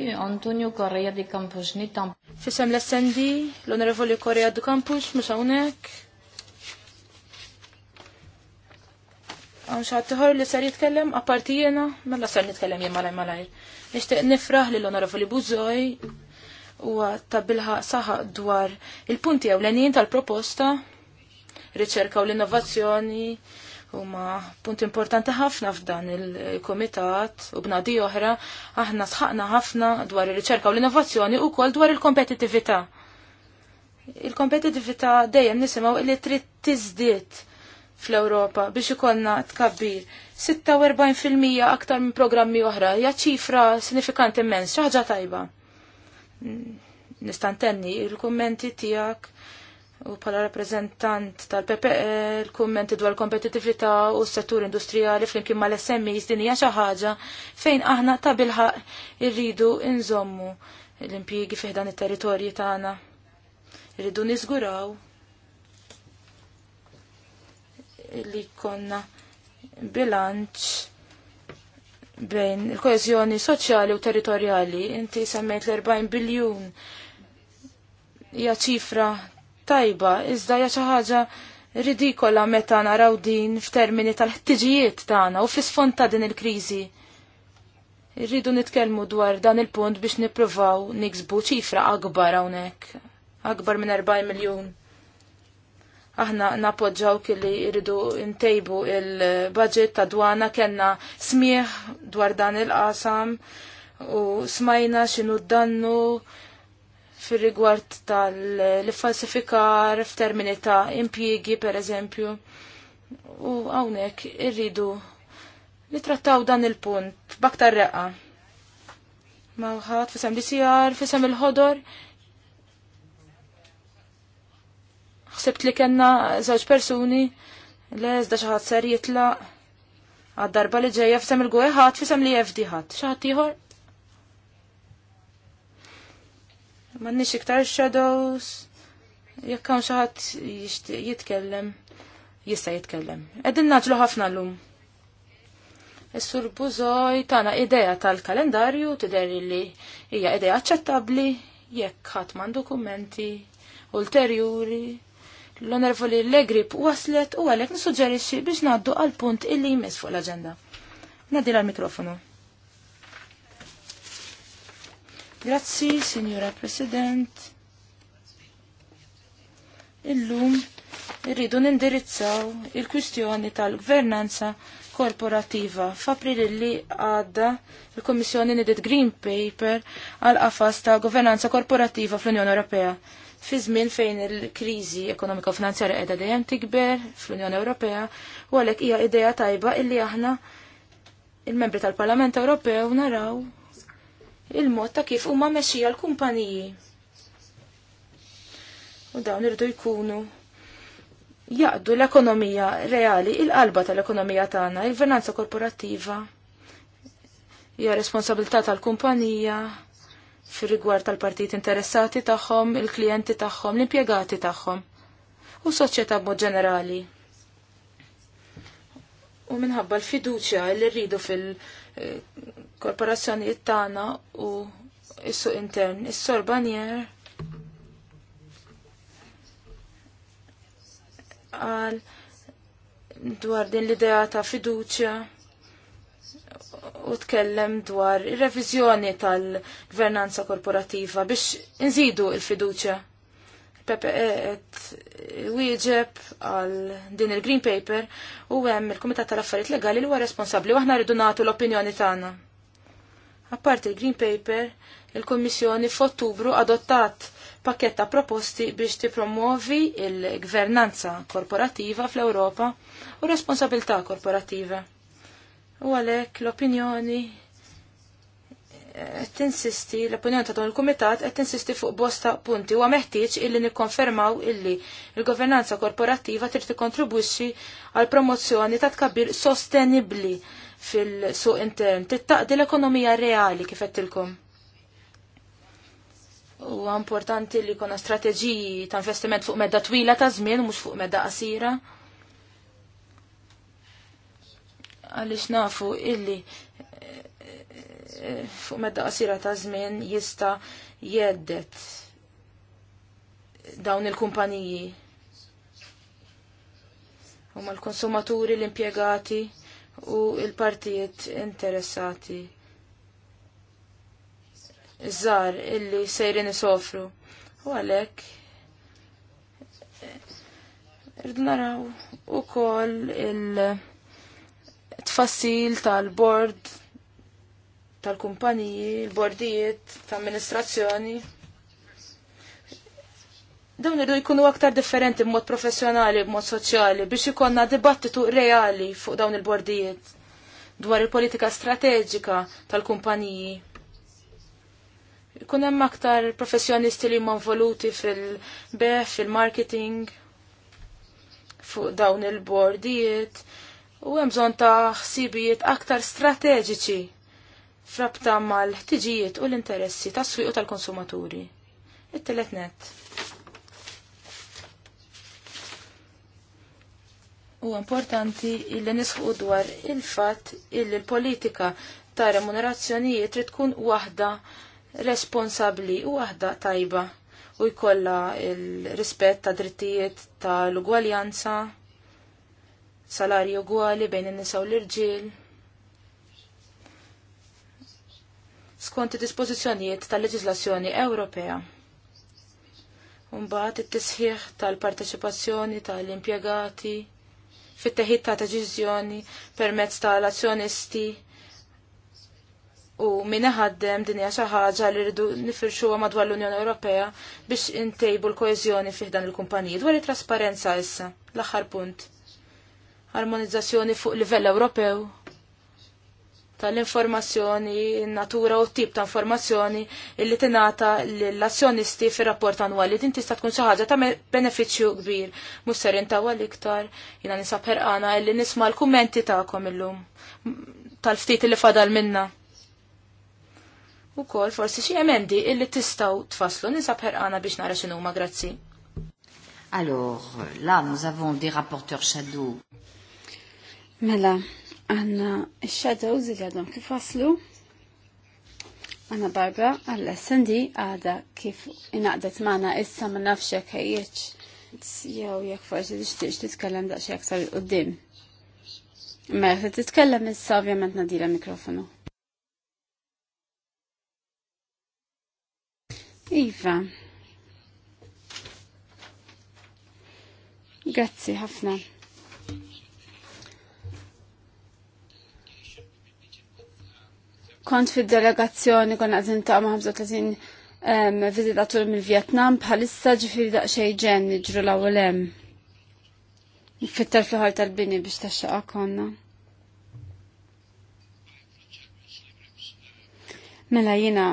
e Antonio Correa de Campos, ni tam. Fisem l-SND, l'onorevole Correa de Campos, unek. Anxa, t-ħor li s sar jitkellem, għapartijena, mella sar nitkellem jem malaj malaj. Nishtiq nifraħ li l onorevole Buzoj, u tabilħa saħa dwar il-punti l għawlenin tal-proposta, riċerka u l-innovazzjoni, huma punt importanti ħafna f'dan il-komitat u b'nadi oħra aħna sħaqna ħafna dwar ir-riċerka u l-innovazzjoni u kol dwar il-kompetitività. Il-kompetitività dejjem nisimgħu li trid tiżdied fl-Ewropa biex ikollna tkabbir 46% aktar minn programmi oħra, hija ċifra sinifikanti immens, xi ħaġa tajba. Nistantenni il-kummenti tiegħek u pala rappresentant tal-PPE l-kummenti dwar kompetitività u s-settur industrijali flimkien ma l smi din hija xi ħaġa fejn aħna ta' bilħaq irridu nżommu l-impjiegi fih dan it-territorji tagħna. Irridu niżguraw li konna bilanċ bejn il-koezjoni soċjali u territorjali. Inti semmejt l-40 biljun hija ċifra tajba, iżda hija xi ħaġa ridikola meta naraw din f'termini tal-ħtiġijiet tagħna u fis-sfond ta' din il-kriżi. Irridu nitkellmu dwar dan il-punt biex nippruvaw niksbu ċifra akbar hawnhekk, akbar minn 4 miljun. Aħna napoġġaw kelli rridu ntejbu il-budget ta' dwana kellna smieħ dwar dan il-qasam u smajna xinu d-dannu fil-rigward tal-falsifikar f'termini ta' impiegi per eżempju. U hawnhekk irridu nitrattaw dan il-punt baktar reqa. Mawħat fisem DCR, fisem il-ħodor. Xsebt li kena żewġ persuni, lez da xaħat ser jitlaq. Għad-darba li ġeja fisem il-gweħat, fisem li jefdiħat. Xaħat tiħor? nix iktar shadows. Jekk hawn xi ħadd jitkellem, jista' jitkellem. Qegħdin naġlu ħafna llum. Is-sur Bużoj tagħna idea tal-kalendarju tidher li hija idea aċċettabbli jekk ħadd m'għandu dokumenti ulterjuri. L-onervoli l-egrib waslet u għalhekk nissuġġerixxi biex ngħaddu għal punt illi jmiss fuq l-aġenda. Nadila l-mikrofonu. Grazzi, Signora President. Illum irridu nindirizzaw il-kwistjoni tal-gvernanza korporativa. F'April li għadda il-Kommissjoni nidit Green Paper għal qafas ta' governanza korporativa fl-Unjoni Ewropea. Fi żmien fejn il-kriżi ekonomika u finanzjarja qiegħda dejjem tikber fl-Unjoni Ewropea u għalhekk hija idea tajba illi aħna il-membri tal-Parlament Ewropew naraw il-mod ta' kif huma mexxija l-kumpaniji. U dawn irdu jkunu jaqdu l-ekonomija reali, il-qalba tal-ekonomija tagħna, il-venanza korporattiva hija responsabilità tal-kumpanija fir rigward tal-partit interessati tagħhom, il-klijenti tagħhom, l-impjegati tagħhom u soċjetà b'mod ġenerali. U minħabba l-fiduċja li rridu fil- korporazzjonijiet tagħna u issu suq intern. Is-Sorbanier għal dwar din l-idea ta' fiduċja u tkellem dwar ir-reviżjoni tal-gvernanza korporattiva biex inżidu il-fiduċja Pepe qed eh, wieġeb għal din il-Green Paper u hemm il-Kumitat tal-Affarijiet Legali li huwa responsabbli u aħna rridu nagħtu l-opinjoni tagħna. Apparti il-Green Paper, il-Kummissjoni f'Ottubru adottat pakket ta' proposti biex tippromovi il-gvernanza korporattiva fl-Ewropa u responsabilità korporattiva. U għalhekk l-opinjoni tinsisti l-opinjoni ta' dawn il-kumitat qed tinsisti fuq bosta punti huwa meħtieġ illi nikkonfermaw illi il-governanza korporattiva trid tikkontribwixxi għal promozzjoni ta' tkabbir sostenibbli fil-suq intern, tittaqdi l-ekonomija reali kif qedtilkom. Huwa importanti li jkollna strateġiji ta' investiment fuq medda twila ta' żmien mhux fuq medda qasira Għaliex nafu illi fuq medda qasira ta' żmien jista' jeddet dawn il-kumpaniji. Huma l-konsumaturi, l-impjegati u l-partijiet interessati. iż illi sejrin isofru. U għalhekk irdu naraw ukoll il-tfassil tal-bord tal-kumpaniji, l-bordijiet, tal-amministrazzjoni. Dawn irdu jkunu aktar differenti b'mod professjonali, b'mod soċjali, biex ikonna dibattitu reali fuq dawn il-bordijiet dwar il-politika strateġika tal-kumpaniji. Ikun hemm aktar professjonisti li huma involuti fil-beh, fil-marketing, fuq dawn il-bordijiet, u hemm bżonn ta' ħsibijiet aktar strateġiċi frabta mal-ħtiġijiet u l-interessi tas swieq tal-konsumaturi. It-telet net. U importanti illi nisħu dwar il-fat illi l-politika ta' remunerazzjonijiet trid tkun waħda responsabli u waħda tajba u jkollha il-rispett ta' drittijiet tal-ugwaljanza, salarju ugwali bejn in-nisa u l-irġiel skont id-dispożizzjonijiet tal-leġislazzjoni Ewropea. Umbagħad it-tisħiħ tal-parteċipazzjoni tal-impjegati fit-teħid ta' deċiżjoni permezz tal-azzjonisti u min ħaddem din hija xi ħaġa li rridu nifirxuha madwar l-Unjoni Ewropea biex intejbu l-koeżjoni fih dan il-kumpaniji. Dwar it-trasparenza issa, l-aħħar punt. Armonizzazzjoni fuq livell Ewropew tal-informazzjoni, natura u tip ta' informazzjoni illi tingħata l-azzjonisti fir-rapport annwali. Din tista' tkun xi ħaġa ta' benefiċċju kbir. Mhux ser l iktar jiena nisab ħerqana illi nisma' l-kummenti tagħkom illum tal-ftit li fadal minna. Ukoll forsi xi emendi illi tistgħu tfasslu nisab ħerqana biex nara x'inhuma grazzi. Alors, là, nous avons des rapporteurs shadow. Mela, Għanna il-shadows li għadhom kif waslu. Għanna Barba għall-SND għada kif inaqdet maħna issa ma nafxek ħejjeċ jew jekk forsi tixtieq titkellem daqsxejn aktar il qoddim Mela se titkellem issa ovvjament nadila mikrofonu. Iva. Grazzi ħafna. Kont fi delegazzjoni kon għazin ta' ma' għazin vizitatur mill-Vietnam bħalissa ġifiri xej ġen ġru l ulem. Fittar fl-ħar tal-bini biex taxxaqa konna. Mela jina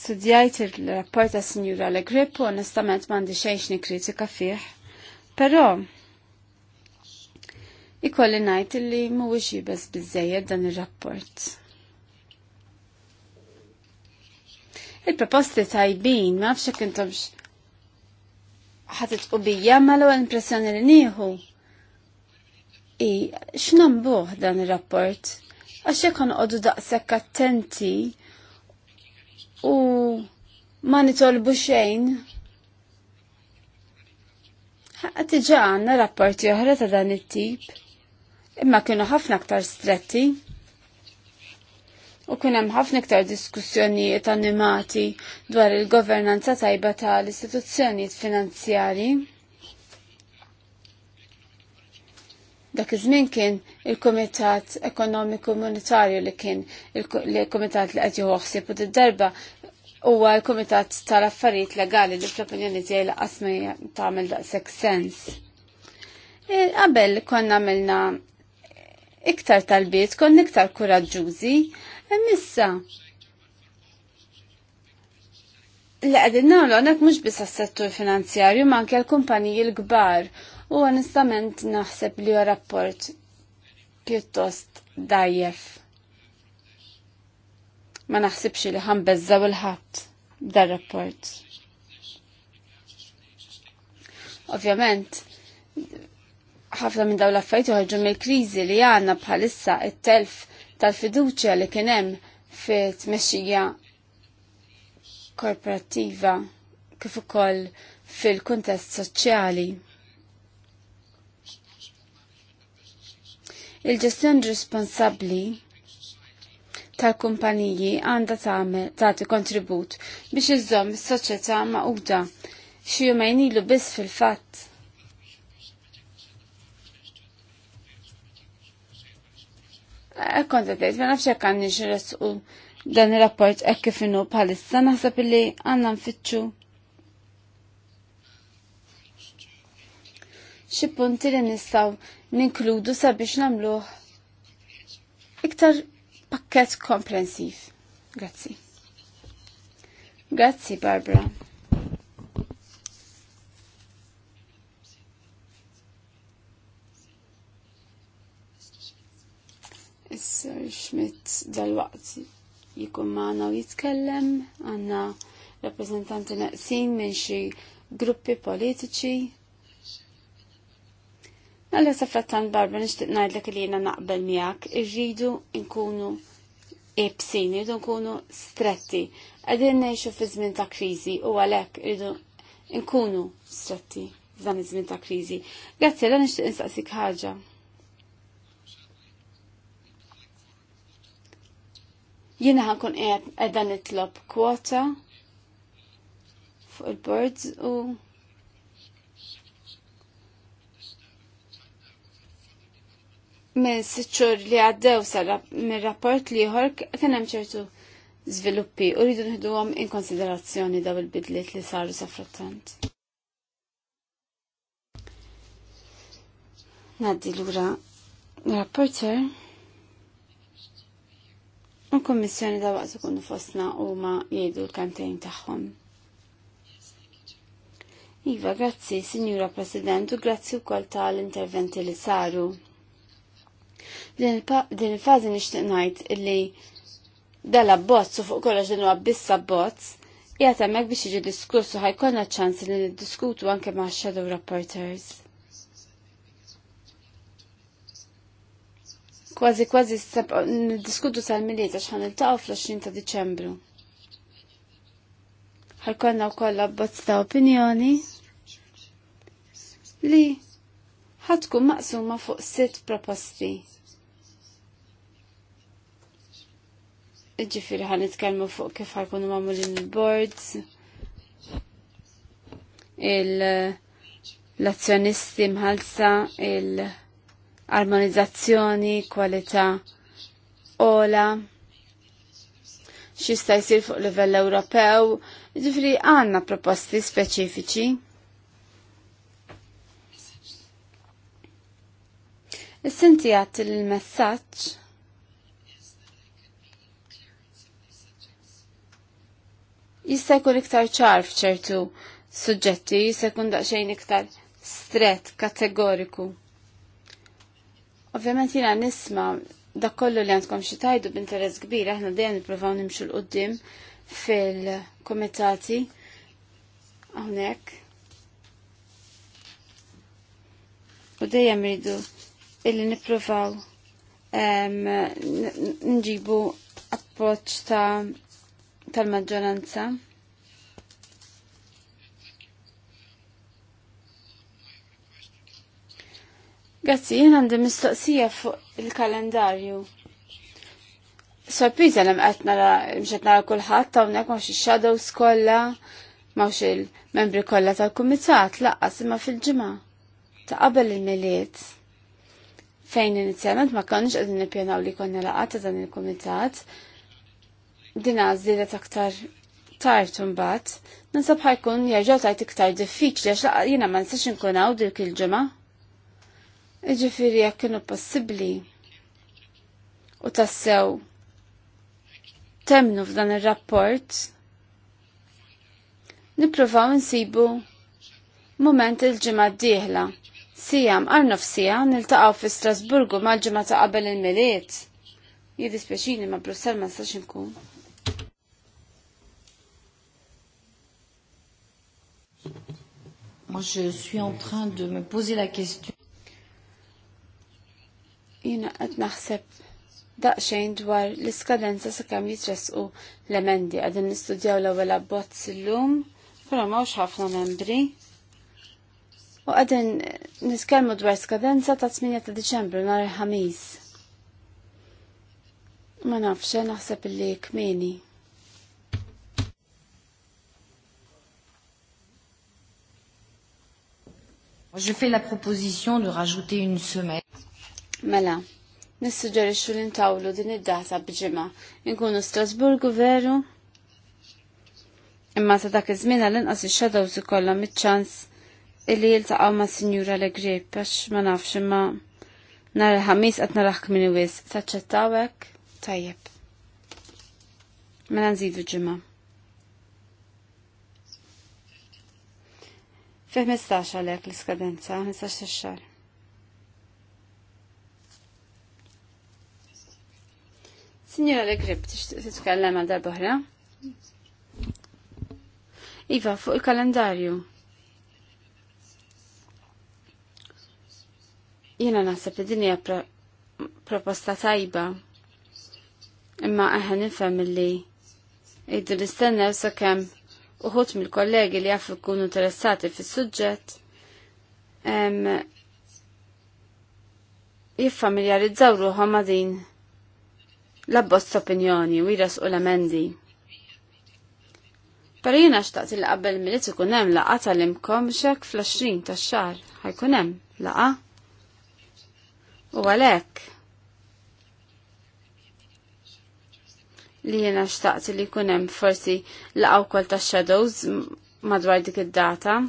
studjajt il-rapport ta' Signora Le Grip u onestament mandi xejx kritika fih. Però, ikolli najt li mhuwiex jibes bizzejed dan ir-rapport. il-proposti tajbin, ma fxek intom ħatit u bija ma l impressjoni li nieħu. I x'nambuh dan ir-rapport għax jekk għodu daqshekk attenti u ma nitolbu xejn. Għatiġa għandna rapporti oħra ta' dan it-tip, imma kienu ħafna aktar stretti u kien hemm ħafna iktar diskussjonijiet animati dwar il-governanza tajba tal-istituzzjonijiet finanzjari. Dak iż-żmien kien il-Kumitat Ekonomiku Monetarju li kien il-Kumitat li qed jieħu u id-darba huwa l-Kumitat tal-Affarijiet Legali li fl-opinjoni tiegħi laqas ma tagħmel daqshekk sens. E, qabel konna għamilna iktar talbiet, konna iktar kuraġġużi, Emissa. li għedin namlu għonek mux s settur finanzjarju ma anke l-kumpaniji l-gbar u onestament naħseb li rapport pjuttost dajjef. Ma naħsibx li ħan bezzaw il-ħat dar rapport. Ovvjament, ħafna minn daw l-affajt joħorġu mill-kriżi li għanna bħalissa it-telf tal-fiduċja li kien hemm fit-tmexxija korporattiva kif ukoll fil-kuntest soċjali. Il-ġestjoni responsabbli tal-kumpaniji għandha tagħmel tagħti kontribut biex iżżomm is-soċjetà maquda xi jumajnilu biss fil-fatt. Konta tgħid, ma nafx hekk għandni u dan ir-rapport hekk kif palissa, bħalissa naħseb li għandna nfittxu xi punti li nistgħu ninkludu sabiex nagħmluh iktar pakkett komprensiv. Grazzi. Grazzi Barbara. Issa sir Schmidt dal-waqt jikun maħna u jitkellem, għanna rappresentanti naqsin minn xi gruppi politiċi. Nalla safrattan barba nishtiq najdlek li jena naqbel miegħek, irridu nkunu ibsin, irridu nkunu stretti. Għadin neħxu fi żmien ta' kriżi u għalhekk irridu nkunu stretti f'dan iż-żmien ta' kriżi. Grazzi, għal nixtieq nistaqsik ħaġa. Jiena ħankun edha nitlob kwota fuq il-boards u minn sitxur li għaddew minn rapport li jħor kien hemm ċertu żviluppi u rridu nħiduhom in konsiderazzjoni daw il-bidliet li saru safrattant. Naddi lura rapporter. U kommissjoni da waqt ikunu fostna u ma jgħidu l-kantejn tagħhom. Iva, grazzi, Signora President, u grazzi u kol tal-interventi li saru. Din il-fazi nishtiq ngħid li dalla abbozz u fuq kolla ġenu huwa biss jgħatamek hemmhekk biex jiġi diskussu ħajkonna ċans li niddiskutu anke ma' shadow rapporters. Kważi kważi diskutu tal-miliet għax ħan il-taqaw fl-20 ta' Diċembru. Ħalkonna u kolla bozz ta' opinjoni li tkun maqsuma fuq sitt proposti. Ġifiri ħan nitkellmu fuq kif ħajkunu mamulin il-boards, il-azzjonisti mħalsa, il-, -boards, il l mħalsa il armonizzazzjoni, kwalità ola, xista jisir fuq livell Ewropew, ġifri għanna proposti speċifiċi. Is-sinti għat il messaġġ jista' jkun iktar ċar f'ċertu suġġetti, jista' jkun daqsxejn iktar stret, kategoriku. Ovvjament jina nisma dak kollu li għandkom xi tajdu b'interess kbir, aħna dejjem nippruvaw nimxu l qudiem fil-komitati hawnhekk. U dejjem rridu illi nippruvaw nġibu appoġġ ta' tal-maġġoranza. Grazzi, jien għandi mistoqsija fuq il-kalendarju. Sorpriża li mqed nara mxed nara kulħadd hawnhekk mawx il shadows kollha mawx il-membri kollha tal-kumitat laqqas imma fil-ġimgħa ta' qabel il-miliet fejn inizjament ma konniex qegħdin nippjanaw li konna laqgħat ta' dan il-kumitat din ta' ktar tard imbagħad nansab ħajkun jerġgħu tajt iktar diffiċ għax jiena ma nistax inkun hawn dik il-ġimgħa. Iġifiri jekk kienu possibbli u tassew temnu f'dan ir-rapport nippruvaw insibu moment il-ġimgħa d-dieħla. Sijam għal nofsija niltaqgħu fi Strasburgu mal-ġimgħa ta' qabel il-miliet. Jiddispjaċini ma' Brussell ma nistax inkun. Moi, je suis en train de me poser la question jina qed naħseb daqsxejn dwar l-iskadenza sakemm jitresqu l-emendi qegħdin nistudjaw l-ewwel abbozz illum, però m'hawnx ħafna membri. U qegħdin niskellmu dwar skadenza ta' 8 ta' Deċembru nar il-ħamis. Ma nafx naħseb li kmini. Je fais la proposition de rajouter une semaine. Mela, nissuġġerixxu li ntawlu din id-data bġimgħa. Inkunu Strasburgu veru. Imma ta' dak iż-żmien għall-inqas ix-shadows ikollhom iċ-ċans illi jiltaqgħu ma' Sinjura Legrip għax ma nafx imma nhar il-ħamis qed naraħ kmin Taċċettaw Taċċettawek? Tajjeb. Mela nżidu ġimgħa. Fih 15 għalhekk l-iskadenza, 15 xahar. Signora Grip, titkellem għal darbohra? Iva, fuq il-kalendarju. Jena naħseb li din hija proposta tajba. Imma aħna nifhem li iddu nistennew sakemm uħut mill-kollegi li jafu kunu interessati fis-suġġett jiffamiljarizzaw ruħom ma' din l opinjoni u u l-emendi. Pero jina xtaqt li qabel miliet ikun hemm laqa tal-imkom xek fl-20 tax-xahar ħajkun hemm laqa. U għalhekk li jena xtaqt li kunem forsi laqaw kol ta' shadows madwar dik id-data.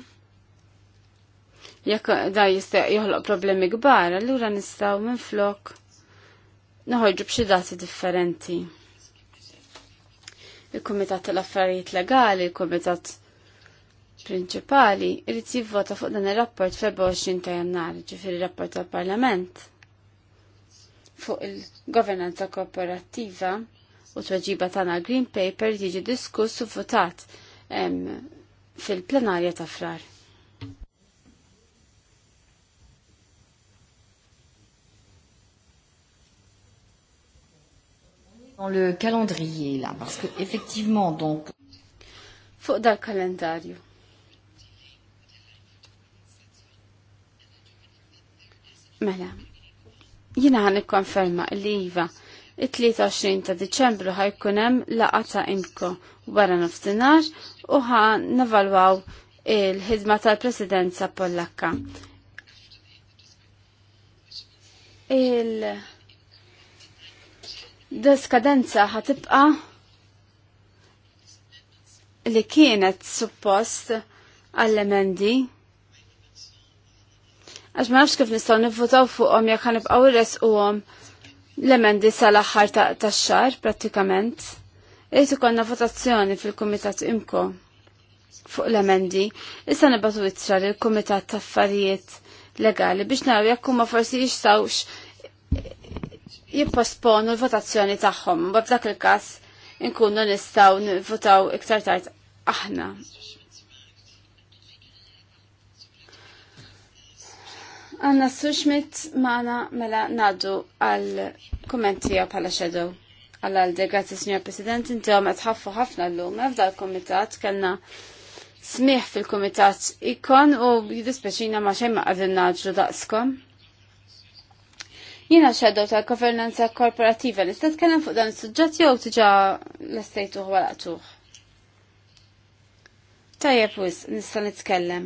Jekk da jista' joħloq problemi kbar, allura nistgħu minn flok noħorġu b'xi dati differenti. Il-Kumitat tal-Affarijiet Legali, il-Kumitat Prinċipali, irid jivvota fuq dan ir-rapport fl-24 ta' jannar, ġifieri rapport tal-Parlament fuq il-governanza korporattiva u tweġiba tagħna Green Paper jiġi diskuss u votat fil-plenarja ta' frar. Dans le calendrier, là, parce que effectivement, donc. Fuq dal kalendarju. Mela, jina għan ikkonferma li jiva it-23 ta' Deċembru ħajkun hemm laqa ta' imko wara nofsinhar u ħa navalwaw il-ħidma tal-Presidenza Pollakka. Il-, -presidenza Da skadenza ħatibqa li kienet suppost għall-emendi. Għax ma nafx kif nistgħu nivvotaw fuqhom jekk ħanibqgħu għom l-emendi sal-aħħar tax-xahar prattikament. Ejtu konna votazzjoni fil-Kumitat Imko fuq l-emendi. Issa nibatu it lill-Kumitat ta' Affarijiet Legali biex naraw jekk huma forsi jistawx jipposponu l-votazzjoni tagħhom, ba f'dak il-każ inkunu nistgħu nivvotaw iktar tard aħna. Anna Sushmit maħna mela naddu għal kommentija pala għal għal l s signor President, inti għom għetħaffu ħafna l-lum, f'dal komitat kellna smiħ fil-komitat ikon u jidispeċina ma xejn ma għadin naġlu daqskom. Jiena xeddu ta' governanza korporativa li stat kellem fuq dan is-suġġett jew tiġa l-estejtuh walaqtuh. Tajjeb wis, nista' nitkellem.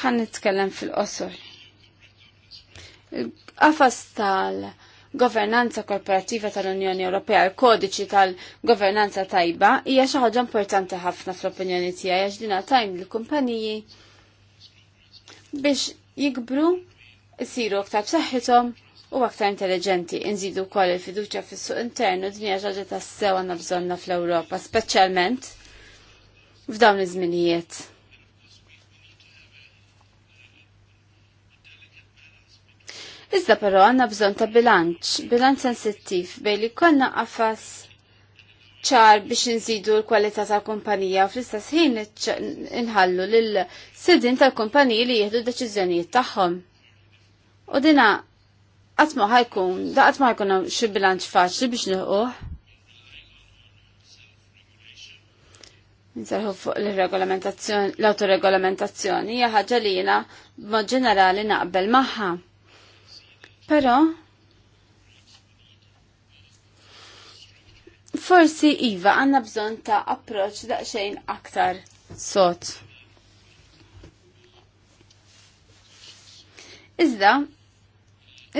ħan nitkellem fil-qosor. Qafas tal governanza korporattiva tal-Unjoni Ewropea, il-kodiċi tal-governanza tajba, hija xi ħaġa importanti ħafna fl-opinjoni tiegħi għax dina tajn l-kumpaniji biex jikbru isiru aktar b'saħħithom u aktar intelligenti inżidu wkoll il-fiduċja fis-suq internu din hija ħaġa tassew għandna bżonna fl-Ewropa, speċjalment f'dawn iż-żminijiet. Iżda però għanna bżon ta' bilanċ, bilanċ sensittiv bej li konna qafas ċar biex nżidu l-kwalità tal-kumpanija u fl-istess ħin inħallu lill-sidin tal-kumpaniji li jieħdu deċiżjonijiet tagħhom. U dina qatt ma ħajkun, da qatt ma ħajkun xi bilanċ faċli biex nilħuh. Nsarħu fuq l-regolamentazzjoni, l-autoregolamentazzjoni hija ħaġa li jiena b'mod ġenerali naqbel magħha. Però forsi Iva għanna bżon ta' approċ daqxejn aktar sot. Iżda,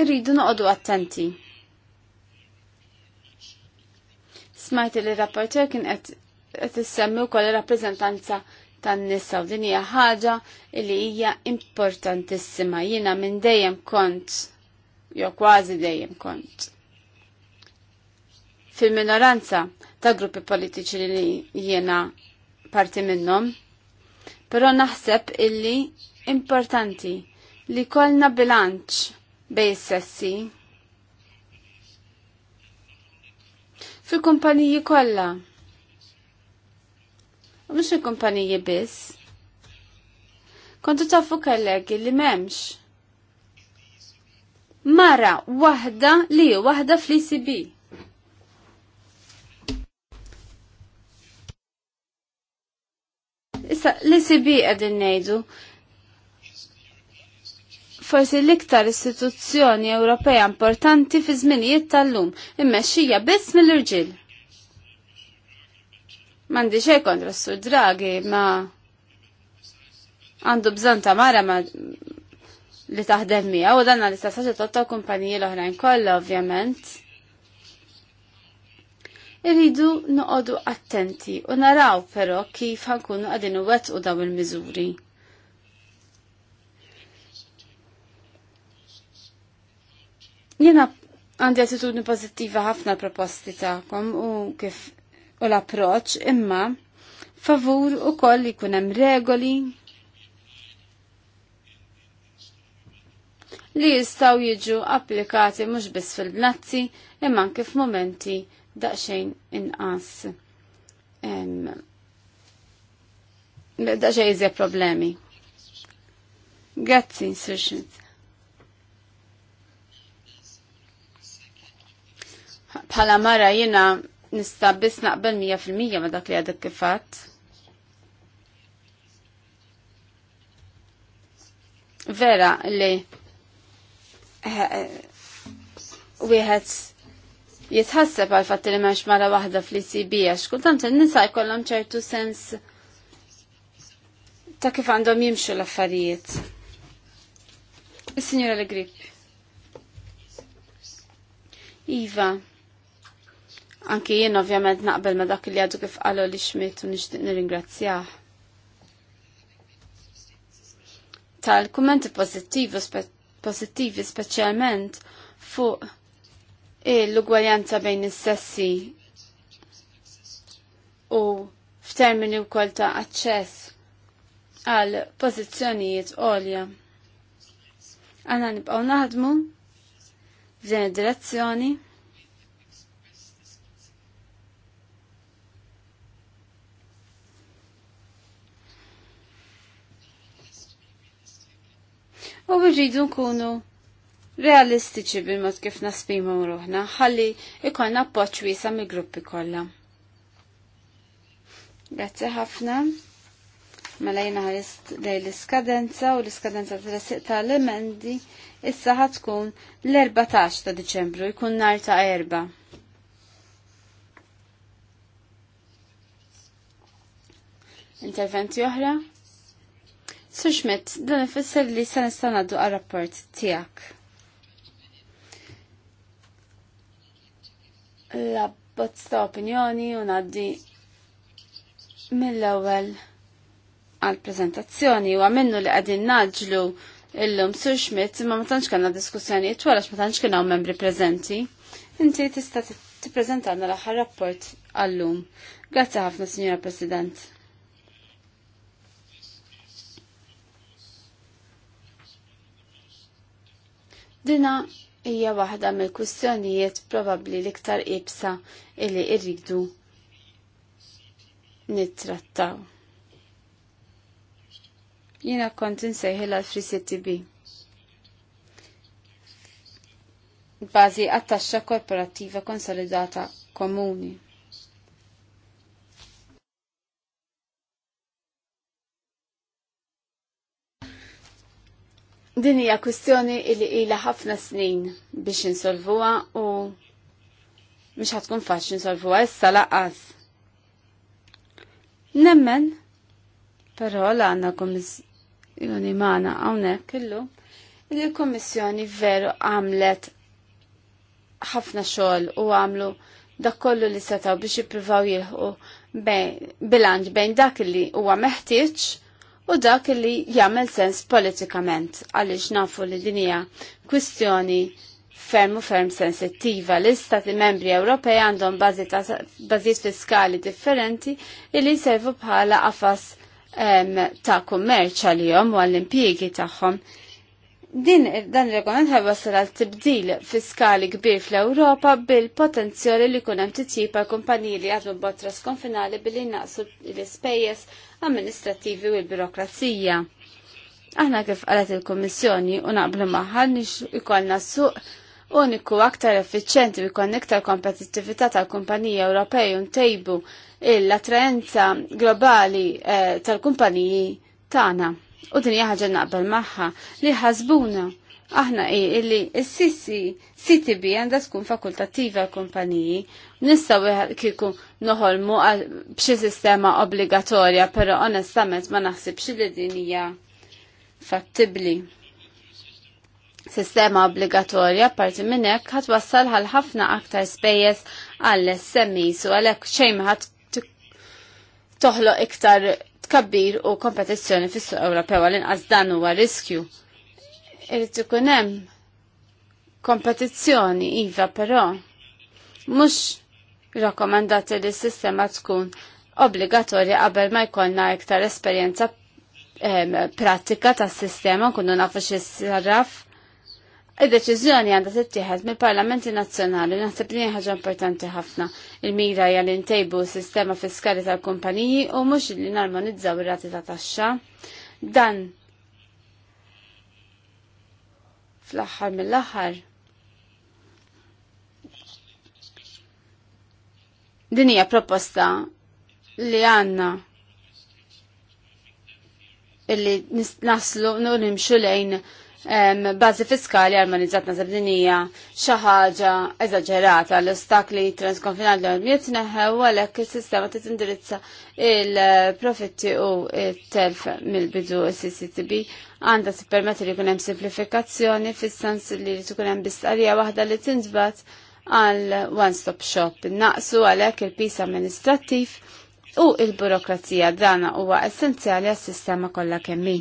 rridu noqdu attenti. Smajt li rapporter kien qed issemmi wkoll ir-rappreżentanza tan-nisa u din hija ħaġa li hija importantissima. Jiena minn dejjem kont jew kważi dejjem kont fil-minoranza ta' gruppi politiċi li jiena parti minnhom, però naħseb illi importanti li kollna bilanċ bej sessi fil-kumpaniji kollha. Mhux il-kumpaniji biss. Kontu tafu kellegi li m'hemmx mara waħda li waħda fl-ECB. Issa l-ECB għedin nejdu forsi l-iktar istituzzjoni Ewropea importanti fi żminijiet tal-lum, immexxija biss mill-irġiel. M'għandi xejn kontra s-sur Draghi, ma għandu bżonn ta' mara ma li taħdem mija u danna li ħaġa totta kumpaniji l-oħrajn kollha ovvjament. Irridu noqogħdu attenti u naraw però kif ħankunu qegħdin u daw il-miżuri. Jena għandi attitudni pożittiva ħafna proposti tagħkom u kif u l-approċ imma favur u koll li kunem regoli li jistaw jiġu applikati mhux biss fil-blazzi imma anke f'momenti daqsxejn inqas. Daqsxejn iżjed problemi. Grazzi, Sir Schmidt. bħala mara jina nista biss naqbel 100% ma dak li għadek kifat. Vera li wieħed jitħasseb għal fatt li m'hemmx mara waħda fl-ICB għax kultant in-nisa jkollhom ċertu sens ta' kif għandhom jimxu l-affarijiet. Is-Sinjura grip Iva, anki jien ovvjament naqbel ma dak li għadu kif qalu li xmit u nixtieq nirringrazzjah. Tal-kummenti pożittivi pozittivi speċjalment fuq l-ugwaljanza bejn is-sessi u f'termini wkoll ta' aċċess għal pożizzjonijiet għolja. Għanna nibqgħu naħdmu f'din id-direzzjoni. u rridu nkunu realistiċi bil-mod kif naspimu ruħna, ħalli ikonna appoċ wiesa mill-gruppi kollha. Grazzi ħafna. Mela jina ħarist l-iskadenza u l-iskadenza tal-resiq tal-emendi issa ħatkun l-14 ta' Deċembru, jkun nar ta' erba. Interventi oħra? Sur Schmidt, dan ifisser li se nistgħu ngħaddu għar-rapport tiegħek. La bozz ta' opinjoni u ngħaddi mill-ewwel għall-preżentazzjoni u għamennu li qegħdin naġlu illum Sur Schmidt imma ma tantx kellna diskussjoni twal għax ma tantx kien hawn membri preżenti. Inti tista' tippreżentana l-aħħar rapport għallum. Grazzi ħafna, Signora President. Dina hija waħda mill-kwistjonijiet probabbli l-iktar ibsa illi irridu nittrattaw. Jina kont insejħi l free Bazi għat-taxxa korporattiva konsolidata komuni. Din hija kwistjoni li ilha ħafna snin biex insolvuha u mhux ħatkun faċli insolvuha issa laqas. Nemmen, però l għanna kommissjoni magħna hawnhekk kellu, li l-Kommissjoni veru għamlet ħafna xogħol u għamlu dak kollu li setaw biex jippruvaw jilħu bilanġ bejn dak li huwa meħtieġ u dak li jagħmel sens politikament għaliex nafu li din hija kwistjoni ferm u ferm sensittiva. L-istati membri Ewropej għandhom bażijiet fiskali differenti li jservu bħala qafas ta' kummerċ għalihom u għall-impjiegi tagħhom. Din dan il-regolament ħajwassal għal tibdil fiskali kbir fl-Ewropa bil-potenzjoli li kunem hemm titjib li għadmu bot trasconfinali billi naqsu l-ispejjeż amministrativi u l-birokrazija. Aħna kif qalet il kummissjoni u naqblu maħħa nix ikollna suq uniku aktar effiċjenti u jkollna iktar kompetitività tal-kumpaniji Ewropej u ntejbu l-attraenza globali eh, tal-kumpaniji tagħna. U din hija ħaġa naqbel magħha li ħasbuna aħna i illi s-sissi CTB għandha tkun fakultattiva l-kumpaniji. Nistgħu kieku noħolmu b'xi sistema obbligatorja, però onestament ma naħsibx li din hija fattibli. Sistema obbligatorja parti minn hekk wassal għal ħafna aktar spejjeż għall SMEs u għalhekk xejn ħadd toħloq iktar tkabbir u kompetizzjoni fis-suq Ewropew għal inqas dan huwa riskju. Irid ikun hemm kompetizzjoni iva però mhux rakkomandati li s-sistema tkun obbligatorja qabel ma jkollna iktar esperjenza pratika tas sistema kunu nafu s sarraf. Id-deċiżjoni għandha tittieħed mill-Parlamenti Nazzjonali naħseb li ħaġa importanti ħafna. Il-mira jgħal li ntejbu s-sistema fiskali tal-kumpaniji u mhux li narmonizzaw ir-rati ta' taxxa. Dan fl-aħħar mill-aħħar Din hija proposta li għanna illi naslu nimxu lejn bazi fiskali armonizzat nasab dinija xaħġa eżaġerata l-ostakli transkonfinali għom u għalek il-sistema t-tindirizza il-profitti u il-telf mill-bidu il-CCTB għanda t-permetti li kunem simplifikazzjoni fis sens li li hemm bistqarija wahda li tindbat għal one-stop shop, naqsu għalhekk il-pis amministrattiv u il-burokrazija dana huwa essenzjali għas-sistema kollha kemm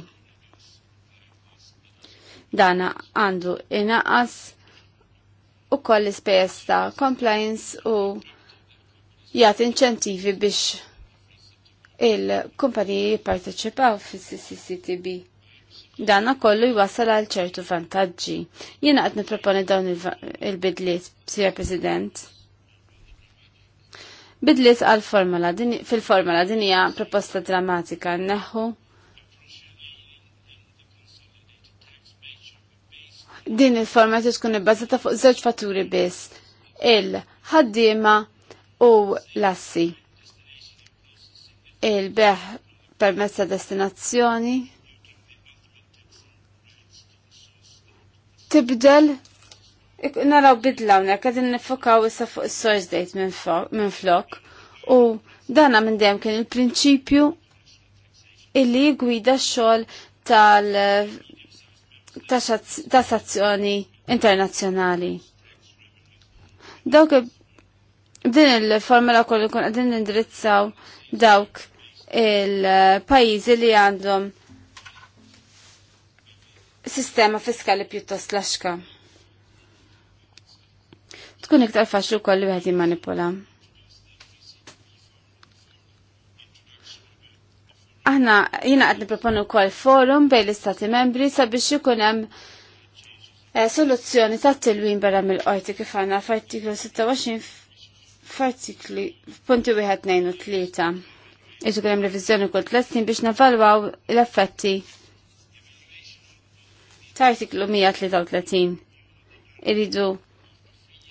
Dana għandu inaqas u koll ispejjeż ta' compliance u jagħti inċentivi biex il-kumpaniji jipparteċipaw fis-CCTB. Dana kollu jwassal għal ċertu vantaġġi. Jena qed niproponi dawn il-bidliet, sija President. Bidliet għal formula fil-formula din hija proposta drammatika neħu din il-forma tkun ibbażata fuq żewġ fatturi biss, il-ħaddiema u l-assi. Il-beħ permezz ta' destinazzjoni, tibdel naraw bidlawnek unek, għadin issa fuq il-source date minn flok. U dana minn dem kien il-prinċipju illi gwida xol tal tasazzjoni internazzjonali. Dawk din il-formula kollu kun għadin indirizzaw dawk il-pajizi li għandhom sistema fiskali pjuttost laxka. Tkun iktar faċli wkoll li wieħed jimmanipula. Aħna jiena qed nipproponu wkoll forum bejn l-istati membri sabiex ikun hemm eh, soluzzjoni ta' tilwin barra mill-qorti kif għandna f'artiklu 26 f'artikli f'punti wieħed 2 u 3. Iġu hemm reviżjoni kull tliet biex nevalwaw l-effetti ta' artiklu 133. Iridu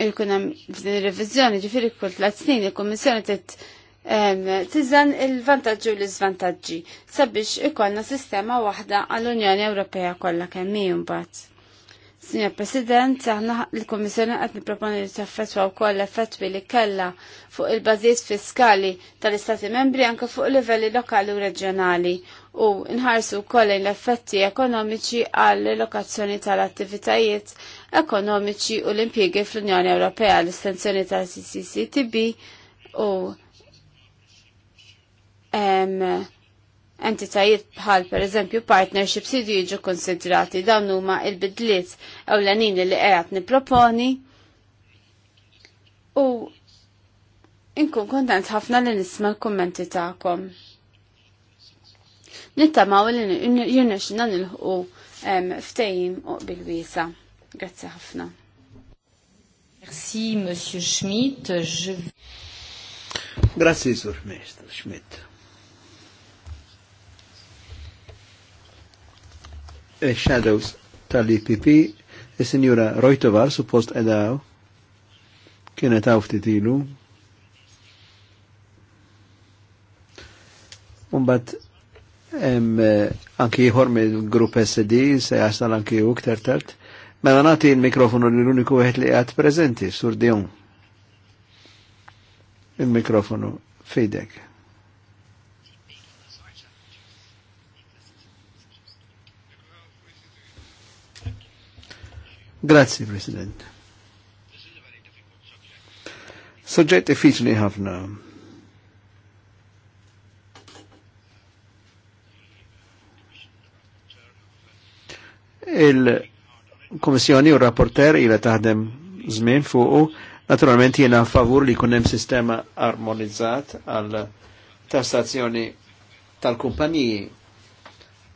il-kun f'din ir revizjoni ġifiri kull tliet snin il-Kummissjoni tit tiżan il-vantaġġi u l-iżvantaġġi sabiex ikollna sistema waħda għall-Unjoni Ewropea kollha kemm hi mbagħad. Signor President, aħna l-Komissjoni qed nipproponi li taffetwa wkoll effettwi li kellha fuq il-bażijiet fiskali tal-Istati Membri anke fuq livelli lokali u reġjonali u nħarsu kollin l-effetti ekonomiċi għall lokazzjoni tal-attivitajiet ekonomiċi u l impiegi fl-Unjoni Ewropea l istenzjoni tal-CCCTB u entitajiet bħal per eżempju partnerships jidu jiġu konsidrati dawn huma il-bidliet ewlenin li qed niproponi u inkun kontent ħafna li nisma' l-kummenti tagħkom nittamaw li il-ħu ftejim u bil-wisa. Grazie ħafna. Merci, Monsieur Schmidt. Je... Grazie, Sur Schmidt. E shadows tal-IPP, il e signora e Rojtovar, suppost edaw, kienet għaw ftitilu. Un bat Eh, anki jħor mill grupp SD, se jasal anki u ktar tart. Mela nati il-mikrofonu l-uniku għet li għat prezenti, sur dion. Il-mikrofonu, fidek. Grazie, President. Soġġett diffiċli ħafna Il-Komissjoni u rapporter ila taħdem żmien fuqu, naturalment jena favur li kunem sistema armonizzat għal tassazzjoni tal-kumpaniji.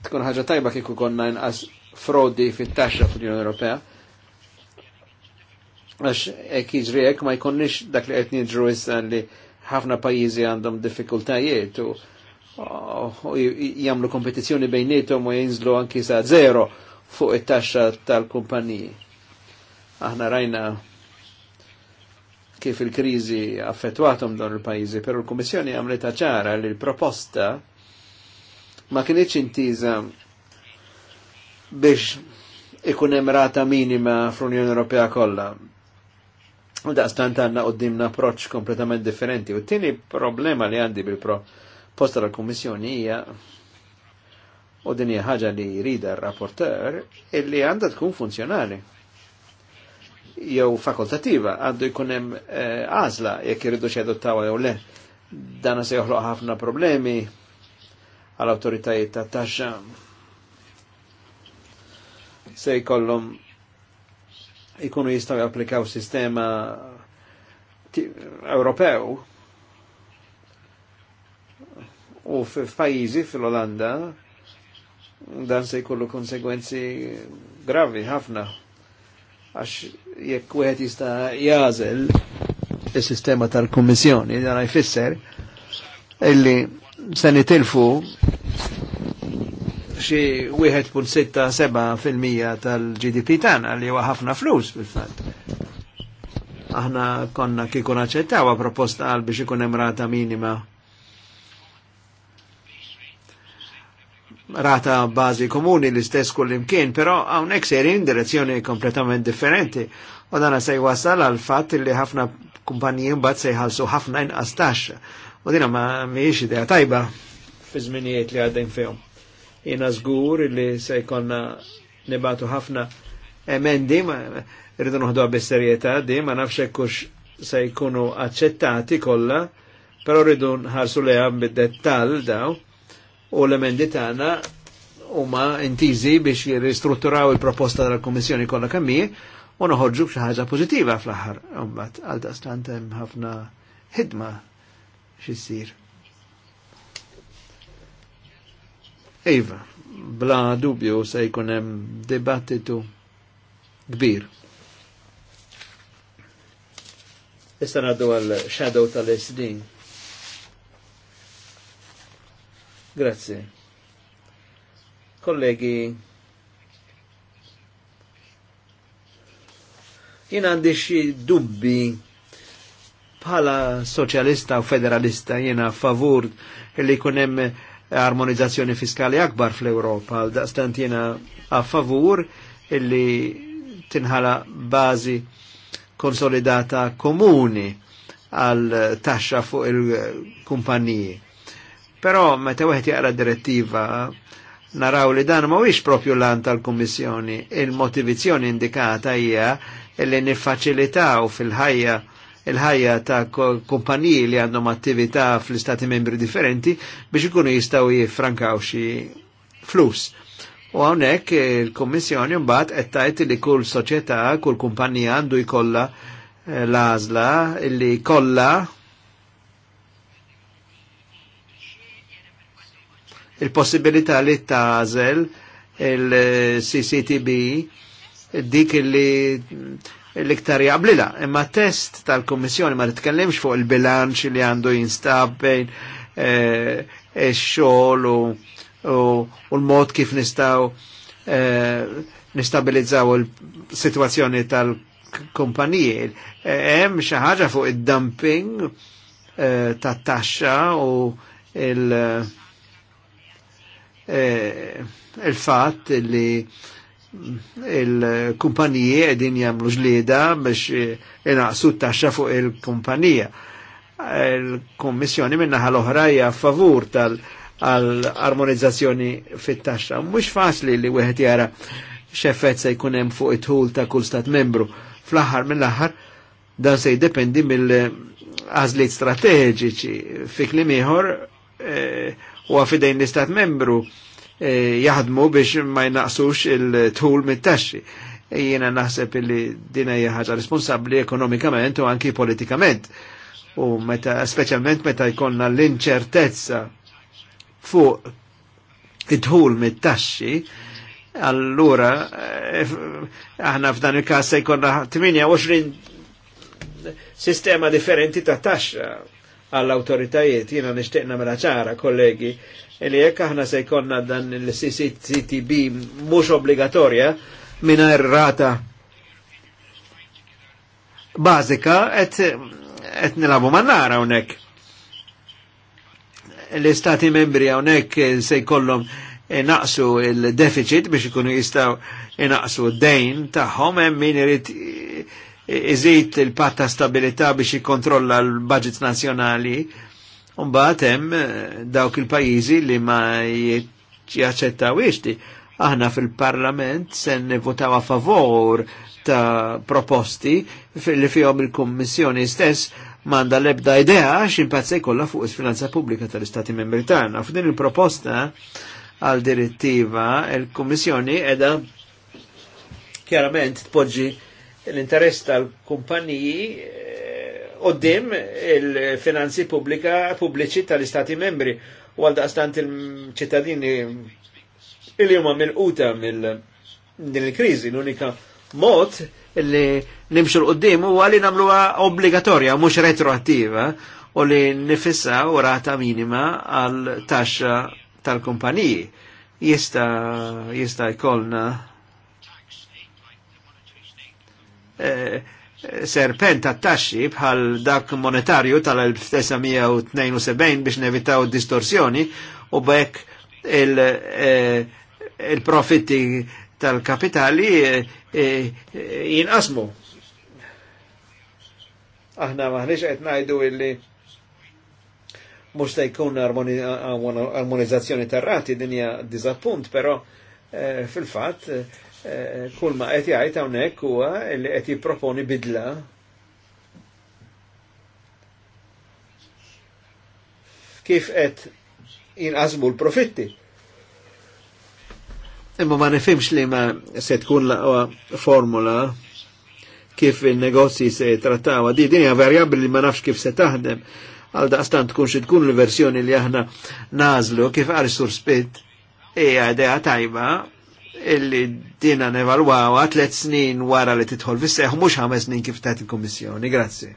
Tkun ħagġa tajba kiku konna inqas frodi fit-taxxa fl-Unjoni Ewropea għax ek jiġri ek ma jkonnix dak li għetni ġru li ħafna pajizi għandhom diffikultajiet u jamlu kompetizjoni bejnietom u jinżlu anki sa' zero fuq it-taxxa tal-kumpaniji. Aħna rajna kif il-krizi affettwatom dawn il pajjiżi però l kummissjoni għamlet ċara li l-proposta ma kinitx intiża biex ikun hemm rata minima fl-Unjoni Ewropea kollha. U daqstant għandna qudiemna approċċ kompletament differenti. U t-tieni problema li għandi bil-proposta tal-Kummissjoni hija u din hija ħaġa li jrida r-rapporter illi għanda tkun funzjonali jew fakultativa għandu jkun hemm jek eh, jekk t-tawa jew le. Dana se joħloq ħafna problemi għal autoritajiet ta' taxxa. Se jkollhom ikunu jistaw japplikaw sistema Ewropew u f'pajjiżi fil-Olanda dan se jkollu konsegwenzi gravi ħafna għax jekk wieħed jista' jażel is-sistema tal-Kummissjoni dan jfisser illi se nitilfu xi 1.67% tal-GDP tagħna li huwa ħafna flus fil-fatt. Aħna konna kikun aċċettawa proposta għal biex ikun hemm rata minima rata bazi komuni l-istess kull-imkien, pero għawnek serin direzzjoni kompletament differenti. U dana se jwasal għal fatt li ħafna kumpanijin bat se jħalsu ħafna inqas taxxa. U dina ma miex idea tajba fi żminijiet li għaddejn fihom. Jiena żgur li se jkollna nibatu ħafna emendi, ma rridu noħdu bis-serjetà di, ma nafx kux se jkunu aċċettati kolla, però rridu nħarsu lejha bid dettal daw u l-emendi tagħna huma intiżi biex jirristrutturaw il-proposta tal-Kummissjoni kollha kemmie u noħorġu b'xi ħaġa pożittiva fl-aħħar imbagħad għal daqstant hemm ħafna ħidma x'issir. Iva, bla dubju se jkun hemm dibattitu kbir. Issa naddu għal shadow tal-SD. Grazie. Kollegi, jien għandi xi dubbi bħala soċjalista u federalista jiena favur li jkun hemm armonizzazzjoni fiskali akbar fl ewropa għal daqstant a favur illi tinħala bazi konsolidata komuni għal taxxa fuq il-kumpaniji. Però meta wieħed jaqra direttiva naraw li dan mhuwiex propju lan tal-Kummissjoni. il motivizzjoni indikata hija li niffaċilitaw fil-ħajja il-ħajja ta' kumpaniji li għandhom attività fl-istati membri differenti biex ikunu jistaw jiffrankaw xi flus. U hawnhekk il-Kommissjoni mbagħad qed tgħid li kull soċjetà, kull kumpanija għandu jkollha eh, l-għażla li kollha il-possibilità li tażel il-CCTB dik li l-iktar jablila. Imma test tal-Kommissjoni ma titkellimx fuq il-bilanċ li għandu jinstab bejn eh, xogħol u l-mod kif nistaw eh, nistabilizzaw il-situazzjoni tal kumpanijie eh, Hemm xi ħaġa fuq id-dumping tat-taxxa u il- Eh, il-fat li il-kumpaniji edin jamlu ġlida biex inaqsu t-taxxa fuq il-kumpanija. Il-Kommissjoni minna ħal-oħra hija favur tal-armonizzazzjoni fit-taxxa. Mhux faċli li wieħed jara x'effett se jkun hemm fuq it-ħul ta' kull stat membru. Fl-aħħar mill-aħħar dan se jiddependi mill-għażliet strateġiċi fi klim ieħor eh, u għafidejn l-istat membru e, jaħdmu biex ma jnaqsux il tul mit-taxxi. E, jiena naħseb li dina hija responsabli responsabbli ekonomikament u anki politikament. U meta, speċjalment meta jkollna l-inċertezza fuq idħul mit-taxxi, allura e, aħna f'dan il-każ se jkollna 28 sistema differenti ta' taxxa għall-autoritajiet, jina nishtiq mela ċara, kollegi, li jekk aħna se jkonna dan il-CCTB mhux obbligatorja mingħajr rata bażika qed qed nilagħbu man-nara hawnhekk. L-istati membri hawnhekk se jkollhom naqsu il-deficit biex ikunu jistgħu inaqsu d-dejn tagħhom hemm min irid iżid il-patta stabilità biex jikkontrolla l-budgets nazjonali, unbaħt hemm eh, dawk il-pajizi li ma jaċċettaw ixti. Aħna fil-parlament sen votaw a favor ta' proposti li fihom il-Kommissjoni stess manda lebda idea x'impatt se jkollha fuq is-finanza pubblika tal-Istati Membri tagħna. F'din il-proposta għal direttiva il-Kummissjoni qiegħda chiaramente tpoġġi l-interess tal-kumpaniji eh, qoddim il-finanzi pubblika pubbliċi tal-istati membri u għal daqstant il-ċittadini il huma mil quta mill krizi l-unika mod li nimxu l-qoddim u għalli namluwa obbligatorja mux retroattiva u li nifissa u rata minima għal taxxa tal-kumpaniji jista jista jkollna Eh, serpent attaxxi bħal dak monetarju tal-1972 biex nevitaw distorsjoni u bekk il-profitti eh, tal-kapitali eh, jinqasmu. Aħna maħniex qed ngħidu illi mux tajkun jkun armonizzazzjoni tarrati dinja dizappunt, pero fil-fat Eh, kull ma qed jgħid hawnhekk huwa li qed jipproponi bidla kif qed jinqasmu l-profitti. Imma ma nifhimx li ma se tkun laqwa formula kif il-negozji se trattawa. Di hija varjabbli li ma nafx kif se taħdem għal daqstan tkun xi tkun l-versjoni li aħna nażlu kif għar sur spit hija idea tajba illi dina nevalwawa tlet snin wara li titħol fisseħ, mux mhux ħames snin kif tat il-Kummissjoni. Grazzi.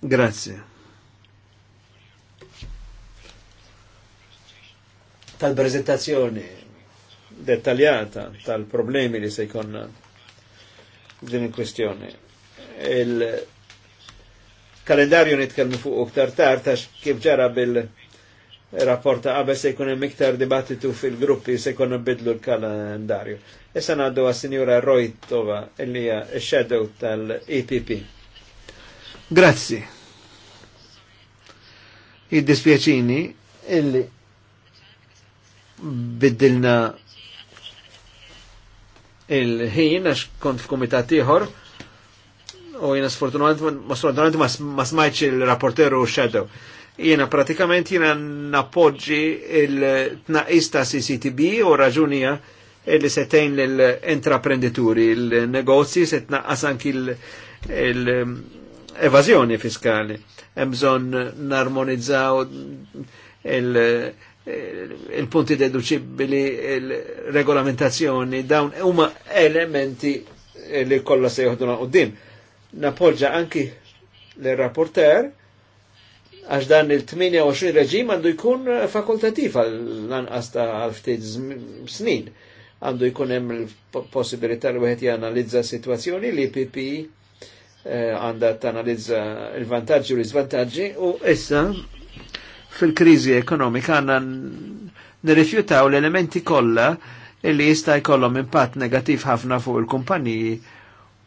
Grazzi. Tal-prezentazzjoni dettaljata tal-problemi li se jkun din il-kwestjoni. Il-kalendarju nitkellmu fuq u ktar tartax kif ġara bil- rapporta għabe se jkun hemm iktar dibattitu fil-gruppi se jkun nbidlu l-kalendarju. Issa għaddu għas-Sinjura Rojtova illi hija shadow tal-EPP. Grazzi. Jiddispjaċini illi biddilna il-ħin għax kont f'kumitat ieħor u jiena sfortunatament ma smajtx il-rapporteru u shadow Jena pratikament jena nappoġġi il-tnaqis ta' CCTB u raġunija li setejn l-intraprenditori, il-negozji se anki l-evazjoni fiskali. Emżon narmonizzaw il- punti deducibili, il-regolamentazzjoni, dawn huma elementi li kollha se jħodna qudiem. Napoġġa anki l-rapporter għax dan il-28 reġim għandu jkun eh, fakultativ għal-lanqas ta' għal-ftit snin. Għandu jkun hemm il-possibilità li wieħed janalizza situazzjoni li PP eh, għandha tanalizza il-vantaġġi u l-iżvantaġġi u issa fil-kriżi ekonomika għandna nirrifjutaw l-elementi kollha illi jista' jkollhom impatt negattiv ħafna fuq il-kumpaniji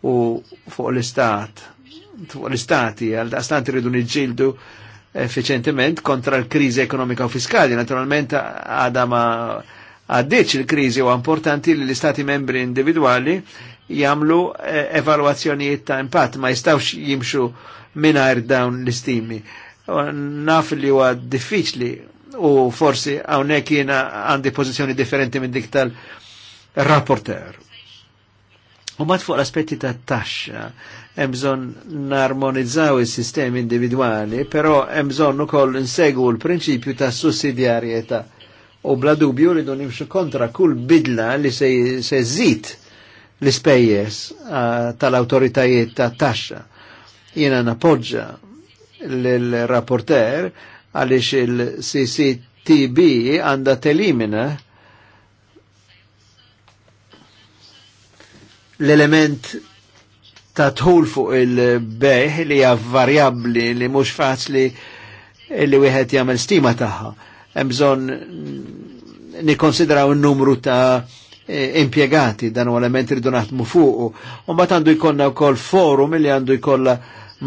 u fuq l-istat fuq l-istati għal daqstant irridu niġġieldu efficientement kontra l-krizi ekonomika u fiskali. Naturalment għada ma għaddeċ il-krizi u importanti li l-istati membri individuali jamlu eh, evalwazzjonijiet ta' impatt, ma jistawx jimxu minar dawn l-istimi. Naf li huwa diffiċli u forsi hawnhekk jena għandi pozizjoni differenti minn dik tal-rapporter. U mat fuq l-aspetti ta' taxxa, emżon narmonizzaw is-sistemi individuali però hemm u ukoll insegu l-prinċipju ta' sussidjarieta. U bla dubju rridu nimxu kontra kull bidla li se, se zit l-ispejjeż tal autoritajiet ta' taxxa. Jena napoġġa l-rapporter għaliex il-CCTB għandha telimina l-element ta' tħul fuq il beħ li hija varjabbli li mhux faċli li wieħed jagħmel stima tagħha. Hemm bżonn nikkonsidraw in-numru ta' e, impjegati dan u element irridu naħdmu fuq. U mbagħad għandu jkollna wkoll forum li għandu jkollha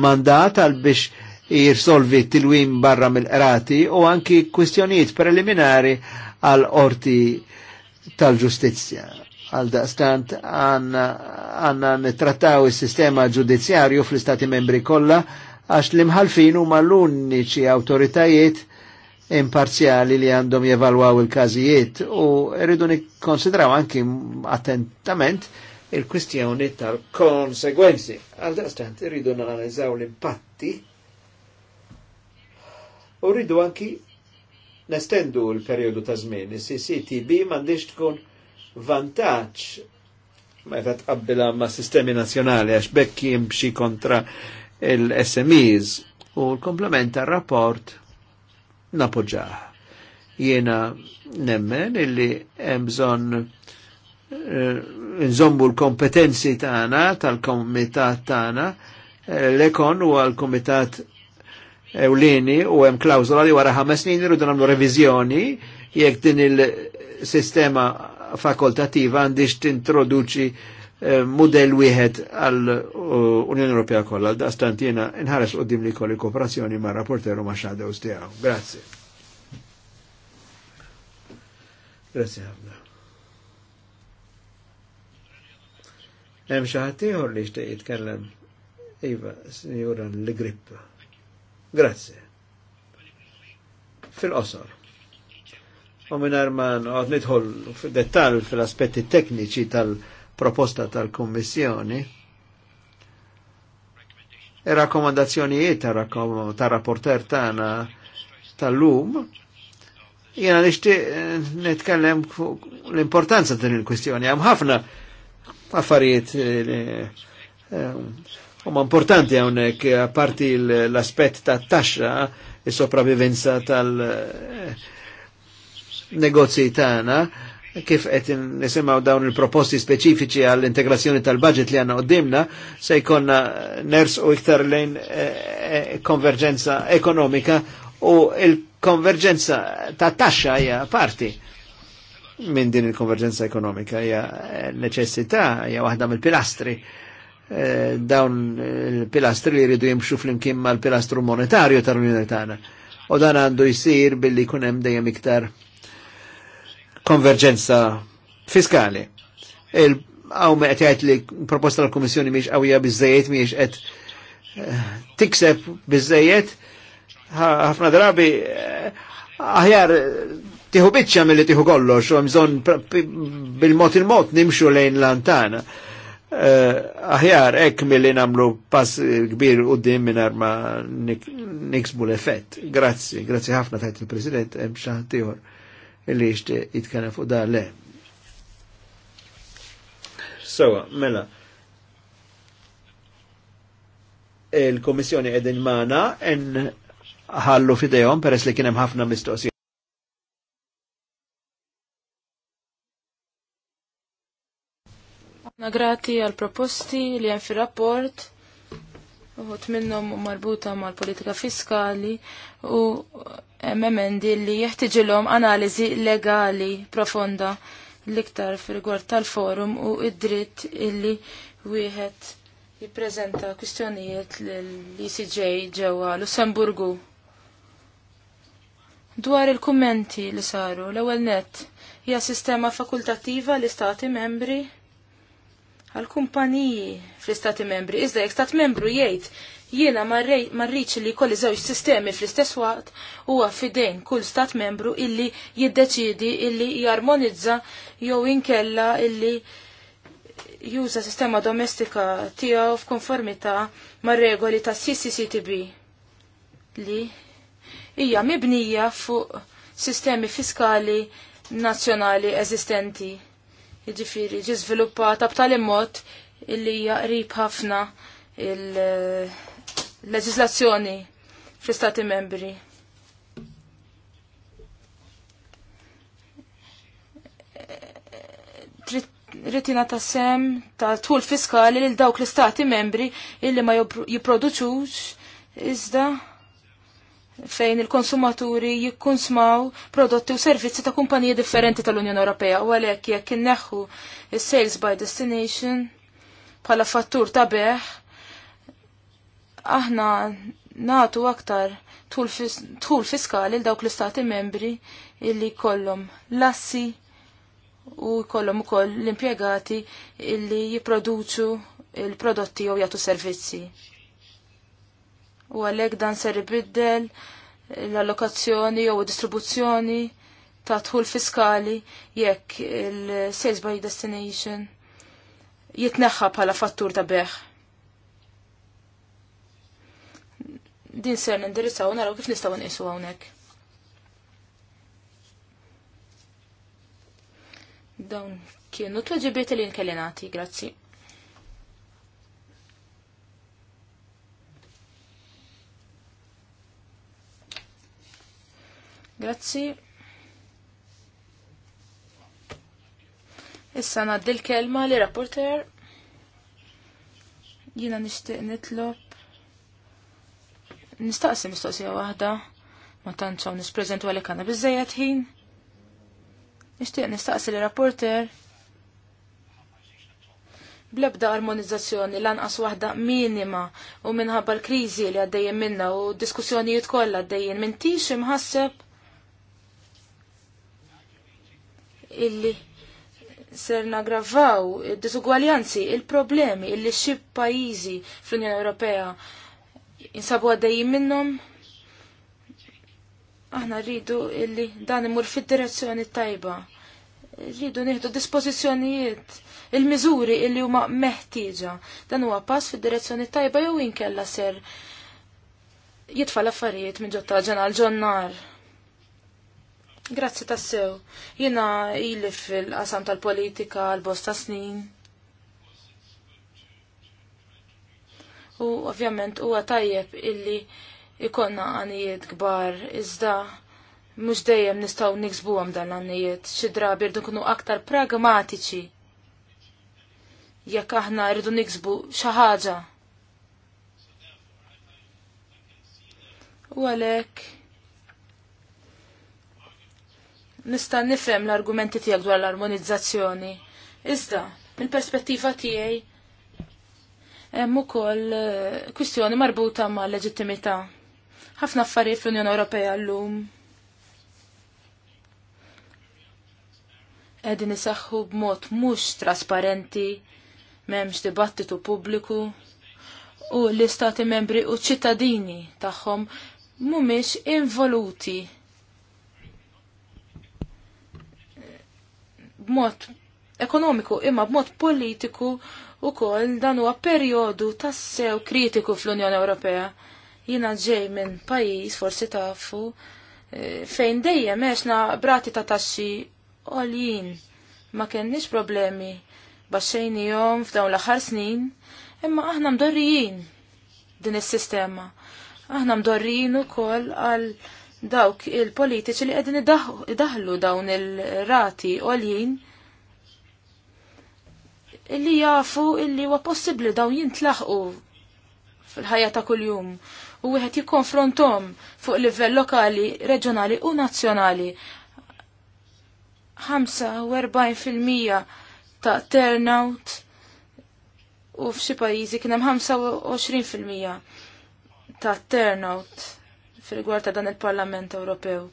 mandat għal biex jirsolvi tilwim barra mill-qrati u anki kwistjonijiet preliminari għal orti tal-ġustizzja Għal daqstant għanna nittrattaw il-sistema ġudizzjarju fl-istati membri kollha għax l-imħalfin huma l-uniċi autoritajiet imparzjali li għandhom jevalwaw il-każijiet u rridu nikkonsidraw anki attentament il-kwistjoni tal-konsegwenzi. Għal daqstant irridu nanalizzaw l-impatti u rridu anki nestendu l-periodu ta' żmien. Is-CCTB m'għandix tkun vantaġġ meta tqabbilha ma' sistemi nazzjonali għax bekk jim bxi kontra il-SMEs u l komplementa rapport napoġaħ. Jiena nemmen illi hemm bżonn eh, l-kompetenzi tagħna tal-komitat tagħna eh, l-ekon u għal-komitat Ewlini u hemm klawzola li wara ħames snin irridu nagħmlu reviżjoni jekk din il-sistema fakultativa għandix t-introduċi eh, model wieħed għal eh, Unjoni Ewropea kollha għal daqstant jiena inħares qudiem li kolli kooperazzjoni ma' rapporteru ma' xadew stiegħu. Grazzi. Grazzi ħafna. Hemm xi ħadd ieħor li jixtieq jitkellem. Iva, Sinjura l-Grippa. Grazzi. Fil-qosor u minar ma għod nidħol dettal fil-aspetti tekniċi tal-proposta tal-Kommissjoni. Ir-rakkomandazzjonijiet tal-rapporter tagħna tal-lum jena nishti eh, netkellem l-importanza din il-kwistjoni. Għam ħafna affarijiet eh, eh, huma importanti hawnhekk parti l-aspett ta' taxxa is sopravivenza tal- negozji tagħna kif qed nisimgħu dawn il-proposti speċifiċi għall-integrazzjoni tal-budget li għandna qoddimna se jkollna ners u iktar lejn eh, eh, konverġenza ekonomika u il-konverġenza ta' taxxa hija parti minn din il-konverġenza ekonomika hija eh, neċessità, hija waħda mill-pilastri dawn il-pilastri li jridu jimxu flimkien mal-pilastru monetarju tal-Unjoni tagħna. U dan għandu jsir billi jkun hemm dejjem iktar konverġenza fiskali. Għaw me għetjajt li proposta l-Komissjoni miex għawija bizzejiet miex għet eh, tikseb bizzejiet ħafna drabi eh, aħjar tiħu bitċa mill-li tiħu kollox u għamżon bil-mot il-mot nimxu lejn lantana. Eh, aħjar ek mill-li namlu pass kbir u dim minn ma niksbu l-effett. Grazzi, grazzi ħafna tajt il-President, emxan tiħor li jishtiq jitkellem fuq da le. Sewa, so, mela, il-Komissjoni edin mana en ħallu fidejhom peress li kien hemm ħafna mistoqsijiet. grati għal proposti li għan fi rapport uħut minnum marbuta mal-politika fiskali u emendi li jeħtiġilhom analiżi legali profonda l-iktar fil-gwar tal-forum u id-dritt illi wieħed jippreżenta kwistjonijiet l-ECJ ġewwa Lussemburgu. Dwar il-kummenti li saru l-ewwel net hija sistema fakultattiva l-istati membri għal kumpaniji fl-istati membri. Iżda jek stat membru jgħid jiena marriċ li kolli żewġ sistemi fl-istess waqt huwa fidejn kull stat membru illi jiddeċidi illi jarmonizza jew inkella illi juża sistema domestika tiegħu f'konformità mar-regoli ta' CCCTB li hija mibnija fuq sistemi fiskali nazzjonali eżistenti jiġifieri ġi żviluppata b'tali mod illi hija qrib ħafna il-leġiżlazzjoni fl-Istati membri. ritina ta' sem ta' tul fiskali lil dawk l-istati membri illi ma jipproduċux iżda fejn il-konsumaturi jikkonsmaw prodotti u servizzi ta' kumpaniji differenti tal-Unjoni Ewropea u għalhekk jekk inneħħu is-sales by destination bħala fattur ta' beħ aħna natu aktar tħul fiskali l dawk l-istati membri illi kollhom lassi u kollhom ukoll l-impjegati illi jipproduċu il-prodotti jew jagħtu servizzi u għalhekk dan ser ibiddel l-allokazzjoni jew distribuzzjoni ta' tħul fiskali jekk il-sales by destination jitneħħa bħala fattur ta' beħ. Din ser nindirizzaw naraw kif nistgħu nqisu hawnhekk. Dawn kienu tweġibiet li nkellinati, grazzi. Grazzi. Issa naddi l-kelma li rapporter. Jina nishtiq nitlob. Nistaqsi mistoqsija wahda. Ma tantxaw nisprezentu għalek għanna bizzejet ħin. Nishtiq nistaqsi li rapporter. Blebda armonizzazzjoni lanqas waħda minima u minħabba l-krizi li għaddejjen minna u diskussjonijiet kollha għaddejjen minn tix imħasseb illi ser nagravaw id-disugwaljanzi, il-problemi illi xi pajjiżi fl-Unjoni Ewropea jinsabu għaddejjin minnhom. Aħna rridu illi dan imur fid-direzzjoni tajba. Rridu nieħdu dispożizzjonijiet il-miżuri illi huma meħtieġa. Dan huwa pass fid-direzzjoni tajba jew inkella ser jitfa l-affarijiet minn ġotta ġenal ġonnar. Grazzi tassew. Jena ili fil-qasam tal-politika għal-bosta snin. U ovvjament huwa tajjeb illi ikonna għanijiet kbar iżda mhux dejjem nistgħu niksbu għam dan għanijiet. Xi drabi rridu aktar pragmatiċi jekk aħna rridu niksbu xi ħaġa. U għalhekk nista' nifhem l-argumenti tiegħek dwar l-armonizzazzjoni. Iżda, mill-perspettiva tiegħi hemm ukoll eh, kwistjoni marbuta ma' leġittimità. Ħafna affarijiet fl-Unjoni Ewropea llum. Qegħdin isaħħu b'mod mhux trasparenti, m'hemmx dibattitu pubbliku u l-istati membri u ċittadini tagħhom mhumiex involuti b'mod ekonomiku imma b'mod politiku ukoll dan huwa perjodu tassew kritiku fl-Unjoni Ewropea. Jiena ġej minn pajjiż forsi tafu e, fejn dejjem għexna brati ta' taxxi għoljin ma kenniex problemi baxxejni jom f'dawn l-aħħar snin, imma aħna mdorrijin din is-sistema. Aħna mdorrijin ukoll għal dawk il-politiċi li qegħdin idaħlu dawn il-rati għoljin illi jafu illi huwa possibbli dawn jintlaħqu fil-ħajja ta' kuljum u wieħed jikkonfrontom fuq livell lokali, reġjonali u nazzjonali. 45% ta' turnout u f'xi pajjiżi kien hemm 25% ta' turnout fil gwarta ta' dan il-Parlament Ewropew.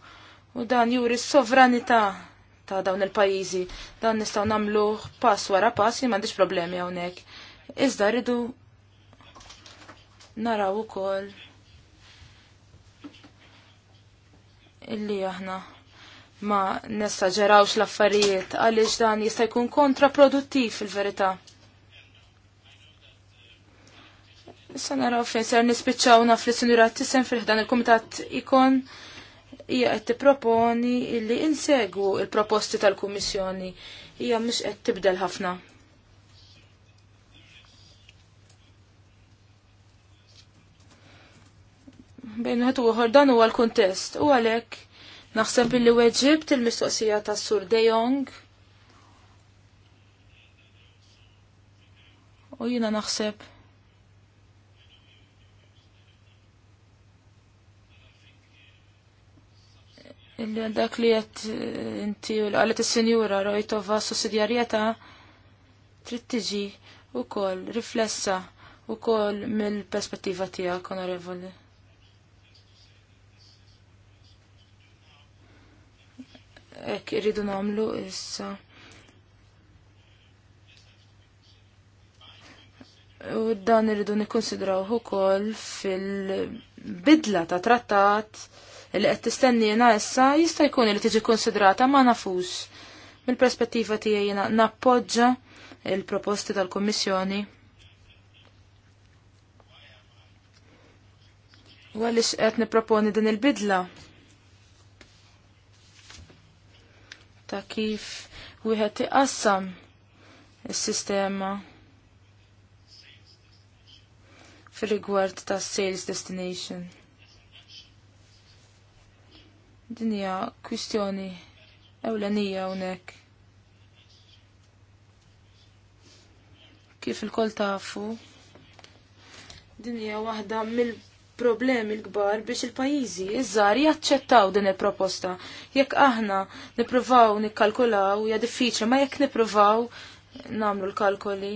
U dan juri s-sovranità ta' dawn il-pajizi. Dan nistaw namlu pass wara pass li m'għandix problemi hawnhekk. Iżda rridu naraw ukoll illi aħna ma nessaġerawx l-affarijiet għaliex dan jista' jkun kontraproduttiv fil-verità. Issa naraw fejn ser nispiċċaw naf li sinjura tisem fil-ħdan il-Kumitat ikon hija qed tipproponi li insegu il-proposti tal-Kummissjoni hija mhux qed tibdel ħafna. Bejn ħed uħor dan huwa l-kuntest u għalhekk naħseb billi weġib il-mistoqsija tas-Sur De Jong. U jiena naħseb dak li jett eh, inti u għalet il-senjura rojtova sussidjarieta trid tiġi u kol riflessa u kol mill-perspettiva tijak onorevoli. Ek irridu namlu issa. U dan irridu nikkonsidraw ukoll fil-bidla ta' trattat li qed tistenni jiena issa jista' jkun li tiġi konsidrata ma nafux. Mill-perspettiva tiegħi jiena nappoġġa il-proposti tal-Kummissjoni. U għaliex qed nipproponi din il-bidla? Ta' kif wieħed iqassam is-sistema fil-rigward ta' sales destination. Din hija kwistjoni ewlenija hawnhekk. Kif il-kol tafu, din hija waħda mill-problemi l-kbar biex il-pajjiżi iż żar jaċċettaw din il-proposta. Jekk aħna nippruvaw nikkalkulaw hija diffiċli, ma jekk nippruvaw nagħmlu l-kalkoli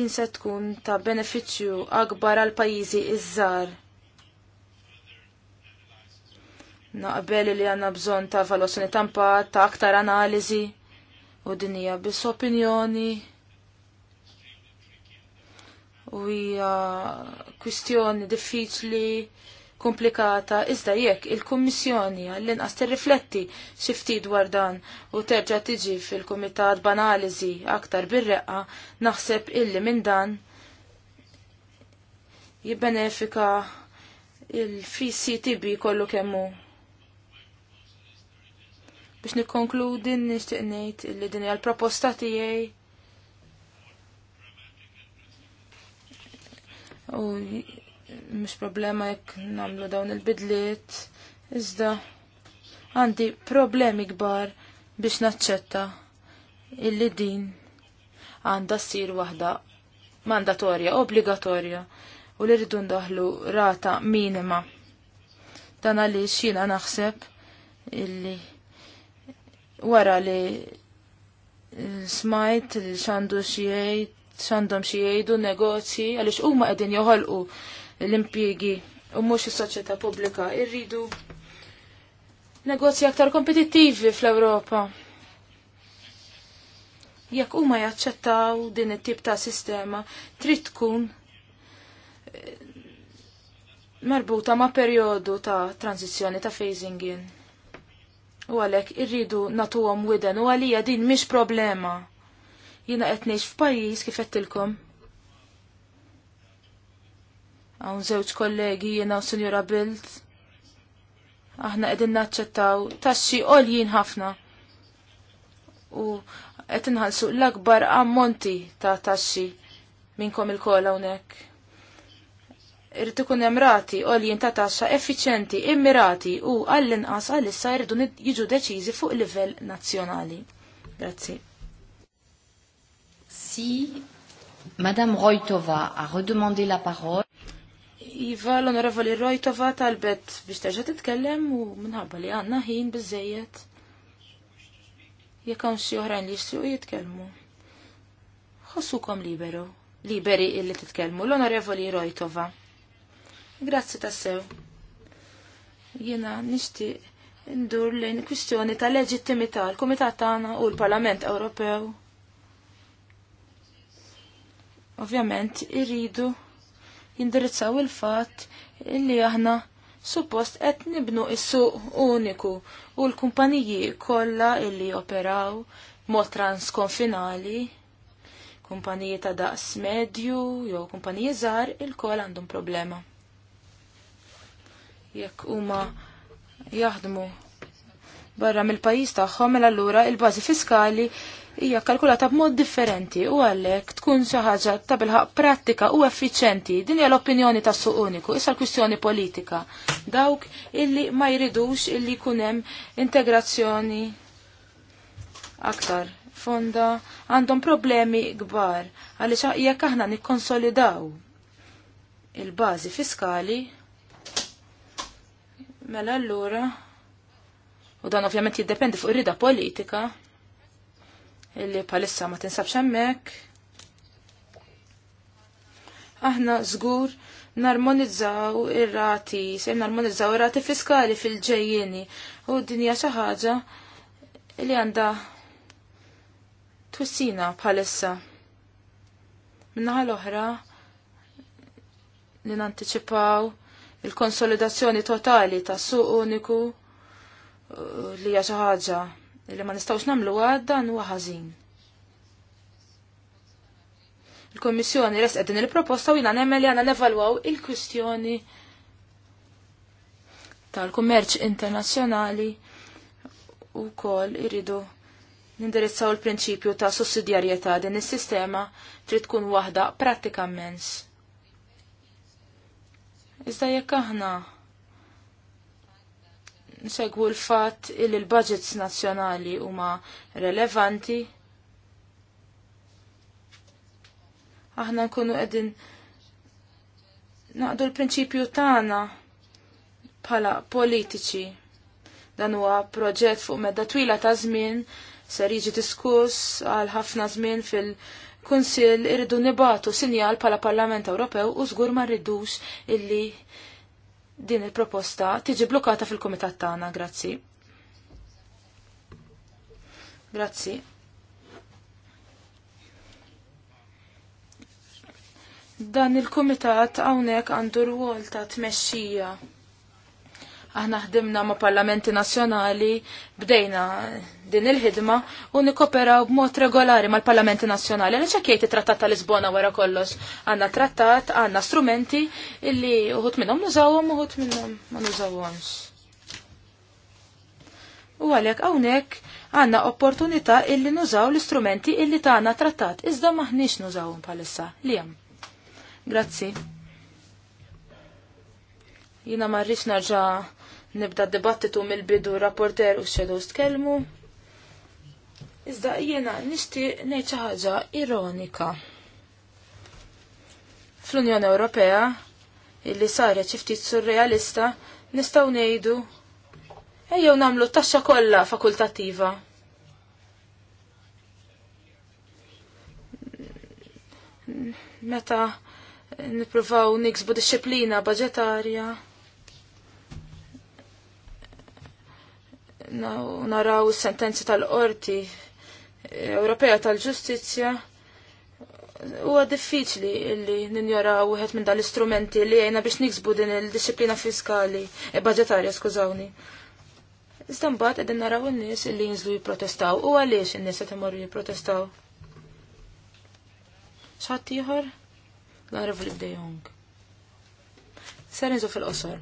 din se tkun ta' benefiċċju akbar għal pajjiżi iż żar Naqbel li għanna bżon ta' valwazzjoni tampa, ta' aktar analizi u dinija bis opinjoni. U hija kwistjoni diffiċli, komplikata, iżda jekk il-Kummissjoni għall-inqas tirrifletti xi ftit dwar dan u terġa' tiġi fil-Kumitat b'analiżi aktar bir naħseb illi minn dan jibbenefika il-FCTB kollu kemmu Biex nikkonkludi nixtieq ngħid li din hija l-proposta tiegħi. U mhux problema jekk nagħmlu dawn il-bidliet, iżda għandi problemi kbar biex naċċetta illi din għandha ssir waħda mandatorja, obbligatorja u li rridu ndaħlu rata minima. Dan għaliex jiena naħseb illi wara li smajt li xandu xiejt xandhom xiejdu negozji għaliex huma qegħdin joħolqu l-impjiegi u mhux is-soċjetà pubblika irridu negozji aktar kompetittivi fl-Ewropa. Jekk huma jaċċettaw din it-tip ta' sistema, trid tkun eh, marbuta ma' periodu ta' transizjoni ta' phasing in. U għalek irridu għom widen u għalija din mhix problema. Jiena qed ngħix f'pajjiż kif għettilkom. Hawn żewġ kollegi jina u senjora Bilt. Aħna qegħdin naċċettaw taxxi jien ħafna. U qed ħalsu l-akbar ammonti ta' taxxi minnkom il-kola hawnhekk irrid ikun hemm rati li ta' taxxa effiċjenti, immirati u għall-inqas għalissa jridu jiġu deċiżi fuq livell nazzjonali. Grazzi. Si Madame Rojtova ha redemandé la parole. Iva l-onorevoli Rojtova talbet biex terġa' titkellem u minħabba li għandna ħin biżejjed. Jekk hawn xi oħrajn li jistgħu jitkellmu. Ħossukom liberu, liberi illi titkellmu l-onorevoli Rojtova. Grazzi tassew. Jena nixtieq Ndur lejn kwistjoni ta' leġittimità l-Kumitat tagħna u l-Parlament Ewropew. Ovvjament irridu jindirizzaw il-fatt li aħna suppost qed nibnu is-suq uniku u l-kumpaniji kollha illi operaw mod transkonfinali kumpaniji ta' daqs medju jew kumpaniji żgħar il-kol għandhom problema jekk huma jaħdmu barra mill-pajjiż tagħhom mela allura il-bażi fiskali hija kalkulata b'mod differenti u għalhekk tkun xi ħaġa ta' bilħaq prattika u effiċenti din hija l-opinjoni tas suq uniku issa l-kwistjoni politika dawk illi ma jridux illi jkun hemm integrazzjoni aktar fonda għandhom problemi kbar għaliex jekk aħna nikkonsolidaw il-bażi fiskali Mela allura, u dan ovvjament jiddependi fuq ir-rida politika, illi palissa ma tinsabx hemmhekk. Aħna żgur narmonizzaw ir-rati, se narmonizzaw ir-rati fiskali fil ġejjini u dinja xi ħaġa li għandha twissina palissa. Minnaħa l-oħra li nantiċipaw il-konsolidazzjoni totali ta' suq uniku uh, li hija xi ħaġa li ma nistgħux nagħmlu għadda huwa ħażin. Il-Kommissjoni resqed din il-proposta u jiena nemmel li għandna nevalwaw il-kwistjoni tal-kummerċ internazzjonali u kol iridu nindirizzaw il-prinċipju ta' sussidjarjetà din is-sistema trid tkun waħda prattikament. Iżda jekk aħna segwu l-fatt li l-budgets nazzjonali huma relevanti, aħna nkunu qegħdin naqdu l-prinċipju tagħna bħala politiċi. Dan huwa proġett fuq medda twila ta' żmien ser jiġi diskuss għal ħafna żmien fil- kunsil irridu nibatu sinjal pala Parlament Ewropew u żgur ma rridux illi din il-proposta tiġi blokkata fil-Kumitat tagħna, grazzi. Grazzi. Dan il-Kumitat hawnhekk għandu rwol ta' tmexxija Aħna ħdimna ma' parlamenti nazzjonali, bdejna din il-ħidma u nikoperaw b'mod regolari mal-parlamenti nazzjonali. Għaliex hekk trattat tal Lisbona wara kollox. Għandna trattat, għandna strumenti illi uħut minnhom nużawhom, uħut minnhom ma nużawhomx. U għalhekk hawnhekk għandna opportunità illi nużaw l-istrumenti illi tagħna trattat, iżda maħniex nużawhom bħalissa. Li hemm. Grazzi jina marriċ narġa nibda dibattitu mill-bidu rapporter u x-shadows tkellmu. Iżda jiena nixtieq ngħid xi ħaġa ironika. Fl-Unjoni Ewropea, illi sarja xi ftit surrealista, nistgħu ngħidu ejjew nagħmlu taxxa kollha fakultattiva. Meta nippruvaw niksbu disċiplina baġetarja. naraw sentenzi tal-qorti Ewropea tal-ġustizja huwa diffiċli li ninjaraw wieħed minn dal-istrumenti li jgħina biex niksbu din il-disciplina fiskali e budgetarja skużawni. Iżda mbagħad qegħdin naraw in-nies li jinżlu jipprotestaw. U għaliex in-nies qed imorru jipprotestaw? X'ħadd ieħor? l li Dejong. Serinżu fil-qosor.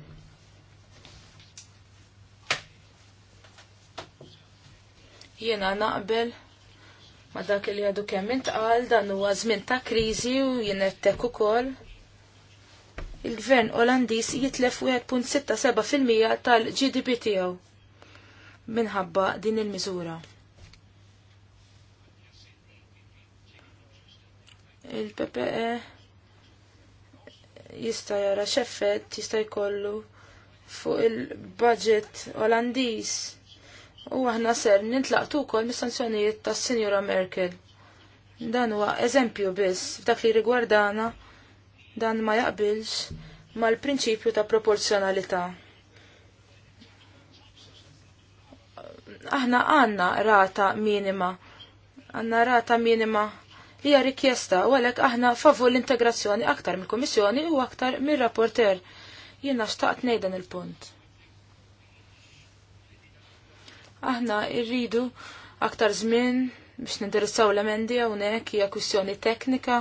Jiena naqbel ma dak li għadu kemm intqal dan huwa żmien ta' kriżi u jien qed ukoll il-gvern Olandiż jitlef 1.67% tal-GDP tiegħu minħabba din il-miżura. Il-PPE jista' jara xeffett jista' jkollu fuq il-budget Olandiż U aħna ser nintlaqtu wkoll mis-sanzjonijiet tas-Sinjura Merkel. Dan huwa eżempju biss f'dak li rigwardana dan ma jaqbilx mal-prinċipju ta' proporzjonalità. Aħna għanna rata minima. Għanna rata minima li hija rikjesta u għalhekk aħna favur l-integrazzjoni aktar mill-Kummissjoni u aktar mir-rapporter. Jien xtaqt ngħid dan il-punt. Aħna irridu aktar żmien biex nindirizzaw l-emendi hawnhekk hija kwistjoni teknika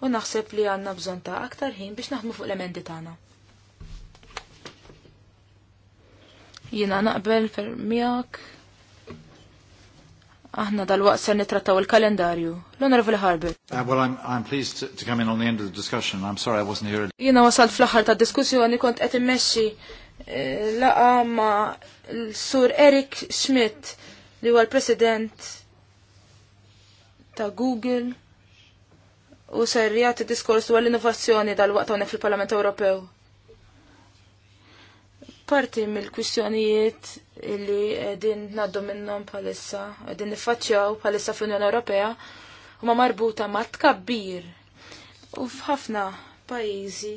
u naħseb li għandna bżonn ta' aktar ħin biex naħdmu fuq l-emendi tagħna. Jiena naqbel per miegħek aħna dal-waqt ser nitrattaw il-kalendarju. L-Onorevoli Harbi. Uh, well, I'm, I'm pleased to, come in on the end of the discussion. I'm sorry I wasn't here. Jiena wasalt fl-aħħar ta' diskussjoni kont qed immexxi Eh, laqa ma l-sur Eric Schmidt li huwa l-president ta' Google u ser jagħti diskors dwar l-innovazzjoni dal-waqt hawnhekk fil-Parlament Ewropew. Parti mill-kwistjonijiet li qegħdin ngħaddu minnhom bħalissa, qegħdin niffaċċjaw bħalissa fl-Unjoni Ewropea huma marbuta ma' tkabbir u f'ħafna pajjiżi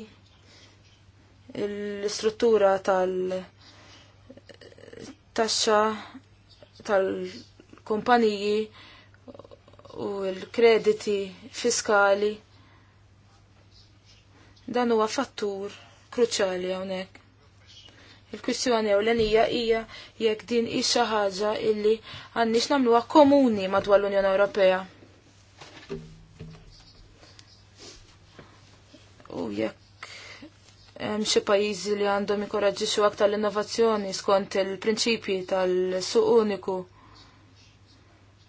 l istruttura tal-taxxa tal-kumpaniji u l-krediti fiskali dan huwa fattur kruċjali hawnhekk. Il-kwistjoni ewlenija hija jekk din hi xi ħaġa illi għandniex nagħmluha komuni madwar l-Unjoni Ewropea. U jekk xi pajjiżi li għandhom ikoraġġixxu aktar tal innovazzjoni skont il-prinċipji tal-suq uniku.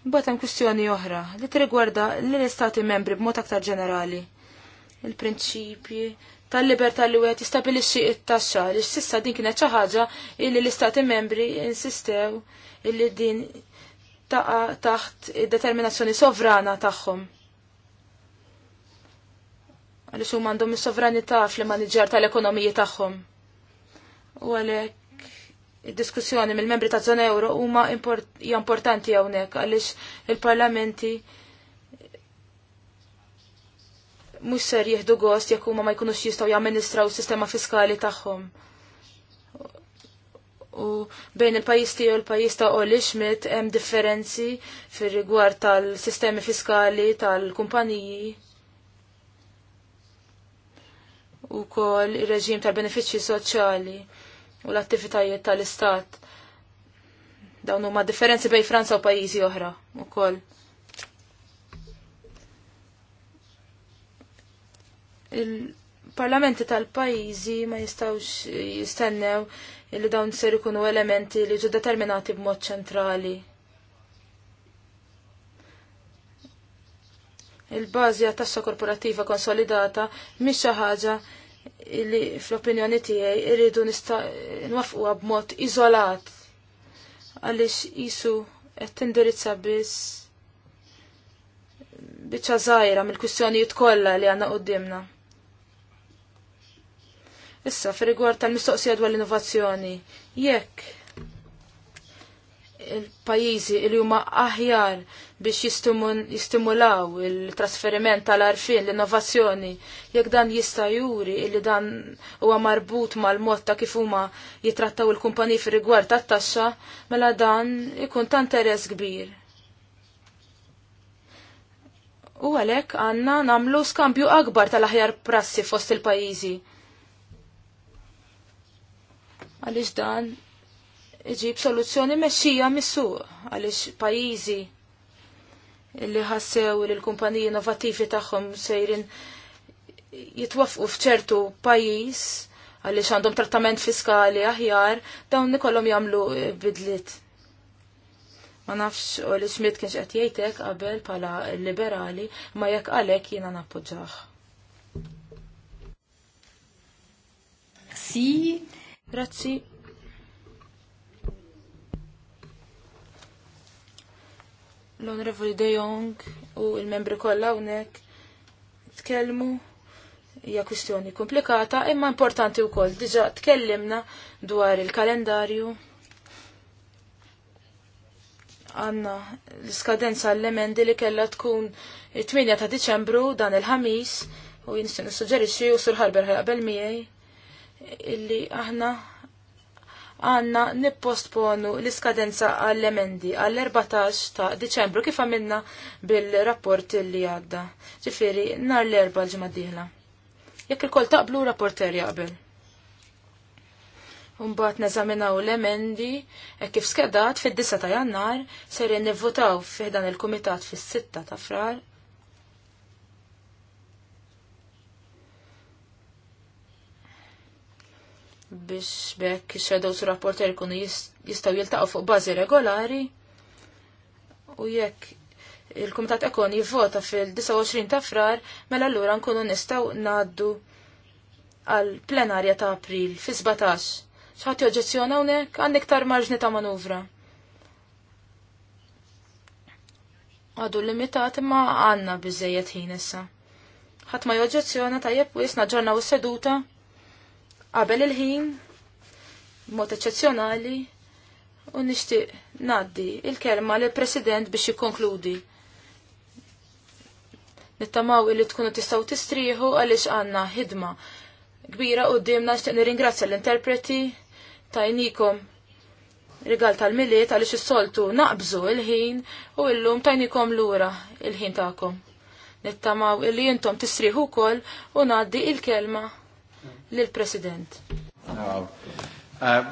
Mbagħad hemm kwistjoni oħra li tirrigwarda lill istati membri b'mod aktar ġenerali. Il-prinċipji tal-libertà li wieħed jistabilixxi it-taxxa li s'issa din kienet xi ħaġa li l-istati membri insistew illi din taqa taħt id-determinazzjoni sovrana tagħhom għaliex huma għandhom is-sovranità fl-maniġġar tal-ekonomiji tagħhom. U għalhekk id-diskussjoni mill-membri ta' żona euro huma hija importanti hawnhekk għaliex il-parlamenti mhux ser jieħdu gost jekk huma ma jkunux jistgħu jamministraw is-sistema fiskali tagħhom u bejn il-pajis tiegħu il-pajis ta' Oli Schmidt hemm differenzi fir-rigward tal-sistemi fiskali tal-kumpaniji u kol il-reġim tal-benefiċċji soċjali u l-attivitajiet tal-istat. Dawn huma differenzi bej Franza u pajjiżi oħra ukoll. Il-parlamenti tal-pajjiżi ma jistawx jistennew illi dawn ser ikunu elementi li ġu determinati b'mod ċentrali. Il-bażi għat-tassa korporattiva konsolidata mhix xi ħaġa li fl-opinjoni tiegħi irridu nista' nwafquha b'mod iżolat għaliex isu qed tindirizza biss biċċa żgħira mill-kwistjonijiet kollha li għandna qudiemna. Issa, fir rigward tal-mistoqsija dwar l-innovazzjoni, jekk il-pajizi li huma aħjar biex jistimulaw il-trasferiment tal-arfin, l-innovazzjoni, jekk dan jista' juri li dan huwa marbut mal-mod ta' kif huma jitrattaw il-kumpani fir rigward tat-taxxa, mela dan ikun ta' interess kbir. U għalhekk għandna nagħmlu skambju akbar tal-aħjar prassi fost il-pajjiżi. Għaliex dan iġib soluzzjoni mexxija missu għalix għaliex pajjiżi li ħassew li l-kumpaniji innovattivi tagħhom sejrin jitwafqu f'ċertu pajjiż għaliex għandhom trattament fiskali aħjar dawn ikollhom jagħmlu eh, bidliet. Ma nafx u li xmiet kienx qed jgħidlek qabel bħala liberali ma jekk għalhekk jiena nappoġġjah. Si, grazzi. l-Onorevoli De Jong u il-membri kollha hawnhekk tkellmu hija kwistjoni komplikata imma importanti wkoll. Diġà tkellimna dwar il-kalendarju għanna l-skadenza l-emendi li kella tkun 8 ta' Diċembru dan il-ħamis u jinstin suġġerixxi u sur ħarber ħaqbel miegħi illi aħna għanna nipposponu l-iskadenza għall-emendi għall-14 ta' Diċembru kif għamilna bil-rapport li għadda. Ġifiri, nar l-erba l-ġimma diħla. Jekk il-kol taqblu rapporter jaqbel. Umbat neżaminaw l-emendi e kif skedat fid-9 ta' jannar ser nivvotaw fiħdan il-komitat fis sitta ta' frar biex bekk shadow su rapporter kunu jistaw jiltaqgħu fuq bażi regolari u jekk il-Kumitat Ekon jivvota fil-29 ta' frar, mela allura nkunu nistgħu ngħaddu għal plenarja ta' April fi 17. X'ħadd joġġezzjona unek għan tar marġni ta' manuvra. Għadu limitat imma għandna bizzejiet ħin issa. Ħadd ma joġġezzjona tajjeb u jisna ġorna u seduta qabel il-ħin, mod eċċezzjonali, u nixtieq ngħaddi il-kelma lill president biex jikkonkludi. Nittamaw li tkunu tistgħu tistrieħu għaliex għandna ħidma kbira qudiemna nixtieq nirringrazzja l-interpreti tajnikom rigal tal-miliet għaliex is-soltu naqbżu il-ħin u llum tajnikom lura il-ħin tagħkom. Nittamaw illi jintom tistriħu kol u ngħaddi il-kelma lill-President. Uh,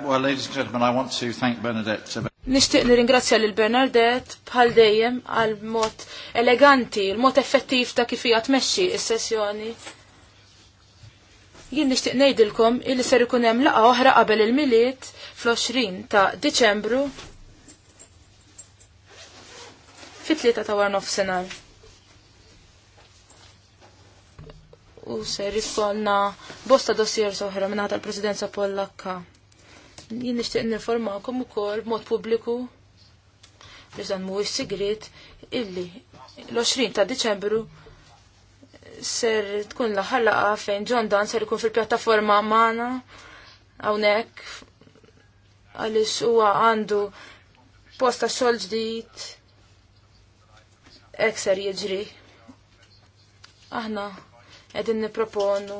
well, ladies and gentlemen, I want to thank Bernadette. Nishtiq nirringrazzja lil Bernadette bħal dejjem għal mod eleganti, l mod effettiv ta' kif hija tmexxi s-sessjoni. Jien nixtieq ngħidilkom illi ser ikun hemm laqgħa oħra qabel il-miliet fl-20 ta' Diċembru fit-tlieta ta' war nofsinhar. u ser jiskolna bosta dossier soħra minna l presidenza Pollakka. Jien nixtieq ninformawkom ukoll b'mod pubbliku li dan mhuwiex sigrit illi l-20 ta' Diċembru ser tkun laħalaqa fejn John Dan ser ikun fil-pjattaforma magħna hawnhekk għaliex huwa għandu posta xogħol ġdid jieġri. ser jiġri. Aħna qegħdin nipproponu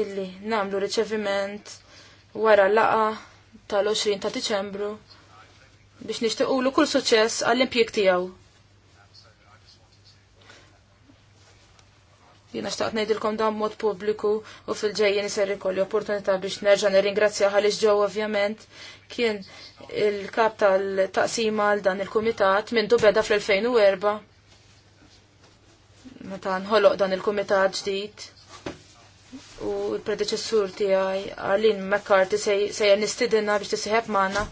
illi namlu riċeviment wara laqa tal-20 ta' Diċembru biex nixtiqulu kull suċess għall impjek tiegħu. Jina xtaqt ngħidilkom da' mod pubbliku u fil-ġejjien serri kolli opportunità biex nerġa' nirringrazzja għaliex ġew ovvjament kien il-kap tal-taqsima għal dan il-kumitat minn beda fl-2004 meta nħoloq dan il-kumitat ġdid u l-predeċessur tiegħi Arlin McCarthy sejjer nistidinna biex tisieħeb magħna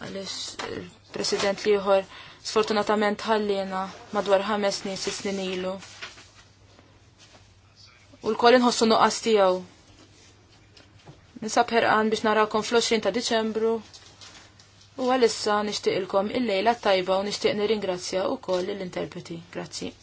għaliex il-President liħor sfortunatament ħallina madwar ħames snin sitt snin ilu. U l-koll inħossu nuqqas tiegħu. Nisab ħerqan biex narawkom fl-20 ta' Diċembru U għalissa nishtiq ilkom il-lejla tajba u nishtiq nir-ingrazzja u koll l-interpreti. Grazzi.